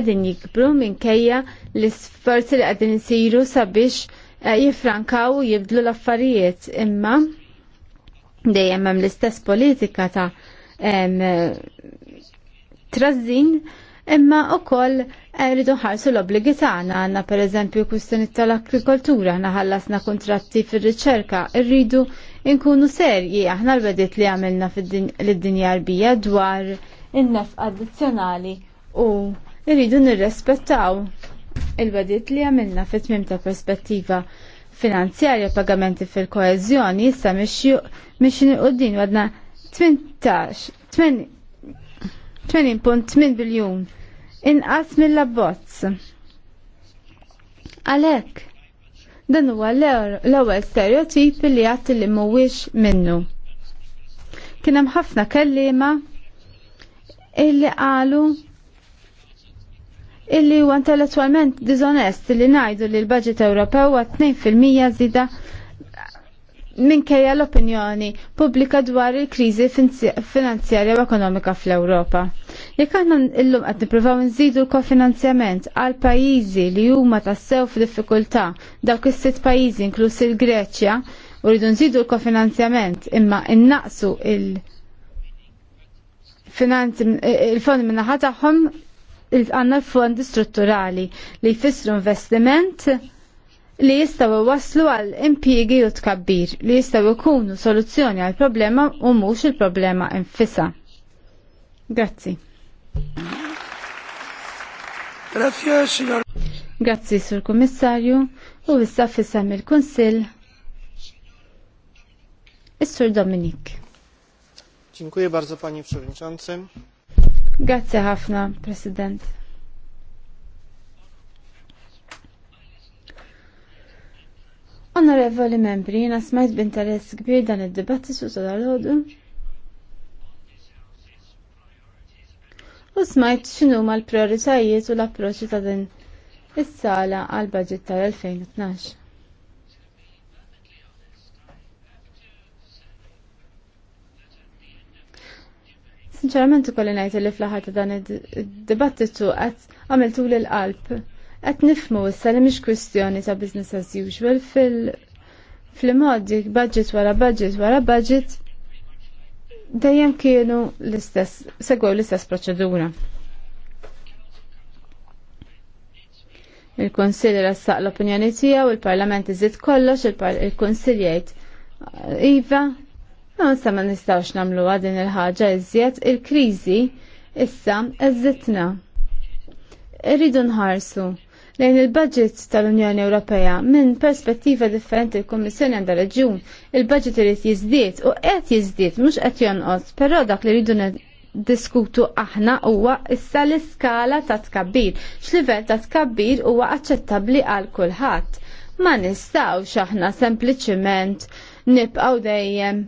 għedin jikbru minkejja l-sforzi li għedin jisiru sabiex Eh, jifrankaw jibdlu l-affarijiet imma dejjem hemm l-istess politika ta' trażin imma wkoll eh, rridu ħarsu l-obbligi tagħna għandna pereżempju kwistjoni tal-agrikoltura aħna ħallasna kuntratti fir-riċerka rridu nkunu serji aħna l-bediet li għamilna lid-dinja rbija dwar in-nef addizzjonali u rridu nirrespettaw il badiet li għamilna fit-tmim ta' perspettiva finanzjarja pagamenti fil-koezjoni issa miex nil-qoddin għadna 18.8 biljun inqas mill-abbozz. Għalek, dan huwa l-ewwel stereotip li għat li mhuwiex minnu. Kien hemm ħafna kellima illi qalu illi huwa intellettwalment diżonest li ngħidu li l-budget Ewropew huwa 2% żida minkejja l-opinjoni pubblika dwar il-kriżi finanzjarja u ekonomika fl-Ewropa. Jekk aħna llum qed nippruvaw nżidu l-kofinanzjament għal pajjiżi li huma tassew f'diffikultà dawk is-sitt pajjiżi inkluż il-Greċja u rridu nżidu l-kofinanzjament imma innaqsu il- finanzi il-fondi minnaħa tagħhom għanna l-fondi strutturali li jfissru investiment li jistaw waslu għal impjiegi u tkabbir li jistaw ikunu soluzzjoni għal problema u mhux il-problema infisa. Grazzi. Grazie, signor. Grazie, sur Kommissarju, u issa fissam il-Konsil. Is-Sur Dominik. Dziękuję bardzo, panie przewodniczący. Grazzi ħafna, President. Onorevoli membri, jina smajt b'interess kbir dan id debatti su dal U smajt xinu ma l-prioritajiet u l-approċċi ta' din is-sala għal budget tal-2012. Sinċerament ukoll ngħid li fl-aħħar ta' dan id-dibattitu qed għamiltu l-qalb. Qed nifmu issa li mhix kwistjoni ta' business as usual fil fil-modi budget wara budget wara budget dejjem kienu l-istess segwew l-istess proċedura. Il-Konsilj rassaq l-opinjoni tiegħu, il-Parlament iżid kollox, il-Konsilj jgħid Iva, Non sa ma nistawx namlu din il-ħaġa iżjed il-kriżi issa eżitna. Irridu nħarsu lejn il-budget tal-Unjoni Ewropea minn perspettiva differenti l-Kommissjoni għandha reġjun. Il-budget irid jiżdied u qed jiżdied mhux qed jonqos, però dak li rridu diskutu aħna huwa issa l-iskala ta' tkabbir. X'livell ta' tkabbir huwa aċċettabbli għal kulħadd. Ma nistgħux aħna sempliċiment nibqgħu dejjem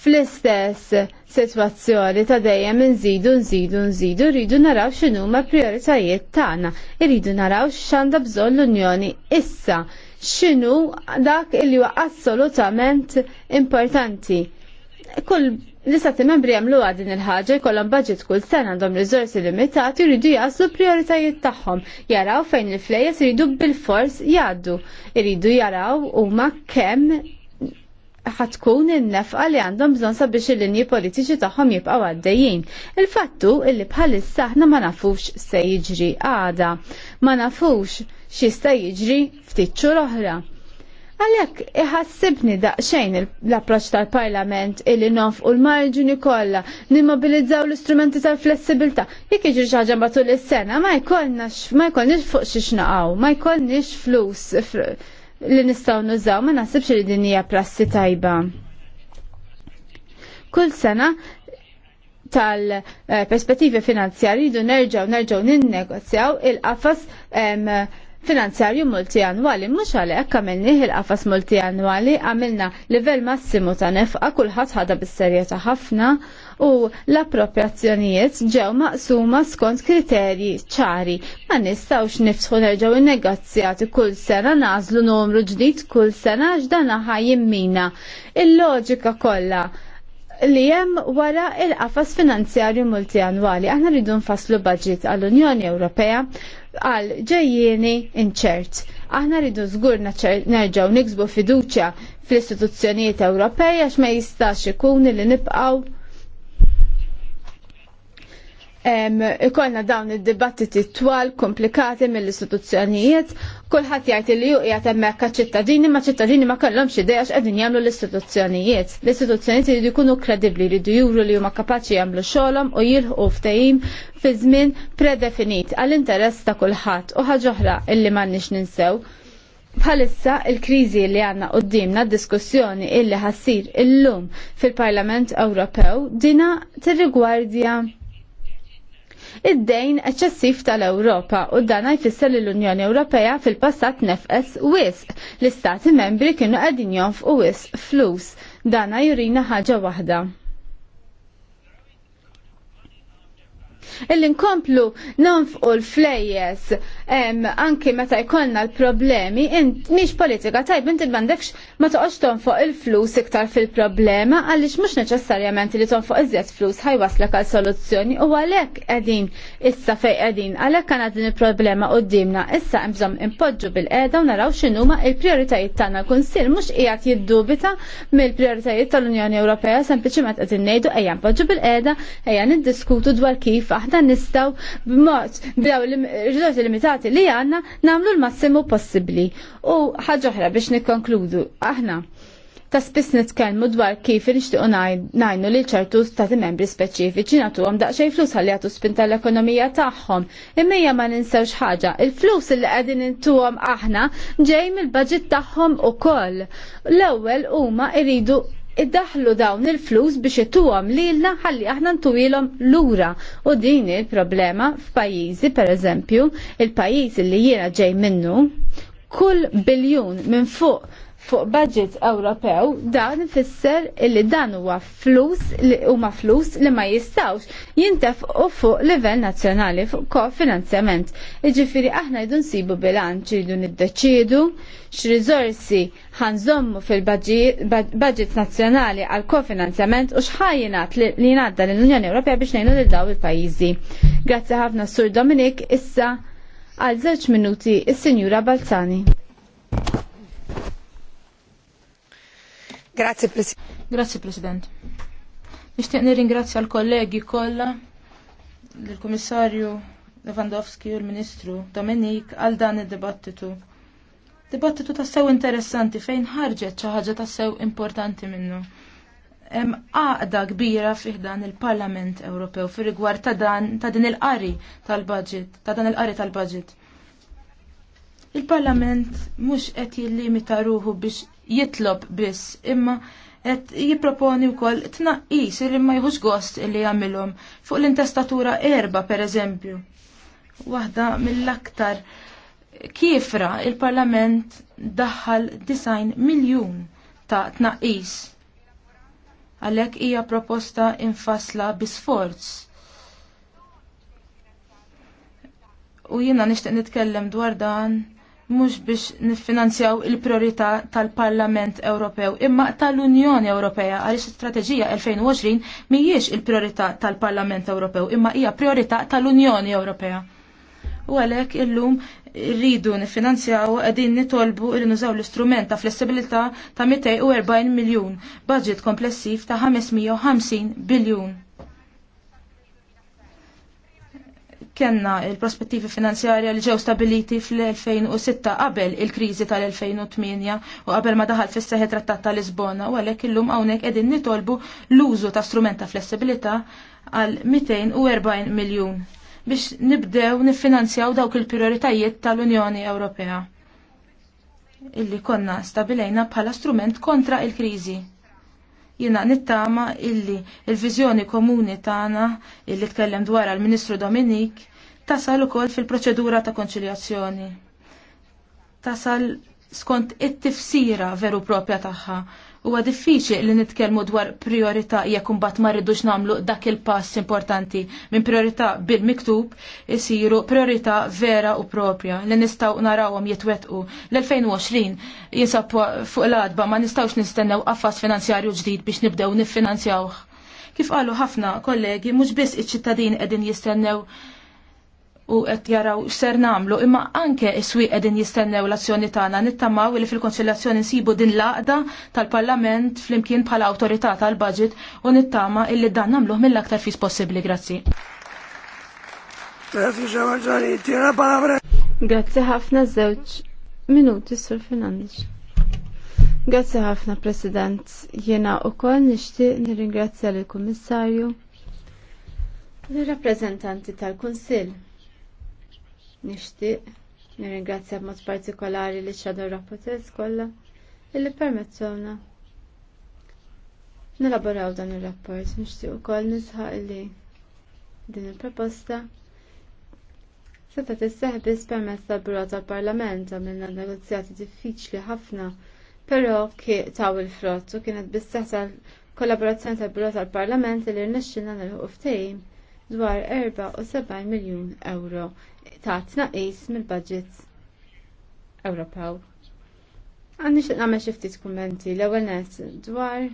fl-istess sitwazzjoni ta' dejjem nżidu nżidu nżidu rridu naraw x'inhuma prioritajiet tagħna, irridu naraw x'għandha bżonn l-Unjoni issa, x'inhu dak li huwa assolutament importanti. Kull l-istati membri jagħmlu din il-ħaġa jkollhom budget kull sena għandhom riżorsi limitati jridu jaslu prioritajiet tagħhom, jaraw fejn il-flejjes iridu bil-fors jgħaddu, iridu jaraw huma kemm ħatkun il-nefqa li għandhom bżon sabiex il-linji politiċi tagħhom jibqgħu għaddejjin. Il-fattu illi bħalissa aħna ma nafux se jiġri għada, ma nafux x'jista' jiġri ftit xhur oħra. Għalhekk iħassibni daqsxejn l-approċċ tal-Parlament illi nofqu l-marġuni kollha, nimmobilizzaw l-istrumenti tal-flessibilità. Jekk iġri xi matul is-sena ma jkollnax ma jkollniex fuq xi ma jkollniex flus li nistgħu nużaw ma naħsibx li din hija prassi tajba. Kull sena tal-perspettivi eh, finanzjarji jidu nerġaw nerġaw ninnegozjaw il-qafas finanzjarju multijanwali. mux għalek għamilni il-qafas multijanwali għamilna livell massimu ta' nefqa, kullħat ħada bis-serjeta ħafna, u l appropriazzjonijiet ġew maqsuma skont kriterji ċari. Ma nistawx nifsħu nerġgħu il negozjati kull sena nażlu numru ġdid kull sena x'dan ħajjin mina. Il-loġika kollha li jem wara il-qafas finanzjarju multianwali. Aħna rridu nfasslu budget għall-Unjoni Ewropea għal ġejjieni inċert. Aħna rridu zgur nerġgħu niksbu fiduċja fl-istituzzjonijiet Ewropej għax ma jistax ikun li nibqgħu ikolna dawn id-dibattiti twal komplikati mill-istituzzjonijiet, kulħadd jgħid li ju qiegħed hemmhekk ċittadini ma ċittadini ma kellhomx idea qegħdin jagħmlu l-istituzzjonijiet. L-istituzzjonijiet jridu jkunu kredibbli, jridu juru li huma kapaċi jagħmlu xogħolhom u jilħqu ftehim fi żmien predefinit għall-interess ta' kulħadd u ħaġa oħra illi m'għandniex ninsew. Bħalissa il-kriżi li għanna qoddimna diskussjoni illi ħassir illum fil-Parlament Ewropew dina tirrigwardja id-dejn eċċessiv tal-Ewropa u dan jfisser li l-Unjoni Ewropea fil-passat nefqes wisq. L-istati membri kienu qegħdin u wisq flus. Dana jurina ħaġa waħda. Illi nkomplu nanfqu l-flejjes anki meta jkollna l-problemi, miex politika tajb inti bandekx ma toqgħodx tonfoq il-flus iktar fil-problema għaliex mhux neċessarjament li tonfoq iżjed flus ħajwaslek għal soluzzjoni u għalhekk qegħdin issa fejn qegħdin għalhekk għandna din il-problema qudiemna issa hemm bżonn impoġġu bil-qiegħda u naraw x'inhuma il-prijoritajiet tagħna l-Kunsill mhux qiegħed jiddubita mill-prijoritajiet tal-Unjoni Ewropea sempliċiment qed ngħidu ejja npoġġu bil-qiegħda ejja niddiskutu dwar kif nisfaħ dan nistaw b'mod b'daw l ġdoti limitati li għanna namlu l-massimu possibli. U ħagħuħra biex nikkonkludu, aħna ta' spiss nitkellmu dwar kif nixtiequ ngħinu lil ċertu stati membri speċifiċi nagħtuhom daqsxejn flus ħalli jagħtu spinta l-ekonomija tagħhom. Imma ma ninsewx ħaġa, il-flus li qegħdin intuhom aħna ġej mill-baġit tagħhom ukoll. L-ewwel huma jridu iddaħlu dawn il-flus biex ituhom lilna ħalli aħna l lura. U din il-problema f'pajjiżi pereżempju, il-pajjiż li jiena ġej minnu, kull biljun minn fuq fuq budget Ewropew dan ifisser illi dan huwa flus li huma flus li ma jistawx jintefqu fuq livell nazzjonali fuq kofinanzjament. Iġifieri aħna jdu nsibu bilanċ jridu niddeċiedu x'riżorsi ħanżommu fil-budget nazzjonali għal kofinanzjament u x'ħajjinat li jingħadda l-Unjoni Ewropea biex ngħinu lil daw il-pajjiżi. Grazzi ħafna Sur Dominik issa għal żewġ minuti is-Sinjura Balzani. Grazie, President. Grazie, President. Nishtiq nirringrazzja l-kollegi kollha, l-Komissarju Lewandowski u l-Ministru Dominik għal dan id-dibattitu. Dibattitu tassew interessanti fejn ħarġet xi ħaġa tassew importanti minnu. Hemm għaqda kbira fih dan il-Parlament Ewropew fir-rigward ta' dan ta' din il-qari tal-budget, ta' dan il-qari tal-budget. Il-Parlament mhux qed jillimita ruħu biex jitlob biss imma qed jipproponi wkoll tnaqqis li ma jħux gost li jagħmilhom fuq l-intestatura erba pereżempju. Waħda mill-aktar kifra il-Parlament daħħal 9 miljun ta' tnaqqis. Għalhekk hija proposta infasla bi sforz. U jiena nixtieq nitkellem dwar dan mhux biex niffinanzjaw il-priorità tal-Parlament Ewropew imma tal-Unjoni Ewropea għaliex l-Istrateġija 2020 mhijiex il-priorità tal-Parlament Ewropew imma hija priorità tal-Unjoni Ewropea. U għalhekk illum rridu niffinanzjaw qegħdin nitolbu li nużaw l-istrument ta' flessibilità ta' 240 miljun, budget komplessiv ta' 550 biljun. kena il-prospettivi finanzjarja li ġew stabiliti fl-2006 qabel il-kriżi tal-2008 u qabel ma daħal fis seħi trattat ta' Lisbona u għalhekk illum hawnhekk qegħdin nitolbu l-użu ta' strument ta' flessibilità għal 240 miljun biex nibdew niffinanzjaw dawk il-prioritajiet tal-Unjoni Ewropea illi konna stabilejna bħala strument kontra il-kriżi jina nittama illi il-vizjoni komuni tagħna illi tkellem dwar għal-Ministru Dominik tasal ukoll fil-proċedura ta' konċiljazzjoni. Tasal skont it-tifsira veru propja tagħha Huwa diffiċli li nitkellmu dwar priorità jekk imbagħad ma rridux nagħmlu dak il-pass importanti minn priorità bil-miktub isiru priorità vera u propja li nistgħu narawhom jitwettqu l-2020 jinsab fuq l-adba ma nistgħux nistennew qafas finanzjarju ġdid biex nibdew niffinanzjawh. Kif qalu ħafna kollegi, mhux biss iċ ċittadin qegħdin jistennew u qed jaraw ser namlu imma anke s swieq qegħdin jistennew l-azzjoni tagħna nittamaw li fil-konsiljazzjoni nsibu din l-aqda tal-Parlament flimkien bħala awtorità tal-budget u nittama illi dan nagħmluh mill-aktar fis possibbli. Grazzi. Grazzi ħafna żewġ minuti sur Fernandez. Grazzi ħafna President. Jiena wkoll nixtieq nirringrazzja lill kummissarju l-rappresentanti tal-Kunsill. Nixtieq nirringrazzja b'mod partikolari li ċadu rapportez kollha illi permezzona nilaboraw dan ir-rapport. Nixtieq ukoll nisħaq illi din il-proposta Seta tisseħ biss permezz tal bura tal-Parlament għamilna negozjati diffiċli ħafna, però kieq taw il-frott u kienet bisseħ tal-kollaborazzjoni tal-Buro tal-Parlament li rnexxilna nilħu ftehim dwar 74 miljun euro ta' tnaqis mill-budget Ewropew. Għandi xi nagħmel xi ftit kummenti l-ewwel net dwar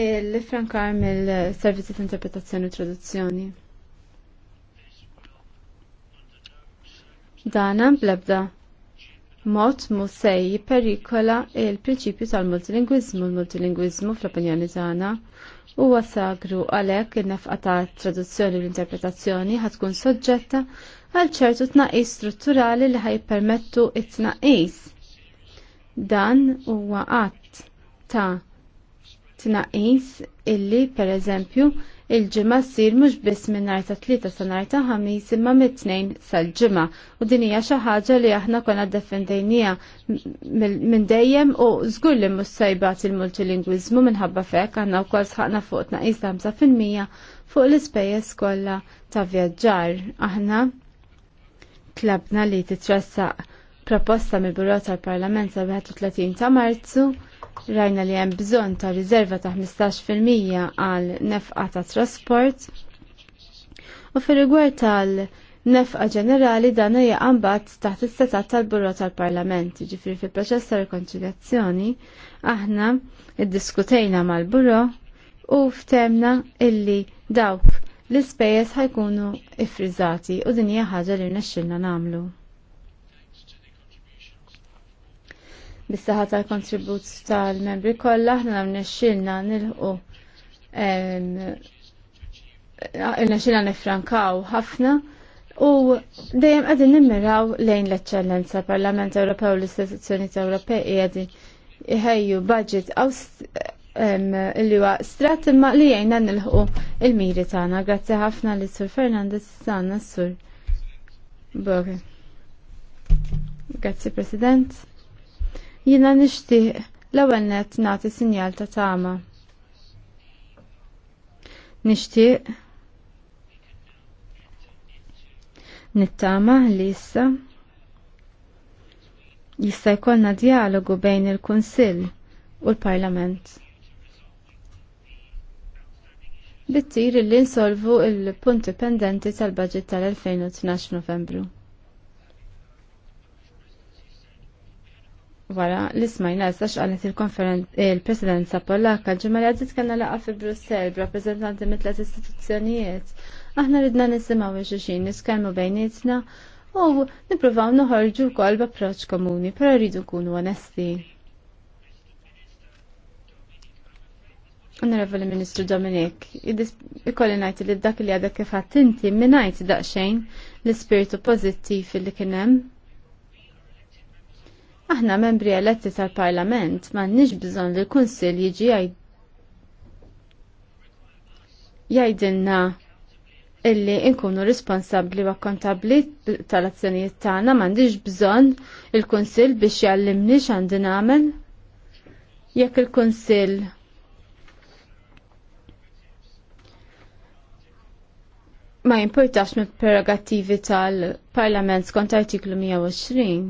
il-frankar mill-servizzi ta' interpretazzjoni u traduzzjoni. Dana blabda mod mu se jipperikola il-prinċipju tal-multilingwiżmu. Il-multilingwiżmu fl-opinjoni tagħna huwa sagru għalhekk in-nefqa ta' traduzzjoni u l-interpretazzjoni ħatkun soġġetta għal ċertu tnaqis strutturali li ħajpermettu it-tnaqis. Dan huwa qatt ta' tnaqis illi per eżempju il-ġimma ssir mhux biss minn nhar ta' tlieta sa nar ta' ħamis imma mit-tnejn sal-ġimgħa u din hija xi ħaġa li aħna konna ddefendejnija minn dejjem u żgur li mhux sajbat il-multilingwiżmu minħabba fek għandna wkoll sħaqna fuq tnaqis ta' 5% fuq l-ispejjeż kollha ta' vjaġġar. Aħna Klabna li titressaq proposta mill buro tal-Parlament sa 31 ta' Marzu rajna li hemm bżonn ta' riserva ta' 15% għal nefqa ta' trasport. U fir-rigward tal-nefqa ġenerali dan hija qambat taħt is-setat tal-Buro tal-Parlament, jiġifieri fil-proċess ta' rikonċiljazzjoni aħna iddiskutejna mal-Buro u ftemna illi dawk l-ispejjeż ħajkunu iffriżati u din hija ħaġa li rnexxilna nagħmlu. Bis-saħħa tal-kontribut tal-membri kollha aħna rnexxilna nilħu rnexxilna nifrankaw ħafna U dejjem qegħdin nimmiraw lejn l-eċċellenza Parlament Ewropew u l-istituzzjonijiet Ewropej qegħdin iħejju budget illi huwa strat imma li jgħinna nilħu il-miri tagħna. Grazzi ħafna li Sur Fernandez sanna Sur. Bogi. Grazzi President. Jiena nixtieq l-ewwel nett nagħti sinjal ta' tama. Nixtieq nittama li issa jista' jkollna dialogu bejn il-Kunsill u l-Parlament bittir li nsolvu il-punti pendenti tal-budget tal-2012 novembru. Wara li smajna jistax għalet il-presidenza Polaka ġemma li għadżit kanna laqa fi Brussel rappresentanti mitla istituzzjonijiet. Aħna ridna nisimaw iġuġin, niskalmu bejnietna u nipruvaw noħorġu kol b'approċ komuni, pero rridu kunu onesti. Onorevoli Ministru Dominik, ikolli najt li dak li għadha kif inti minajt daqxejn l-ispiritu pozittiv li kienem. Aħna membri eletti tal-Parlament m'għandniex bżonn li l-Kunsill jiġi jgħidilna illi inkunu responsabbli u akkontabbli tal-azzjonijiet tagħna m'għandix bżonn il-Kunsill biex jallimni x'għandi nagħmel. Jekk il-Kunsill ma jimportax mill prerogativi tal-Parlament skont artiklu 120.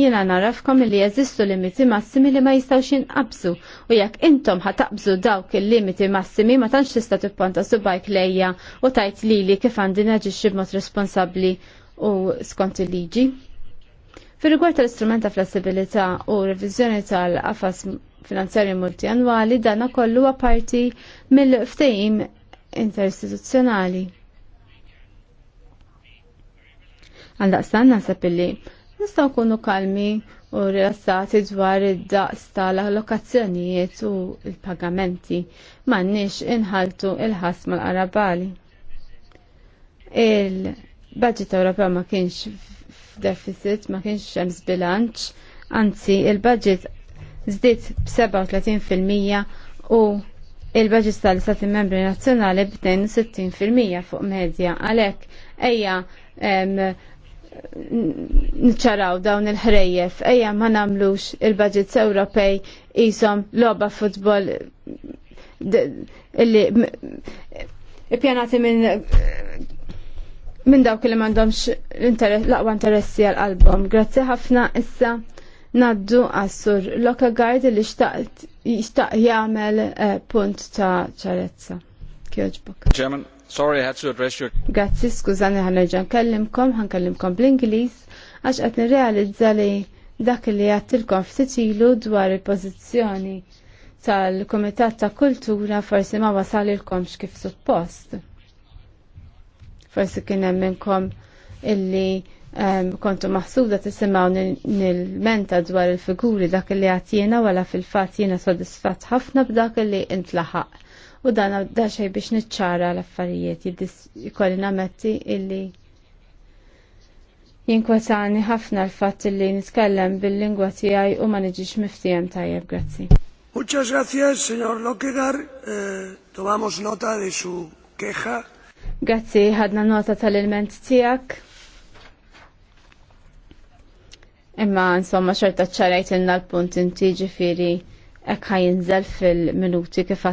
Jena narafkom li jeżistu limiti massimi li ma xin qabzu u jekk intom ħataqbżu dawk il-limiti massimi ma tantx tista' tipponta subajk lejja u tajt lili kif għandi naġixxi b'mod responsabbli u skont il-liġi. Fir-rigward tal istrumenta ta' flessibilità u revizjoni tal-qafas finanzjarju multianwali dana kollu parti mill-ftejim interistituzzjonali. Għaldaqstan nasab illi nistaw kunu kalmi u rilassati dwar id-daqs tal-allokazzjonijiet u il-pagamenti mannix inħaltu il-ħas mal-qarabali. Il-budget Ewropew ma kienx f'deficit, ma kienx hemm bilanċ, anzi il-budget zdit b-37% u il-budget tal-Stati Membri Nazzjonali b-62% fuq medja. Għalek, eja nċaraw dawn il-ħrejjef, eja ma namlux il-budgets Ewropej jisom loba futbol illi pjanati minn minn dawk li mandomx l-aqwa interessi għal-album. Grazzi ħafna issa Naddu għassur Lokagard li xtaq jagħmel eh, punt ta' ċarezza. Kjoġbuk. Chairman, sorry I had to address you. Grazzi, skużani kellimkom, għan ħankellimkom bl-Ingliż għax qed nirrealizza li dak li għattilkom ftit ilu dwar il-pożizzjoni tal-Kumitat ta' Kultura forsi ma wasalilkomx kif suppost. Forsi kien hemm minnkom illi kontu maħsuda tisimaw nil-menta dwar il-figuri dak li għatjena wala fil-fat jena soddisfat ħafna b'dak li intlaħaq. U dan da xej biex nitċara l-affarijiet, jikolli nametti illi jinkwetani ħafna l-fat illi nitkellem bil-lingwa tijaj u ma nġiġ miftijem tajjeb, grazzi. Muchas gracias, señor Lokidar, eh, tomamos nota de su queja. Grazzi, ħadna nota tal-ilment tijak. Imma insomma xorta ċarajt l-punt inti ġifiri ekħajn zelf fil-minuti kif